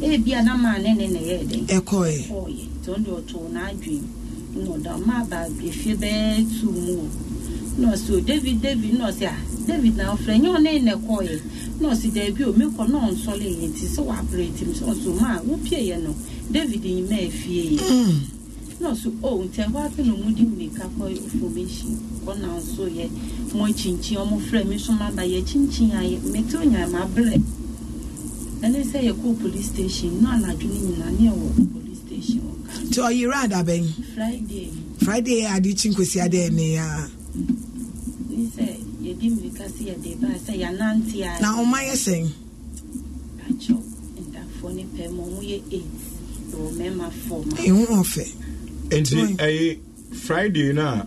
ebi a na maa ne ne na ɛyɛ den ɛkɔɛ ɔyɛ nti ɔno deɛ na ɔda efie bɛɛ tu mu o na david david na ɔsɛ a ah, david na ɔfrɛ nye ɔne na mm. na ɔsɛ o mekɔ na ɔnsɔle yɛ nti sɛ wapere ti mu sɛ ɔsɛ wopie yɛ no david yi ma efie yɛ na o ɔna nso yɛ mo kyinkyin ɔmo frɛ mi nso maba yɛ kyinkyin ayɛ mɛte onya ma brɛ ɛne sɛ yɛ kɔ police station na anadwo no nyinaa ne ɛwɔ police station ɔka. nti ɔyere adabɛn. friday. friday adi kyi nkosi adeɛ ne ya. ne sɛ yɛdi mirika si yɛde ba sɛ yanante ayɛ. na ɔmo ayɛ sɛn. akyɛw ndafoɔ ne pɛɛ mo ɔmo yɛ eight ɛwɔ mɛɛma four ma. ehu ɔfɛ. nti ɛyɛ friday naa.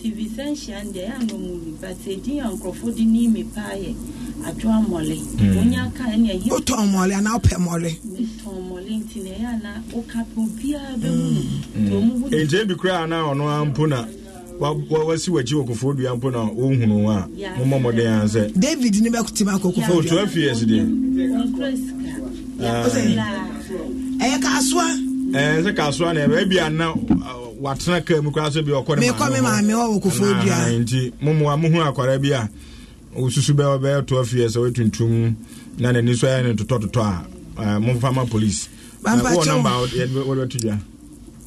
steve sɛnhyia deɛ ɛyɛ anomuri but ɛdin a nkurɔfoɔ de ne me paa yɛ adwo amɔle wonya ka ɛne ɛyɛ wotɔn mmɔle anaa wopɛ mmɔle metɔn mmɔle nti na ɛyɛ ana woka pɛ obiara bɛhu no ɛnkyɛ bi koraa na ɔno a mpo na wasi w'akyi wɔ kofoɔ dua mpo na wɔhunu a mommɔ mmɔden a sɛ david ne bɛkote ma akɔ kofoɔ dua 12 years deɛ ɛyɛ kaasoa ɛɛ sɛ kaasoa na ɛbɛbi ana watena kaa mu koraa sɛ bi ɔkɔ ne mekɔ me maame wɔ wɔkɔfoɔ dua nti momoa mohu akwara bi a wosusu bɛ bɛyɛ toa fie sɛ woatuntum na n'ani so ayɛ ne totɔtotɔ a eh, momfa ma police wɔ namba wode bɛto dwa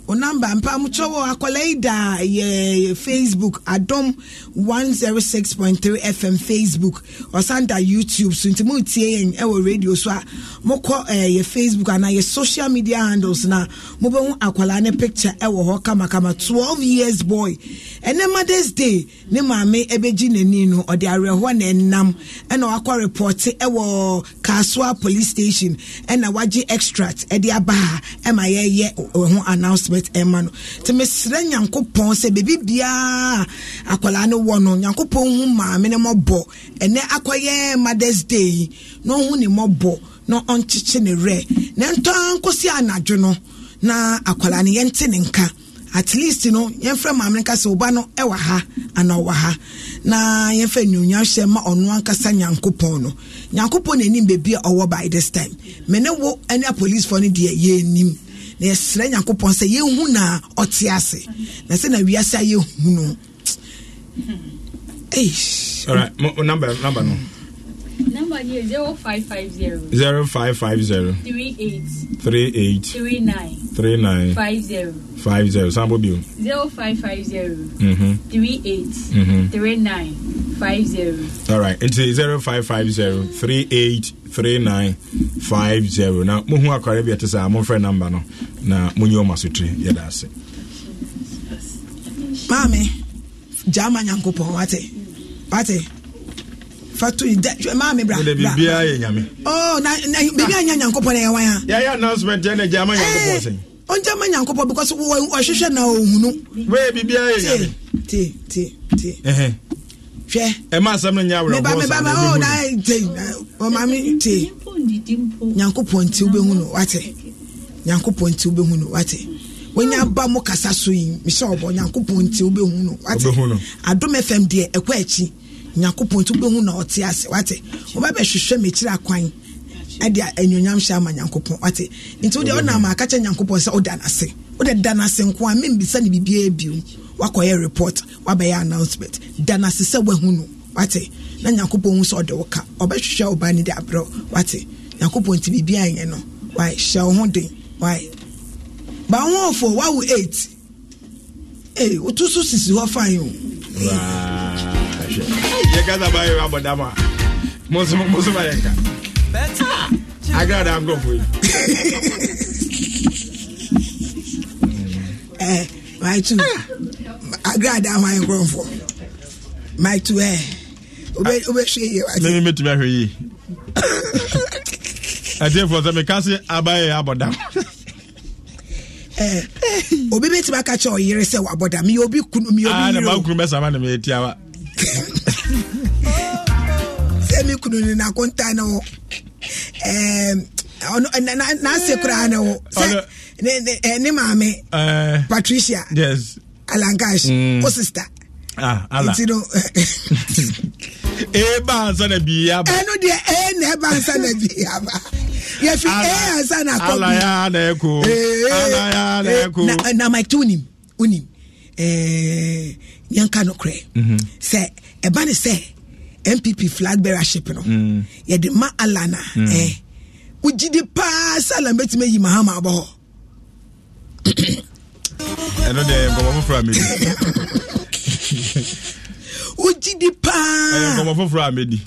o namba mpamtwɛwɔ akwadaa yi da yɛ facebook adom one zero six point three fm facebook ɔsan da youtube so nti mo tie yɛn ɛwɔ radio so a mo kɔ eh, ɛɛ yɛ facebook anaa yɛ social media handles na mo bɛ ho akwadaa ne picture ɛwɔ hɔ kamakama twelve years boy ɛnɛ mother's day ne maame ɛbɛgye n'ani no ɔde awerɛhoɔ na ɛnam ɛna wakɔ repɔte ɛwɔ kasoa police station ɛna wagye extract ɛde aba ha ɛma yɛyɛ ɛho announcement. treatment ɛma no nti mesrɛ nyankopɔn sɛ baabi biara akwadaa no wɔ no nyankopɔn hu maame no mmɔbɔ ɛnɛ akɔyɛ mothers day yi na ɔhu ne mmɔbɔ na ɔnkyekye ne werɛ na ntɔn nkɔsi anadwo no na akwadaa no yɛnte ne nka at least no yɛmfrɛ maame nka nkasa ɔba no ɛwɔ ha anaa ɔwɔ ha na yɛmfrɛ nyonya hyɛ ma ɔno ankasa nyankopɔn no nyankopɔn n'anim baabi a ɔwɔ by this time mene wo ne apolicefoɔ no deɛ yɛnim na yɛsrɛ nyankopɔn sɛ yɛhu na ɔte ase na sɛ wiase a yɛhu no number number no Number here 0550 0550 38 38 39 39 50 50 sample bill 0550 mm-hmm. 38 mm-hmm. 39 50 all right it's 0550 38 39 50 na mohu akware bi ɛte sɛ a momfrɛ number no na monyɛ ɔma sotire yɛda ase maame gyaa ma nyankopɔn wate wate fato yi dɛ maa mi bra bra biribiara yɛ nyame. Oh, ɔɔ announcement yɛn na gya eh, ama nyankopɔ sɛn. ɔn gya ama nyankopɔ because wɔ na ohunu. wɛɛ biribiara yɛ nyame. te te te. hwɛ. ɛ ma asɛm no nya awurɛ bɔ sa ɔɔ na eh, te ɔmaa mi te nyankopɔ nti wobɛhu no wate nyankopɔ nti wobɛhu no wate wọnyi aba mu kasa so yi misɛ ɔbɔ nyankopɔ nti wobɛhu no wate adum fm deɛ ɛkɔ akyi nyankopɔn tu bɛhu na ɔte ase wate woba bɛhwehwɛ m'akyiri akwan ɛde anyonyam hyɛ ama nyankopɔn wate nti wode wonam aka kyɛ nyankopɔn sɛ woda no ase wode da no ase nko a membisa ne biribiaa biom wakɔyɛ report wabɛyɛ announcement da no ase sɛ woahu no wate na nyankopɔn hu sɛ ɔde wo ka ɔbɛhwehwɛ ɔba no de aberɛ wate nyankopɔn nti biribiaa ɛnyɛ no wae hyɛ wo ho den wae ba ho ɔfo wawo 8 ee eh, otu so sisi hɔ fain o. yɛ kasa baa yɛ abɔ dama mɔnsoma mɔnsoma yɛ ka agra da nkurɔfo yi. ɛɛ maa tu agra da hɔ ayɛ nkurɔfo maa tu ɛɛ obɛ obɛ hwɛ yie wa. mímí mi tún bɛ hwɛ yie ɛdín fɔ sɛ mi kasi abayɛ abɔ dama. obi bɛtumi aka kyɛ ɔyere sɛ wabɔ da obi kunu mi obi ah, yere o <laughs> sɛ me kunu no nakonta na wo n'ase koraa ne wo sɛ ne maame eh. patricia alankash wo mm. sister ah, nti no ɛba <laughs> eh, ansa na ba? ɛno deɛ ɛɛ na ɛba ansa na ba. yɛfi ɛyɛ ansa na akɔ bi eh, eh, na eh, mike to wonim wonim yɛnka nokorɛ mhm. sɛ ɛba ne sɛ npp flag bearership no mm. yɛde ma ala na ɛ mm. wogyide paa sɛ ala mbɛtumi ayi mahama abɔ hɔ <coughs> ɛno deɛ nkɔmɔ foforɔ a mɛdi <coughs> wogyidi paa nkɔmɔ foforɔ a mɛdi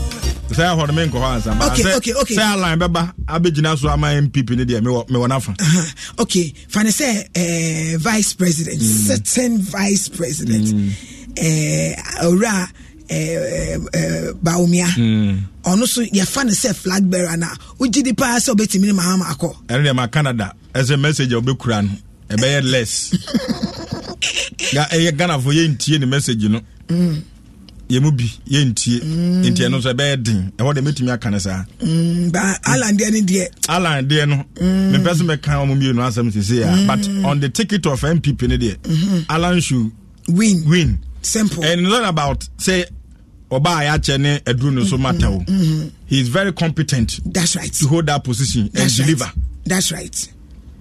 sɛ ɛhɔ no menkɔ hɔ ansa basɛ aline bɛba abɛgyina so ama mpp no deɛ mewɔ no afa uh-huh. okay fane sɛ eh, vice president mm. certain vice president mm. Eh, owura mm. uh, uh, uh, baomia mm. ɔno so yɛfa no sɛ flag bearer no a wogye di paa sɛ wobɛtumi ne mahama akɔ ɛno deɛ ma canada ɛsɛ message a wobɛkura no ɛbɛyɛ less <laughs> ɛyɛ ghanafoɔ yɛntie ne message no mm yɛmu bi yɛntie mm. nti ɛno nso ɛbɛyɛ den ɛhɔ deɛ mɛtumi aka ne saa mm, mm. alan deɛ no deɛ alan deɛ no mepɛ so mɛka ɔmo mmienu asɛm sesei a but on the ticket of mpp no deɛ mm-hmm. alan should win win simple and not about say ọba ayakyẹ ne aduru ne so mm-hmm. matter o mm-hmm. he is very competent that's right to hold that position and deliver that's right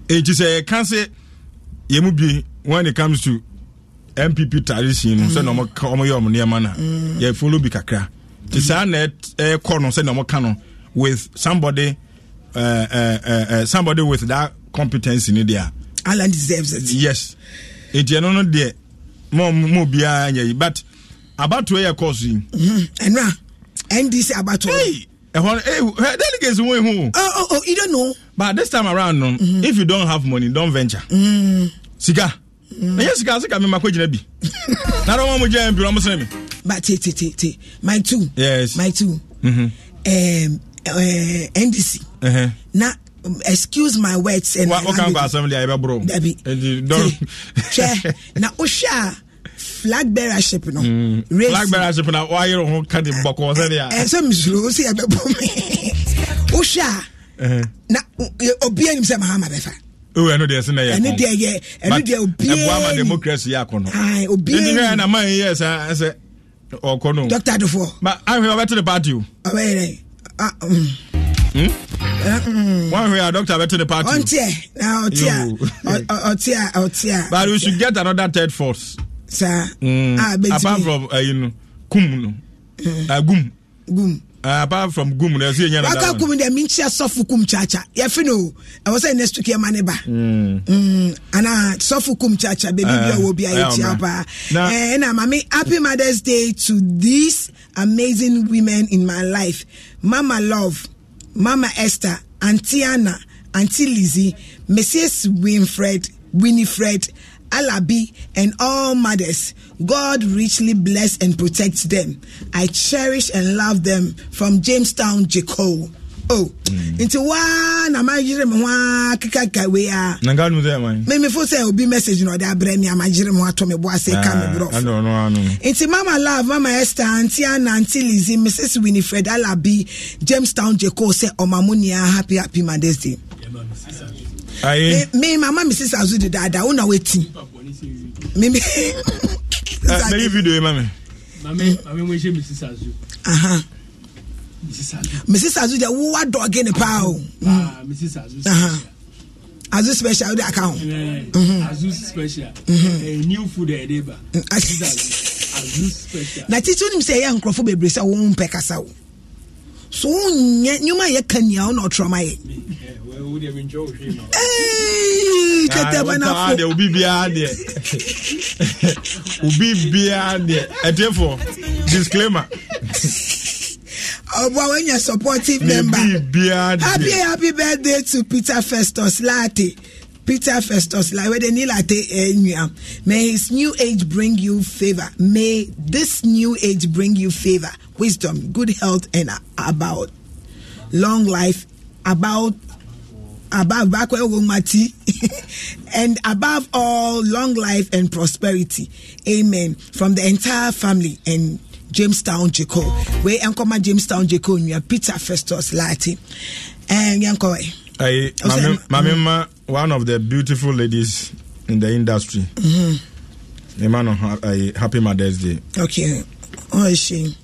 eti sɛ yɛ kan sɛ yɛmu bi when it comes to npp tradition no sɛna ɔmyɛ ɔm nneɛma no mm. yɛfolo bi kakra nti saa na ɛkɔ no sɛna ɔmka no with somebody uh, uh, uh, somebody with that competency ni deɛ alan deserves it yes nti ɛno no deɛ mo mo biara nyɛ yi but abatoɔ yɛ kɔɔso yi mm-hmm. ɛnura ndc abatoɔ hey ɛhɔ hey, hey, delegates wo ihu oh oh oh you don't know but this time around no mm -hmm. if you don't have money don't venture mm. sika na mm. yɛ sika sika mi ma ko gyina bi <laughs> na dɔn wɔn mo gyina bi wɔn mo ba te te te te my two. yes my two. mm mm-hmm. eh, ndc. uh uh-huh. na um, excuse my words. wa o kan ko assembly a yɛ bɛ boro. dabi te hwɛ na o hwɛ a flag bearership no. Mm. race flag bearership na wa yɛrɛ ho ka di bɔkɔ sɛ de a. ɛsɛ misiri o si yɛ bɛ bɔ mi <laughs> o hwɛ a. Uh-huh. na obi anim sɛ mahama bɛ fa ewu ɛnu deɛ ɛsɛn ɛyɛ ɛnu deɛ yɛ ɛnu deɛ obiɛ ɛbu ama democracy yɛ akɔnɔ obiɛ ɛdi hɛn na man yɛ ɛsɛ ɛsɛ ɔkɔ dɔkita adufo ma ahwɛ ɔbɛ ti ne paati o ɔbɛ yɛrɛ one way a doctor bɛ ti ne paati o ɔntiɛ ɔtiɛ ɔtiɛ ɔtiɛ but we should get another third force Sir, mm. ah, apart from ɛyinu eh, kum no agum hmm. ah, gum. Uh, apart from gum na ɛsɛ yɛnya na waka gum deɛ menkyia sɔfo kum kyakya yɛfe no ɛwɔ sɛ next week yɛma ne ba mm, anaa sɔfo kum kyakya bɛbibia wɔ bia yɛtia paa ɛna mame happy mothers day to these amazing women in my life mama love mama esther auntie anna auntie lizzie mrs winfred winifred alabi and all mothers God richly bless and protect them. I cherish and love them. From Jamestown, Jacob. Oh, into mm. one na ma yiri mu kika kika wei a. na nka nu sɛ man. mímifo sɛ obi message na ɔde abrɛ mi a ma yiri mu atɔ mi ase ka mi ah, burɔfo. ɛdɔn no ano. nti mama love mama esther Auntie anna aunty lizzie mrs winifred alabi jamestown jeko sɛ ɔmamu nia happy happy mother's day. ayi. mi mama Mrs. azu di daada o na wetin. Me. <laughs> Eh, mẹ́rin fídíò yẹn mami. mami mami mo ṣe mrs azu. mrs azu Azu, jẹ wo wa dọ̀ọ́gì ni pa o. mrs azu azu special o de aka o. azu special eh, mm-hmm. mm-hmm. eh, new food ẹ̀ dẹ́ ba azu special. na titun nim sẹ ẹ yẹ nkurɔfo bebree sẹ wọn mpẹ kasa o so wonyɛ nneɛma yɛ ka nia wona ɔtrɔma yɛ ah, kɛtɛbanafodeɛ obi biaa deɛ obi <laughs> biaa deɛ ɛtefo disclaimer ọbọ wọn yẹ supportive member happy happy birthday to peter festus laate Peter Festus, where the eh, um, May his new age bring you favor. May this new age bring you favor, wisdom, good health, and about long life, about above <laughs> and above all long life and prosperity. Amen. From the entire family and Jamestown Jaco. We enkoma Jamestown Jaco nya Peter Festus Lati. Eh, and yankoi. Ay, mame, one of the beautiful ladies in the industry. Mm-hmm. A ha- Happy Mother's Day. Okay. Who is she?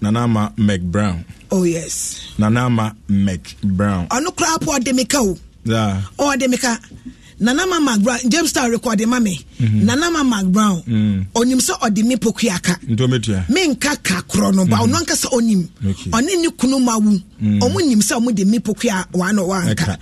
Nanama McBrown. Oh, yes. Nanama McBrown. Ano kura po ademika o? Yeah. Oh, ademika. nana mama brown james star record ma me mhm. nana mama brown mm. onim sɛ ɔde me poku aka menka ka korɔ no ba mhm. ɔno ankasa onim ɔne ne kunu ma wu mm. ɔmo nim sɛ ɔmo de me poku a wano wanka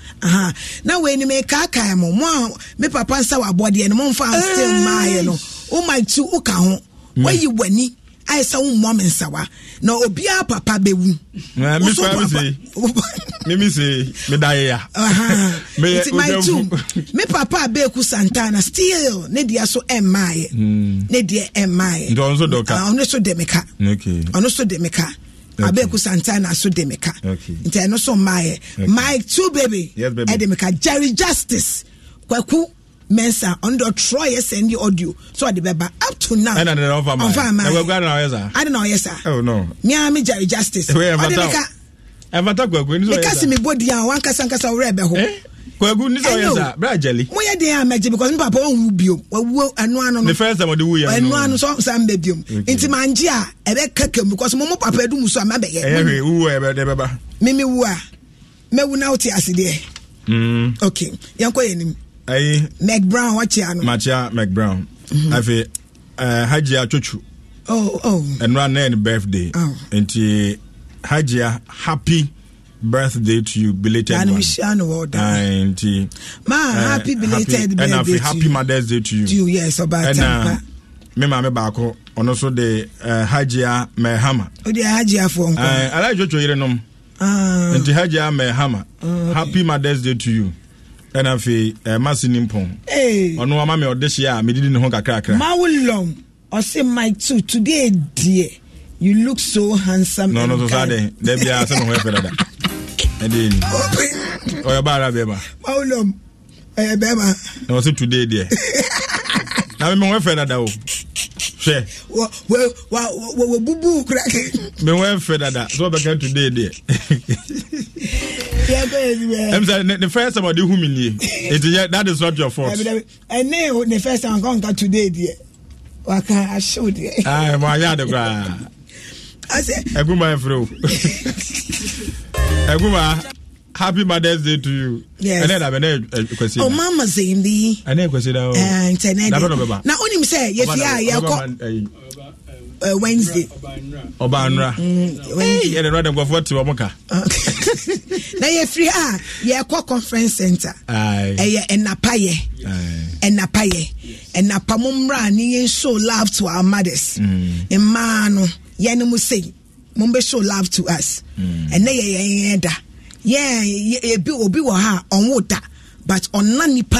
na wei ni mekaakaa mo mo a me papa nsa wɔ aboɔdeɛ no momfa anstem maayɛ no womaakyi woka ho wayi w'ani ayɛ sɛ wommɔ me nsawa na obiaa papa bɛwu eh, <laughs> <laughs> nti my tom me papa a bɛɛku santana still ne deɛ so ɛmmaayɛ ne deɛ ɛmmaayɛ ɔno so de meka ah, ɔno so de meka abɛɛku santana so de meka nti ɛno so mmaayɛ my two baby ɛde meka jerry justice kwaku mensa ɔno de ɔtrɔ yɛ send the audio so ɔde bɛba up to now ɔfa ma ɔfa ma na ɔyɛ sa adi na ɔyɛ oh, justice ɔde mi ka ɛfata kwaku nisɔn yɛ sa ekasi mi bɔ di yan wankasa nkasa ɔwura ɛbɛ hɔ kwaku eh? nisɔn yɛ sa bɛrɛ jɛli mo yɛ den amɛgye because papa ɔn wu biom wawu ɛnu anu no the first time ɔde wu yɛ ɛnu anu sɔ san bɛ biom nti maa n jia ɛbɛ kɛkɛ because mo mo papa edumu so ama bɛ yɛ ɛyɛ hwɛ wu ɛbɛ mm. ɛbɛ Mac Brown, ɛyi mcbrown wɔkye ano makyia mcbrown afei hagia twotwo ɛnora na ɛne birthday oh. nti Hajia happy birthday to you belated one ah, nti ma eh, happy belated birthday to you ɛna afei happy mother's day to you to you yes ɔbaa eh, tampa me maame baako ɔno so de eh, hagia mɛhama o oh, de hagia fɔ nkɔ alayi twotwo yere nom ah. nti hagia mɛhama oh, happy mother's day to you ɛna afei eh, masi ni mpɔn hey. ɔno ama mi ɔde hyia a medidi ne ho kakrakra mawulɔm ɔsi mike too today deɛ you look so handsome no no so saa de dɛbi a sɛ ne ho ɛfɛ e dada ɛde ni ɔyɛ baara bɛɛ ma mawulɔm ɛyɛ eh, bɛɛ ma <laughs> na ɔsi today deɛ na mi ho ɛfɛ e dada o hwɛ wɔ bubu kura ke mi ho ɛfɛ e dada so ɔbɛka today deɛ. <laughs> I'm saying the first time I do human ye. It that is not your fault. And now the first time I come to today, dear. Waka I showed you. Ah, my yard the ground. I said, Aguma fro. Aguma. Happy Mother's Day to you. Yes. And then I'm an uh, question. Oh, Mama Zimbi. And then question. Uh, internet. Na onim say yes, yeah, yeah uh, Wednesday. Obanra. Mm, hey, and rather go for to Omoka. Now you're free. Ah, you're conference center. Aye. Aye. And Napaye. Aye. And Napaye. And Napamumra. Ni show love to our mothers. And mm. mano. Yenu musei. Mumbe show love to us. And they are yenda. Yeah, ebi obi wɔ ha ɔnwo da but ɔna nipa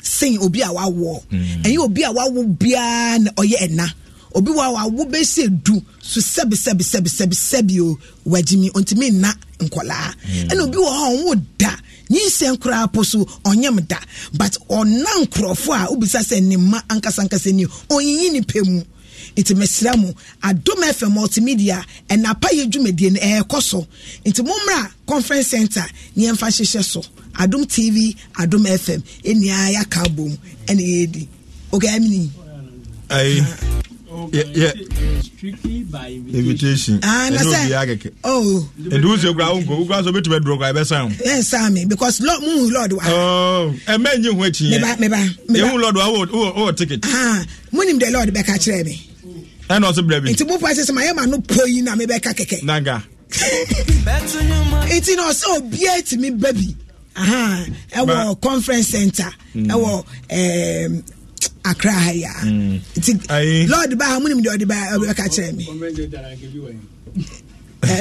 sɛn obi a wawɔ ɛyɛ obi a wawo biara na ɔyɛ ɛna obi wa wa wo bɛ se du so sɛbi sɛbi sɛbi sɛbi sɛbi o wagyi mi ntumi nna nkɔlaa ɛna mm. obi wɔ hɔ ɔnwo da nyinsɛn koraa po so ɔnyam da but ɔna nkorɔfo a obisa sɛ ne mma ankasa ankasa ni ɔnyiyi ne pɛ mu nti mesra mu adom fm multimedia ɛnapa yɛ dwumadie no ɛɛkɔ so nti mommra conference center ne yɛmfa hyehyɛ so adom tv adom fm ɛnua yɛaka abom ɛne yɛdi ogamini okay, invitation ɛna ah, oh. oh, ah, obi akeke edu nse kura awo nko so bi duro kura ebe san o. ẹ mi because Lord, mu hun lọọdù wa. ẹ mẹ n yi hun ekyi yẹn mẹba mẹba mẹba ehun wa o o ticket. mu ni mu de lọọdù bẹ ká kyerẹ mi. ẹnna ọsẹ bẹrẹ bi. nti mo pa ẹsẹ ma yẹ ma no poyi na mi bẹ ká kẹkẹ. nanga. nti na ọsẹ obi ẹ ti ɛwɔ conference center ɛwɔ akra ha ya nti lord baa mu nim deɛ ɔde baa ɔbɛka kyerɛ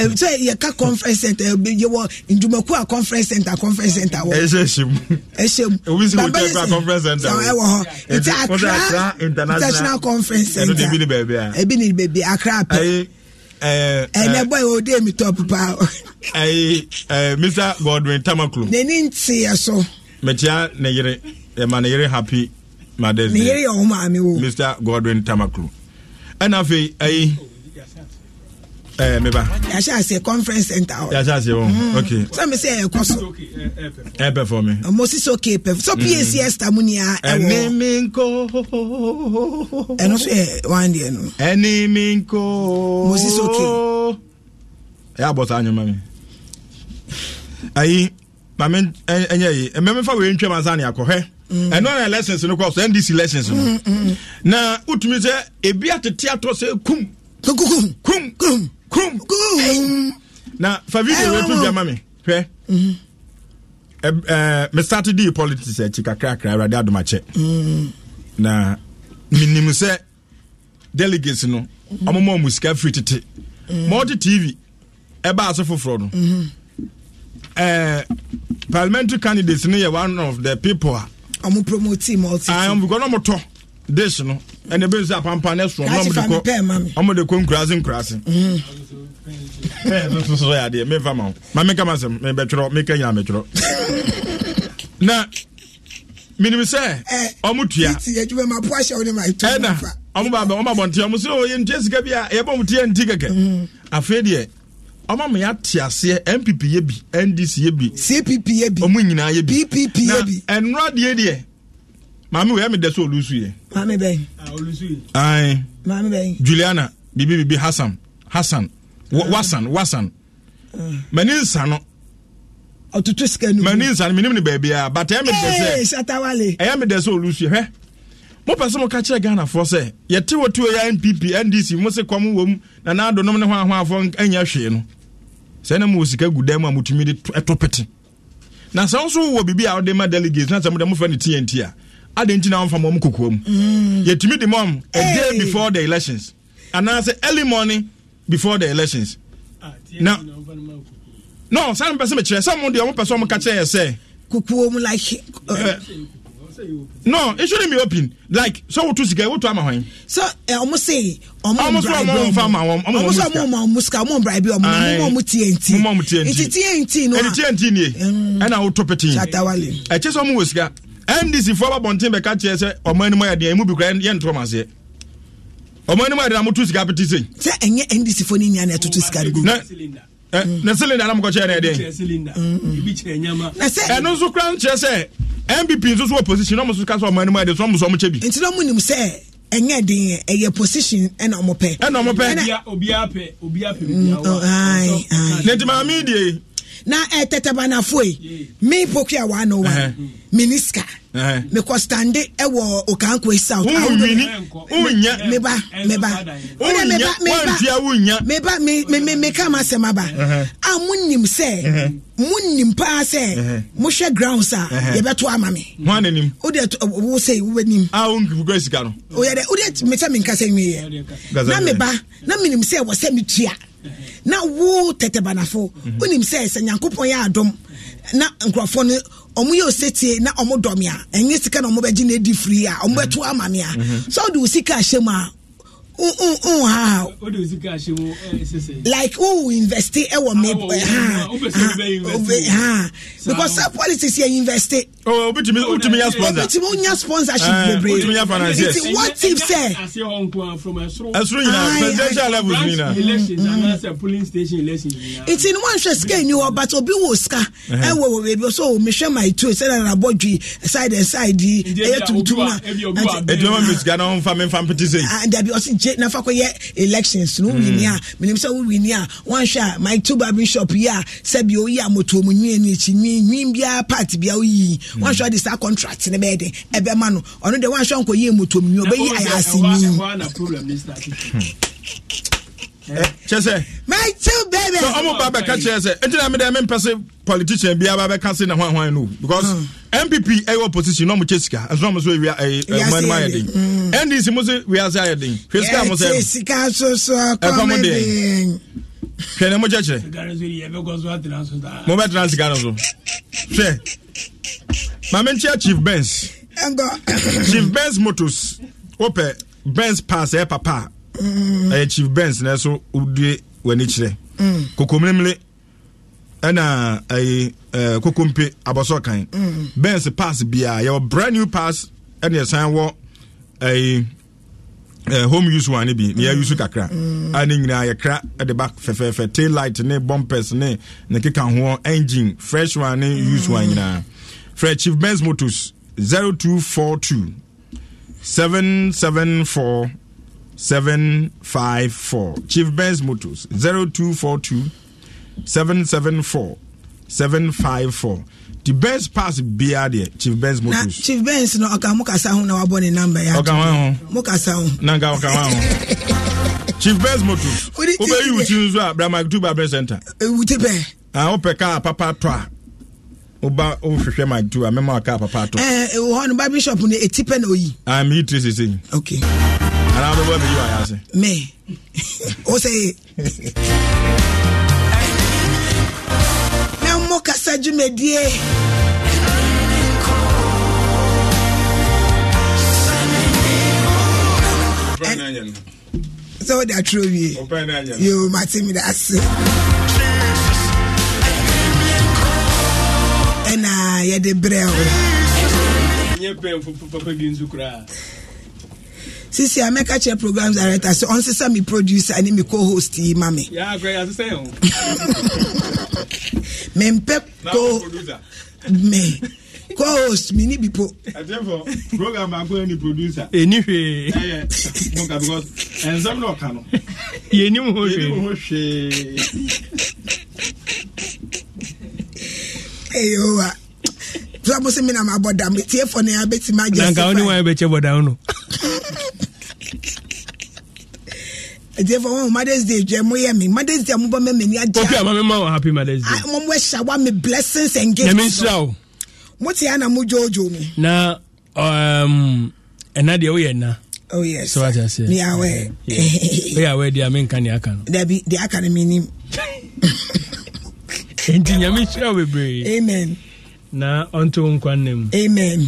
me sɛ yɛka conference center eh, yɛwɔ ndwumaku a conference center conference center wɔ ɛhyɛ mu ɛhyɛ mu baba yɛ conference center ɛwɔ hɔ nti akra international conference center ɛbi ni baabi a ɛbi ni baabi akra pɛ ɛnɛ bɔ yɛ ɔde mi tɔ paa. mr godwin tamakulu. n'ani ntiɛ so. mɛkyia ne yere ɛma ne yere happy. Mother's Day. Yeye ọhún maame wo. Mr Godwin Tamaklu. Ẹna afei ayi. Ẹ mẹba. Yàhyẹ ase conference center hɔ. Yàhyẹ ase wɔn. Okay. Sọ mi sẹ so. Ẹ pẹ fọ mi. Mo si so kee pẹ. So PAC Esther mu ni a ɛwɔ. Ẹni mi nko. Ɛno so yɛ one deɛ no. Ɛni mi nko. Mo si so kee. Ẹ abọ saa anyama mi. Ayi maame ɛnyɛ yi mɛmɛfa wei ntwam ansa ni akɔhɛ ɛno mm-hmm. na elections no kɔ so ndc elections mm-hmm, mm-hmm. no na wotumi sɛ ebi atete atɔ sɛ kum kum kum kum na fa video wetu bi ama me hwɛ me start di politics akyi eh, kakrakra awurade adomakyɛ na menim sɛ delegates no ɔmoma mu sika firi tete ma wɔte tv ɛba ase foforɔ no eh, parliamentary candidates no yɛ one of the people a ɔmo promote ma ɔte. ayi ɔmo because ɔmo tɔ dish no ɛna ebi nso apampa ne so ɔmo de kɔ ɔmo de kɔ nkurase nkurase. ɛɛ soso so yɛ adeɛ mefa ma ho maame kama sɛm mɛ bɛ twerɛ mɛ kanya mɛ twerɛ <laughs> na minimu sɛ ɔmo tua ɛna ɔmo ba bɛ ɔmo abɔnten ɔmo sɛ ɔyɛ ntua sika bi a ɛyɛ bɔ ɔmo tia nti kɛkɛ mm. afei deɛ ɔma ma yɛate aseɛ npp yɛ bi ndc yɛ bi cpp yɛ bi ɔmo nyinaa yɛ bi ppp yɛ bi na nnora deɛ deɛ maame wɔ yɛ medɛ sɛ olusu yɛ maame bɛn ah, ae maame bɛn juliana bibi bibi hasan hasan wasan ah. wasan ah. mani nsa no ɔtoto sika nu mani nsa no menim ne baabiaa but ɛyɛ medɛ sɛ ɛyɛ medɛ sɛ olusu yɛ hwɛ Mo mopɛ sɛ moka kyerɛ ghanafoɔ sɛ yɛte wɔtuo yɛ npp ndc mo se kɔm wɔ mu na naadonom ne hoahoafoɔ anyɛ hwee no sɛ na mowɔ sika gu dan mu a motumi de ɛto pete na sɛ wo so wowɔ biribi a wode ma delegates na sɛ mode mofa no tnt a adɛn nti na womfa mɔ m kokoa mu mm. yɛtumi de mɔm a day before the elections anaasɛ early morning before the elections ah, na no saa mepɛ sɛ mekyerɛ sɛ mo deɛ mopɛ sɛ ɔmoka kyerɛ yɛ sɛ kokuo like uh, eh no it shouldn't be open like so wotu sika wotu ama hwan. so ọmọ sè ọmọ ọmọ sọ ọmọ ọmọ fama wọn ọmọ ọmọ sika ọmọ ọmọ ọmọ sika ọmọ ọmọ ibi ọmọ ọmọ ọmọ tnt ọmọ ọmọ tnt nti tnt no a ẹni tnt nie ẹna awoto pete chatawale ẹkyẹ sọ ọmọ wọ sika ndc fún ọba bọntin bẹ ká kyerẹ sẹ ọmọ ẹni mọ yà diẹ ẹmu bi kura yẹn ntọ́ ma seẹ ọmọ ẹni mọ yà diẹ amutu sika pete sẹ. sẹ ẹnyẹ ndc fún ni mm. nyà eh, na ẹtutu sika dugu. Eh, na cylinder na mokɔkyɛɛ no ɛdɛn ɛno nso kora nkyerɛ sɛ mpp nso so wɔ position na ɔmo so ka sɛ ɔmo anim ade so ɔmo so ɔmo kyɛ bi nti na nim sɛ ɛnyɛ den yɛ ɛyɛ position ɛna ɔmo pɛ ɛna ɔmo pɛ obiara pɛ obiara pɛ obiara mm, pɛ oh, ne nti maame die na ɛtɛtɛbanafo eh, yi mi pokia one oh uh-huh. one miniska uh-huh. mekɔ stande ɛwɔ eh, okanko south awudu wunya meba meba wunya wantia wunya meba meba meka ma sɛm aba a mu nim sɛ mo nim paa sɛ mo hwɛ grounds a yɛbɛto ama me. mo ana o de wo se wo bɛ nim. a ah, o nkiri kura sika no. o yɛ dɛ o de mi sɛ mi nka sɛ nwi yɛ na meba na mi nim sɛ wɔ sɛ mi tia na wo tɛtɛbanafo wonim mhm. sɛ sɛ nyankopɔn yɛ adom na nkurɔfoɔ no ɔmo yɛ osetie na ɔmo dɔm ɛnyɛ sika na ɔmo bɛgye na edi firi a ɔmo bɛto ama mhm. sɛ ɔde wo sika ahyɛ mu a how like who invest ɛwɔ me ah, because sɛ politics yɛ invest wobɛtumi wonya sponsorship bebreenti what tip sɛ nti one wanhwɛ sika nni hɔ but obi wɔ sika ɛwɔ wɔ baabi so mehwɛ my tuo sɛ nanabɔ dwi side and side ɛyɛ tuntum a dabi ɔse gye na fa kɔyɛ elections no wini hmm. a menim sɛ wowini a wanhwɛ a my two barbing shop yi a sɛbi oyi a motoɔ nwin ani akyi nwin nwin biara part bia woyi hmm. wanhwɛ ɔde saa contract ne bɛyɛ den ɛbɛma no ɔno de wanhwɛ nkɔyɛ motoɔ mu nwin ɔbɛyi ayɛ nwin Eh, kyɛ sɛ michael baby so ɔmo ba bɛka kyerɛ sɛ ɛntina mi dɛ mi mpɛ sɛ politician bi aba bɛka se na hwan hwan no because npp hmm. ɛyɛ opposition na ɔmo kyɛ sika ɛsɛ ɔmo so ewia ɛyɛ ɛmo ɛmo ayɛ den ndc mo so wiase ayɛ den hwɛ sika mo sɛ sika soso ɛfam den hwɛ na mo kyɛ kyerɛ mo bɛ tena sika no so hwɛ maame n kyerɛ chief benz chief benz motors wopɛ benz pass ɛyɛ papa a ɛyɛ eh, eh, chief benz na ɛso wodue w'ani kyerɛ mm. kokomiremire ɛna ɛyi eh, kokompe abɔsɔ kan mm. benz pass biara yɛwɔ brand new pass ɛna ɛsan wɔ ɛyi home use one ne bi ni yɛ use kakra mm. a ne nyinaa yɛkra ɛde ba fɛfɛɛfɛ tail light ne bumpers ne ne keka ho engine fresh one ne use one nyinaa fɛ chief benz motors zero two four two seven seven four. 754 chief benz motors 0242 774 754 the best pass biara here, chief benz motors. na eh, chief benz no ɔka mo kasa ho na wabɔ ne namba yɛ ato ɔka wɔn ho mo kasa ho na nka ɔka wɔn ho chief benz motors wobɛyi wuti nso a brahma two barber center. wuti bɛɛ. a wopɛ kaa papa atɔ Oba woba wohwehwɛ mag two a aka papa atɔ. Eh, eh wɔ hɔ no barber shop no eti na oyi. I'm mi yi tiri okay. And I'm the you are asking. Me. O say. Now, Moka Sajumedie. sɛ You atwerɛ wie yo matemi da ase ɛna yɛde brɛ o sisi ameka chair programs director sɛ ɔnsesa me producer ne me co-host yi ma me <laughs> mempɛ me co-host me ni bi po. ɛtɛfɔ program baako <laughs> yɛ ni producer. ɛni hwee. ɛyɛ mo ka because ɛnsɛm na ɔka no. yɛ ni mo hwee. yɛ ni mo hwee. eyo wa fúlàmù sí mi nà máa bọ̀ dàmú tiẹ̀ fọ̀ ní abẹ́tì máa jẹ́ sí fún mi. nanka ó ní wọn ẹ bẹ tiẹ̀ bọ̀ dàmú nù. ɛdi fɔ mother's day jɛ mo yɛ mi mother's day mo bɔ ni adi. ama mi ma happy mother's day. Ah, mo mo ɛhyɛ wa mi blessings and gifts. nsira o. mo na mo joojo mi. na o um, oh yes so what i say. mi <laughs> o yà awɛ di a mi ni aka no. dabi di aka ni mi ni. nti nyame nsira o bebree. amen. na ɔntun nkwa mu. amen.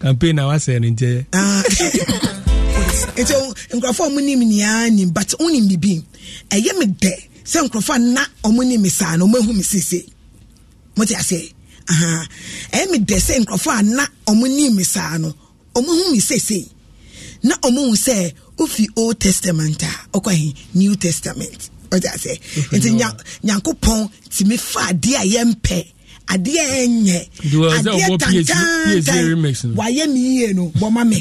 campaign na wasɛ no nkyɛ nti nkurɔfoɔ a ɔmo nim nim but wonim bibi ɛyɛ me dɛ sɛ nkurɔfoɔ na ɔmo nim saa no ɔmo ahu me sese mote aseɛ ɛyɛ me dɛ sɛ nkurɔfoɔ a na ɔmo nim saa no ɔmo me sese na ɔmo hu sɛ ofi old testament a ɔkɔ new testament ɔte aseɛ nti nyankopɔn tìmi fa adeɛ a yɛmpɛ adeɛ ɛnyɛ adeɛ tantantan wayɛ mi yie no bɔma mi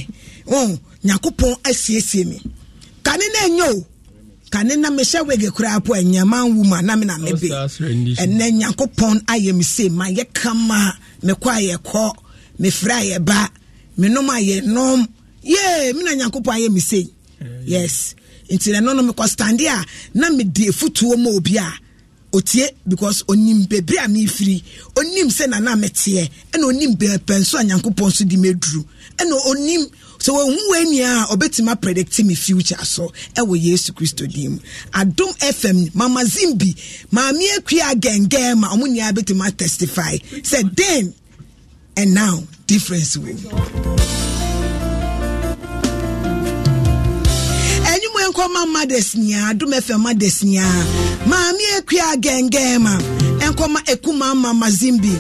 ɔn nyakopɔn asiesie mi kane na enyo kane na mehyɛ wege koraa po ɛnyɛma nwuma na mi na mi be ɛnɛ nyakopɔn ayɛ mi se ma yɛ kama mekɔ ayɛ kɔ mefra ayɛ ba menom ayɛ nom yee mi na nyakopɔn ayɛ mi se eh, yes nti na ɛno no mekɔ stande a na mede efutuo ma obi a otie because onim bebree a mefiri onim sɛ nana meteɛ ɛna onim bɛpɛ nso a nyankopɔn nso de meduru ɛna onim sɛ wɔhu wɔ nia a ɔbɛtumi apredicte me future so ɛwɔ yesu kristo din mu adom fm mama zimbi maame akua agɛngɛn ma ɔmo nyinaa bɛtumi atestify sɛ then and now difference wɔ mu mmere nkɔ ma mothers nyinaa adum fm mothers nyinaa maame akua gɛngɛn ma nkɔma ekuma mama zimbi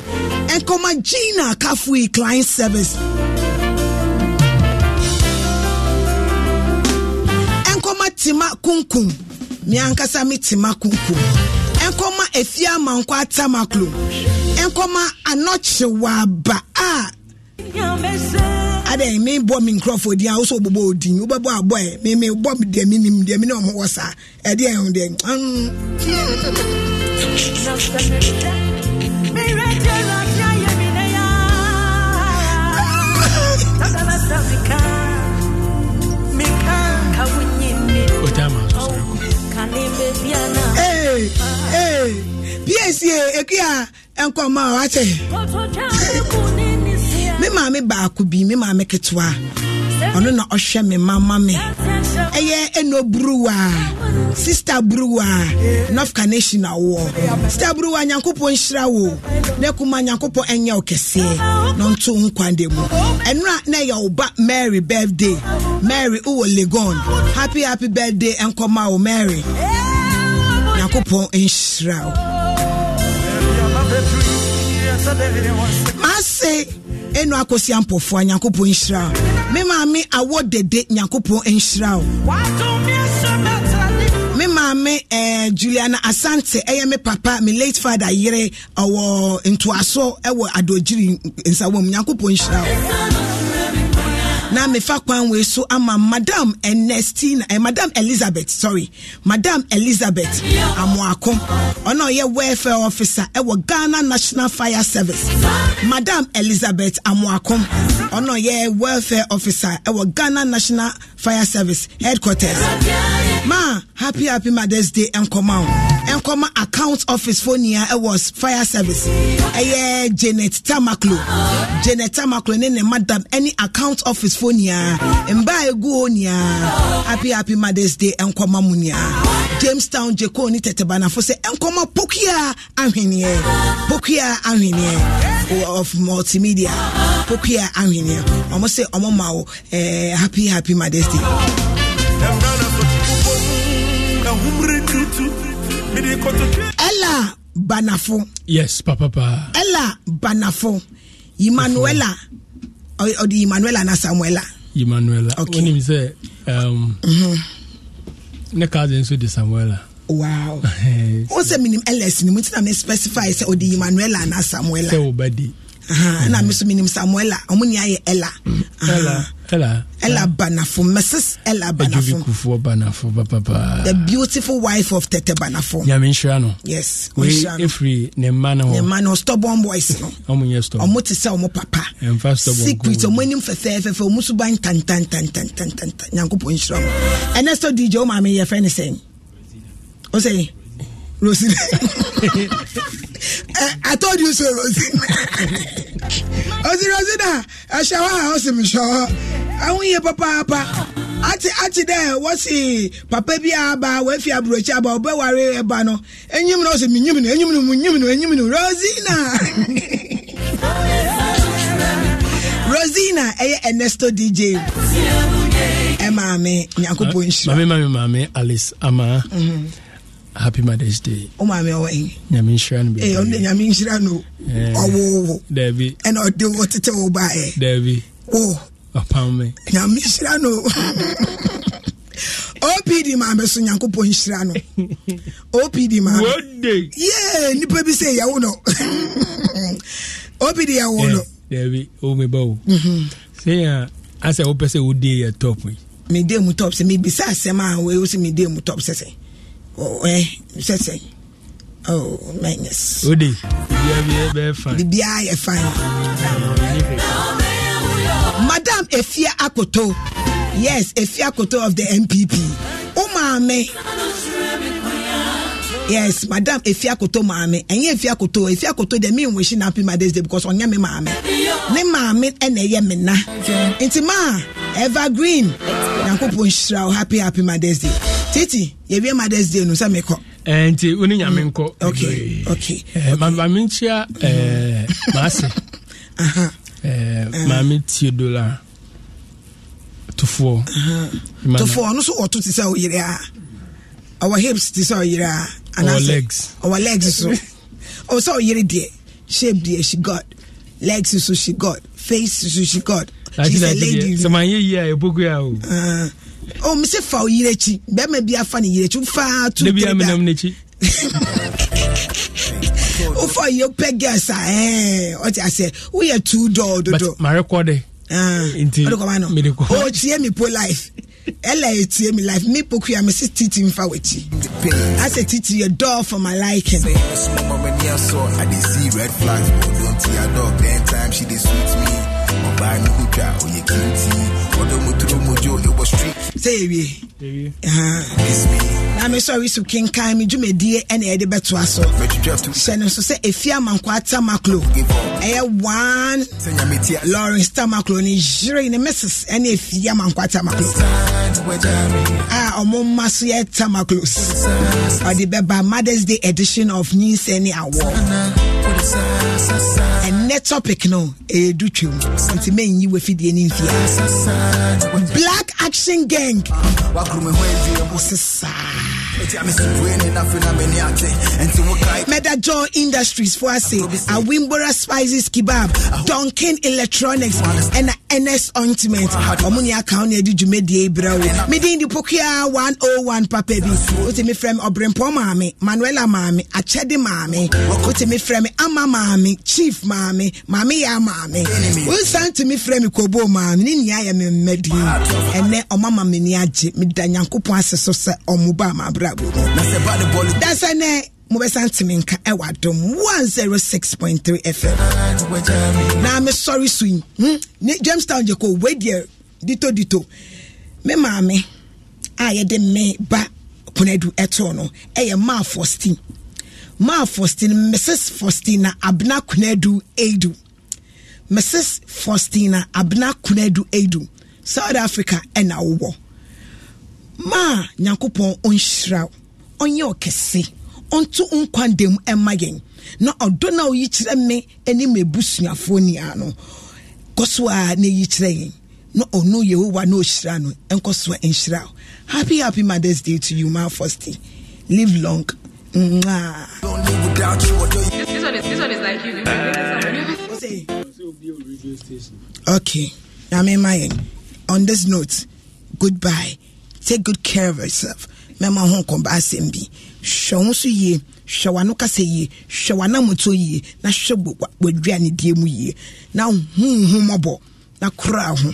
nkɔma gina kafui client service. tima kunkum me ankasa me tima kunkum ɛnkɔma efie amankɔ atamaklo ɛnkɔma anɔkyewa a. Ah. adɛn mebɔ me nkurɔfoɔ din a wo sɛ wobobɔ odin wobɛbɔ abɔɛ memebɔ deɛ menim deɛ mene ɔmo wɔ saa ɛdeɛ ɛho deɛ piesie ekuya nkɔmɔ a me maame baako bi me maame ketewa ɔno na ɔhwɛ me mama me ɛyɛ ɛno buruwa sista buruwa north carnation awoɔ sista buruwa nyankopɔn nhyira wo na kuma nyankopɔn ɛnyɛ wo kɛseɛ na nto wo nkwande mu ɛnora na ɛyɛ wo ba mary birthday mary wowɔ legon happy happy birthday ɛnkɔma wo mary nyankopɔn nhyira wo maase ɛnu akɔsi ampɔfoɔ nyankopɔn nhyira o me maame awɔ dede nyankopɔn nhyira o me maame eh, ɛɛ juliana asante ɛyɛ me papa me late father yere ɔwɔ ntoaso ɛwɔ adogyiri nsawom nyankopɔn nhyira o na mefa kwan wei so ama madam ernestina eh, madam elizabeth sorry madam elizabeth amoako ɔno ɔyɛ welfare officer ɛwɔ eh, ghana national fire service madam elizabeth amoako ɔno ɔyɛ welfare officer ɛwɔ eh, ghana national fire service headquarters ma happy happy mother's day nkɔma o nkɔma account office fo nia was fire service yeah, janet tamaklo janet tamaklo ne ne madam Any account office fo nia mbaa egu o nia happy happy mother's day nkɔma mu nia jamestown jeko ne tɛtɛbanafo sɛ nkɔma pokia ahweneɛ pokia ahweneɛ of multimedia pokia ahweneɛ ɔmo sɛ ɔmo ma wo ɛɛ eh, happy happy mother's day. Ella Banafo. Yes, Papa. Pa. Ella Banafo. Emanuela. Or, or na Samuela. Emanuela. Okay. When him say, um, mm-hmm. ne cousin so di Samuela. Wow. <laughs> yes. What's the meaning? LS. You must not specify. Say, or oh, the na Samuela. Say, Obadi. Oh, ɛna me so menim samuela ɔmo ayɛ ela mm. ela banafo mrs ela banafo oh, the beautiful wife of tete banafo nyame nhyira no yes ne mma no ne no stubborn boys no <laughs> ɔmo te sɛ ɔmo papa secret ɔmo anim fɛfɛɛfɛfɛ ɔmo so ba ntantantantantantantantan nyankopɔn nhyira mo ɛnɛ sɛ dj wo maame yɛfrɛ ne sɛn wo sɛ Rosina <laughs> eh, I told you so, Rosina, <laughs> ah, I shower, I Ati papa bi aba aba enyim na ɔsi mi nyim no enyim no mu nyim enyim Rosina Rosina ɛyɛ Ernesto DJ ɛmaame nyankopɔn maame Alice Ama. Mm-hmm. happy mother's day. o maa mi ọwọ yin. nyame nhyira no bebree. ee ọdún nyame nhyira no eh, ọwọ owó. dẹbi. ẹnna ọdún owó tètè owó bá yẹ. dẹbi. wo. ọpam mi. nyame nhyira opd <laughs> maame so nyankopɔn nhyira no opd maame. wode. yee nipa bi sè yẹwò nọ opd yẹwò nọ. dẹbi o mi eh, bá o. sèyàn asẹ o pẹ sẹ o de yẹ tọpù. mi de mu tọpù sẹ mi bisa asẹm a o yẹ o mi de mu tọpù sẹsẹ sɛ oh, eh, sɛ oh minus. o de biribiara bɛ fan. biribiara yɛ fan. Madame efia akoto yes efia akoto of the npp o maame yes madam efia akoto maame ɛnyɛ efia akoto efia akoto de mi n wisi na happy mother's day because ɔnyɛ mi maame ne maame ɛna ɛyɛ mi na nti maa evergreen nyankopɔn nhyira happy happy mother's day titi yɛwie mothers day no sɛ mekɔ nti wo ne nyame mm. nkɔ eh, mame nkyia eh, mm. maase <laughs> eh, maame tie dola tofoɔ tofoɔ ɔno so ɔto te sɛ wo a ɔwɔ hips te sɛ ɔyere a ɔwɔ legs so <laughs> ɔwɔ sɛ ɔyere deɛ shape deɛ she got legs so she got face so she got she's a lady So manyɛ yeye a ɛbɔgu a o o oh, mi se fa o yire akyi bɛrima bi afa ne yire akyi fa tu tiri da ne bi amina mu n'akyi. wofa yɛ pɛ gas a ɛɛ ɔte asɛ woyɛ two door dodo. but ma rekɔ e. ah, de. nti mede kɔ o tie mi po life ɛla yɛ e tie mi life Me po kuya mi si titi nfa wɔ akyi asɛ titi yɛ door for my liking. ɔbaa no ho twa ɔyɛ kinti ɔdɔ mu turo mu dwo ɛwɔ street sɛ yɛwie na me sɛ kenkan me dwumadie ɛne yɛde bɛtoa so hyɛ no nso sɛ ɛfie amankoa tamaklo ɛyɛ one lawrence tamaklo ne yerei ne mrs ɛne ɛfie amankoa tamaklo a ɔmo mma so yɛ tamaklos ɔde bɛba mothers day edition of nyinsɛne awɔ ɛnɛ topic no ɛyɛdu twam nti mɛnyi wafidie no mfie black action gang ɔse saa Medajo Industries for us, eh? a Wimbora Spices Kebab, Duncan Electronics, and NS Ointment. Omunia County, did you make the Ebro? Medin eh? the Pokia 101 Papa B. Utimi Frem Obrempo Mami, Manuela Mami, Achedi Mami, Utimi Frem Ama Mami, Chief Mami, Mami Ya Mami. Wilson to me Frem Kobo Mami, Ninia Medi, and then Oma Mamiaji, Midanyanko Pwansa Sosa, Omuba Mabra abrabɔ mu. na sɛ ba nka ɛwɔ adom 106.3 fm na mesɔre so yi hmm? ne jamestown gyekɔ weideɛ dito dito me maame a yɛde me ba kunadu ɛtoo no ɛyɛ maa fostin maa fostin mrs fostina abena kunadu edu mrs fostina abena kunadu edu south africa ɛna wowɔ ma nyankopɔn ɔnhyira ɔnyɛ ɔkɛse ɔnto nkwa dam ɛma yɛn na ɔdɔ no a ɔyi kyerɛ me ne ma abusuafoɔ nyinaa no kɔ so a na ɛyi kyerɛ yɛn na ɔno yehowa na ɔhyira no ɛnkɔ so a ɛnhyira happy happy mother's day to you ma fosty live long Mwah. Okay, I'm in my on this note. Goodbye take good care of yourself mɛma ho nkɔmba asɛm bi hwɛ wo so yie hwɛ w'ano kasa yie hwɛ w'anammɔtɔ yie na hwɛ w'aduane die mu yie na huhu mmɔbɔ na kora ho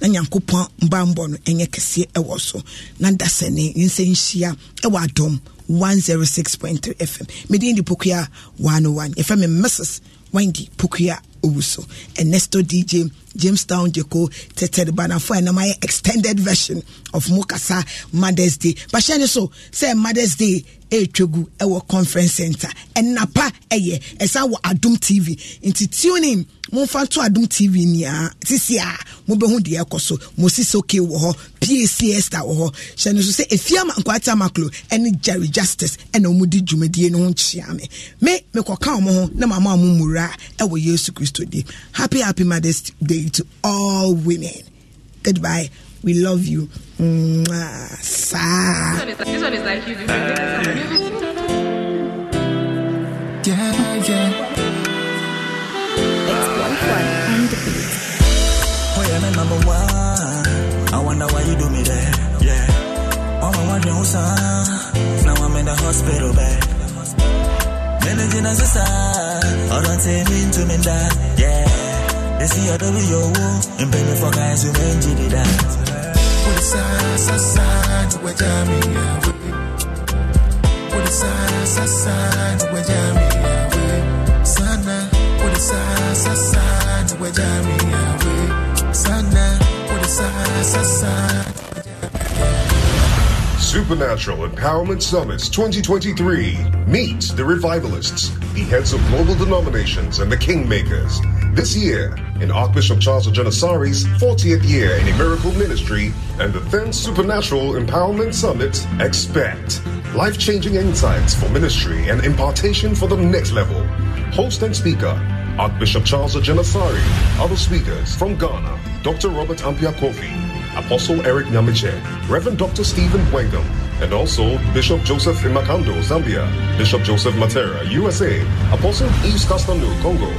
na nyankopɔn mbambɔ no ɛnyɛ kɛseɛ ɛwɔ so na dasɛne nsɛ nhyia ɛwɔ adɔm 106.3 fm medin de pokua 101 yɛfrɛ me mrs wendy pokua Owusu, Ernesto DJ, Jamestown Jeko, Teted Banafo, and my extended version of Mukasa Mother's Day. But she so say Mother's Day. ɛretwagu eh, ɛwɔ eh, conference center ɛnapa ɛyɛ eh, ɛsan wɔ adum tv nti tuning momfa nto adum tv nyinaa ah, sisi a ah, mobɛhu deɛ ɛkɔ so mosisi okay wɔ hɔ bacsta e wɔ hɔ hyɛ no sɛ efiama nkwata maklo ɛne jerry justice ɛna wɔn di dwumadie no ho kyia me mekɔka wɔn ho na mama wɔn mmura ɛwɔ yesu kristo di happy happy mothers day to all women goodbye we love you. Mwah. This one is this one is like you. son. Now I'm in the hospital bed. Managing as a son. I don't take me to me that. Yeah. They see a W and me for guys who men did that. What is that? Sasa to a jammy. What is that? Sasa to a jammy. Sana. What is that? Sasa to a jammy. Sana. What is that? Sasa. Supernatural Empowerment Summits 2023. Meet the revivalists, the heads of global denominations, and the kingmakers. This year, in Archbishop Charles Ogenesari's 40th year in a miracle ministry and the 10th Supernatural Empowerment Summit, expect life changing insights for ministry and impartation for the next level. Host and speaker, Archbishop Charles Ogenesari. Other speakers from Ghana, Dr. Robert Ampia Kofi. Apostle Eric Namiche, Reverend Dr. Stephen Wengam, and also Bishop Joseph Imakando, Zambia, Bishop Joseph Matera, USA, Apostle Yves Castano, Congo,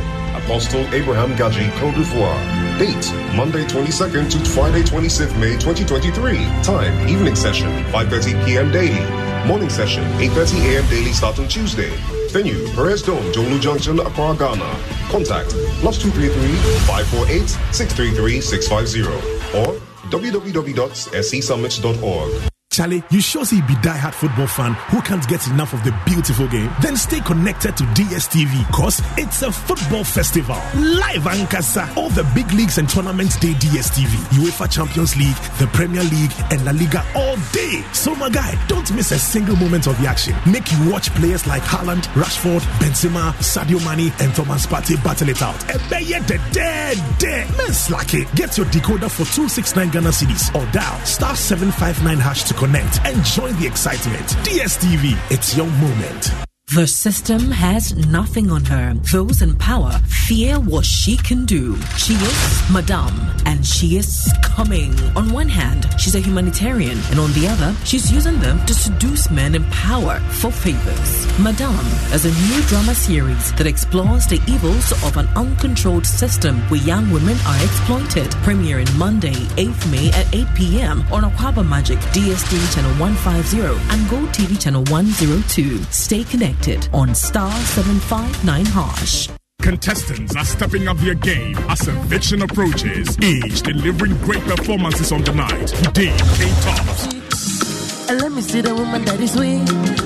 Apostle Abraham Gaji, Cote d'Ivoire. Date, Monday 22nd to Friday 26th May 2023. Time, evening session, 5.30 p.m. daily. Morning session, 8.30 a.m. daily start on Tuesday. Venue, Perez Dome, Jolu Junction, Accra, Ghana. Contact, plus 233-548-633-650 or www.sesummits.org. Charlie, you sure see be die-hard football fan who can't get enough of the beautiful game? Then stay connected to DSTV, cause it's a football festival. Live Ankasa, all the big leagues and tournaments day DSTV. UEFA Champions League, the Premier League, and La Liga all day. So my guy, don't miss a single moment of the action. Make you watch players like Haaland, Rashford, Benzema, Sadio Mane, and Thomas Partey battle it out. And be yet the dead, dead. Man, slack it. Get your decoder for 269 Ghana cities or dial star 759 hash to connect and join the excitement. DSTV, it's your moment. The system has nothing on her. Those in power fear what she can do. She is Madame, and she is coming. On one hand, she's a humanitarian, and on the other, she's using them to seduce men in power for favors. Madame is a new drama series that explores the evils of an uncontrolled system where young women are exploited. Premiering Monday, 8th May at 8 p.m. on Aquaba Magic, DST Channel 150, and Gold TV Channel 102. Stay connected connected on Star 759 Harsh. Contestants are stepping up their game as eviction approaches, each delivering great performances on the night. Today, K Tops. And let me see the woman that is sweet.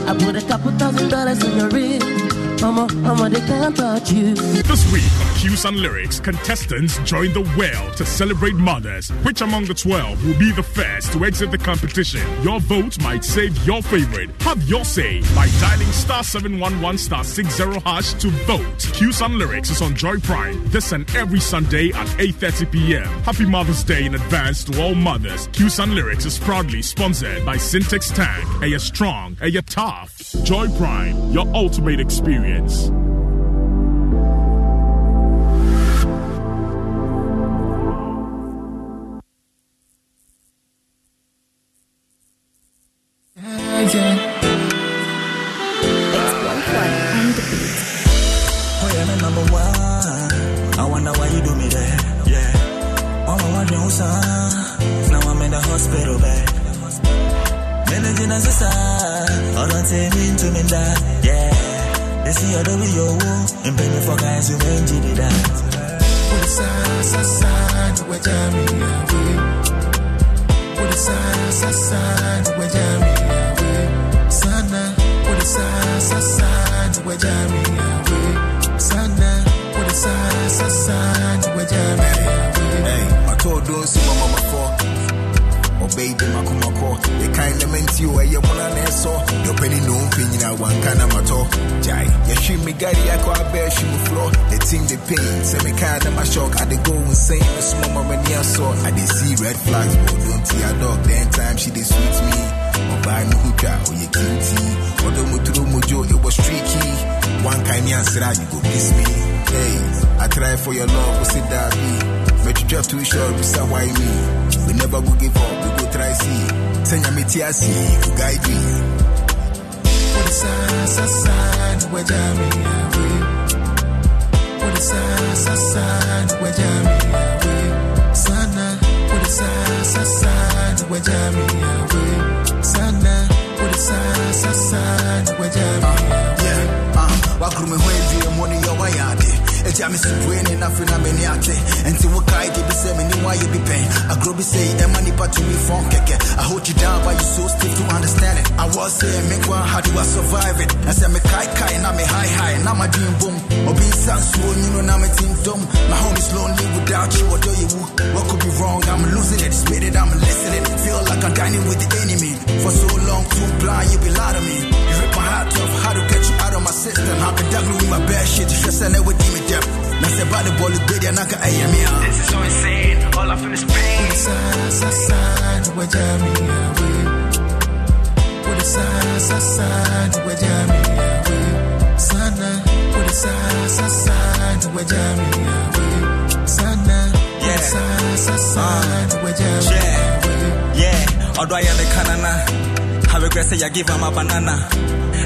I put a couple thousand dollars on your ring. This week on Cues and Lyrics, contestants join the whale to celebrate mothers. Which among the 12 will be the first to exit the competition? Your vote might save your favorite. Have your say by dialing star 711 star 60 hash to vote. Q and Lyrics is on Joy Prime this and every Sunday at 8.30 p.m. Happy Mother's Day in advance to all mothers. Q and Lyrics is proudly sponsored by Syntex Tank. Are you strong? Are you tough? Joy Prime, your ultimate experience experience. see your do with your woo. And me for guys who ain't did it out. Put a sign, sign, sign, to a jammy now. Put a sign, sign, sign, to a jammy now. Sana, put a sign, sign, sign, to a jammy baby makumako. You're kind makomako yɛkan lementi o ɛyɛ mona na ɛsɔ yɛpɛni ne ɔmfɛ nyina wanka na Jai. gyae yɛhwe me I gari akɔ abɛɛ hwe mu flɔ ɛtim de pain of my shock. I ade go nsɛn me soma ma m'ani I ade see red flags but don't see a dog then time she dey sweet me ɔbaa no ho oh, twa ɔyɛ kinti ɔdɔ mu turo mojo ɛwɔ streaky one kind answer, ah, you go miss me. Hey, I try for your love, but see that me. But you just too sure, to say why me? We never go give up, we go try see. Send me see. you guide me. What is a sign, where Jeremy are we? What is a sign, where Jeremy are we? Sana, what is a sign, where Jeremy are we? Sana, what is a sign, where Jeremy are we? Yeah, uh, wakuru mehwe vye mwoni ya wayade. It's a miss brain enough in a maniac. And to what I did be seven, why you be pain. I grow be say, Emma Nipa to me phone keke. I hold you down, but you so stiff to understand it. I was saying, make one, how do I survive it? I said, me kai kai, and I'm a high high, and I'm a dream boom. Or be sansuo, you know, I'm a team dumb. My home is lonely without you, what do you What could be wrong? I'm losing it, spit it, I'm listening. Feel like I'm dining with the enemy. For so long, too blind, you be lying to me. You rip my heart off, how to get you out of my system. I've been juggling with my bad shit, just and it would give Egypt. Now say body ball is good, and This is so insane, all I feel is pain. Put Sasa, sasa, we jam away. Put it sasa, sasa, we jam away. Sana, put it sasa, sasa, we jam away. Sana, yeah, sasa, sasa, ah. we jam away. Yeah, although I am a canana, I regret say I give her a banana.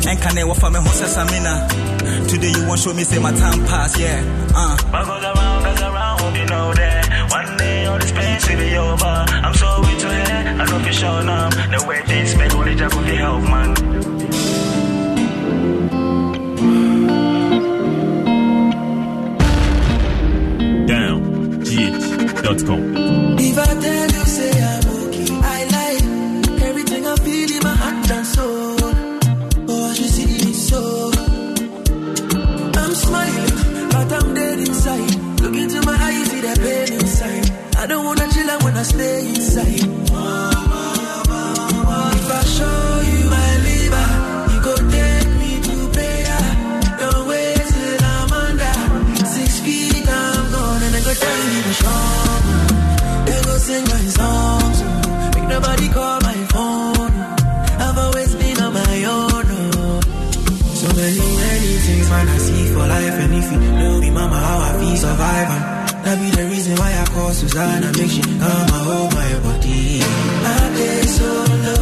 And can they offer me home, Samina? Today you won't show me say my time pass, yeah. Uh. But goes around, goes around, you know that. One day all this pain will be over. I'm so with you here, I know for sure now. The way things make only job will be help, man. Down, G.H. dot com. stay inside. If I show you my liver, go take me to prayer. Don't wait till I'm under six feet. I'm gone and I go They go sing my songs. Make nobody call my phone. I've always been on my own. So many, many things, I see for life. And if you know me, mama, how I feel surviving. That be the Susanna make she come and hold my body. I play solo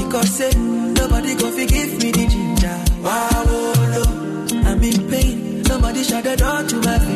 because say nobody go forgive me the ginger. Wow, oh, no. I'm in pain. Nobody shut the door to my face.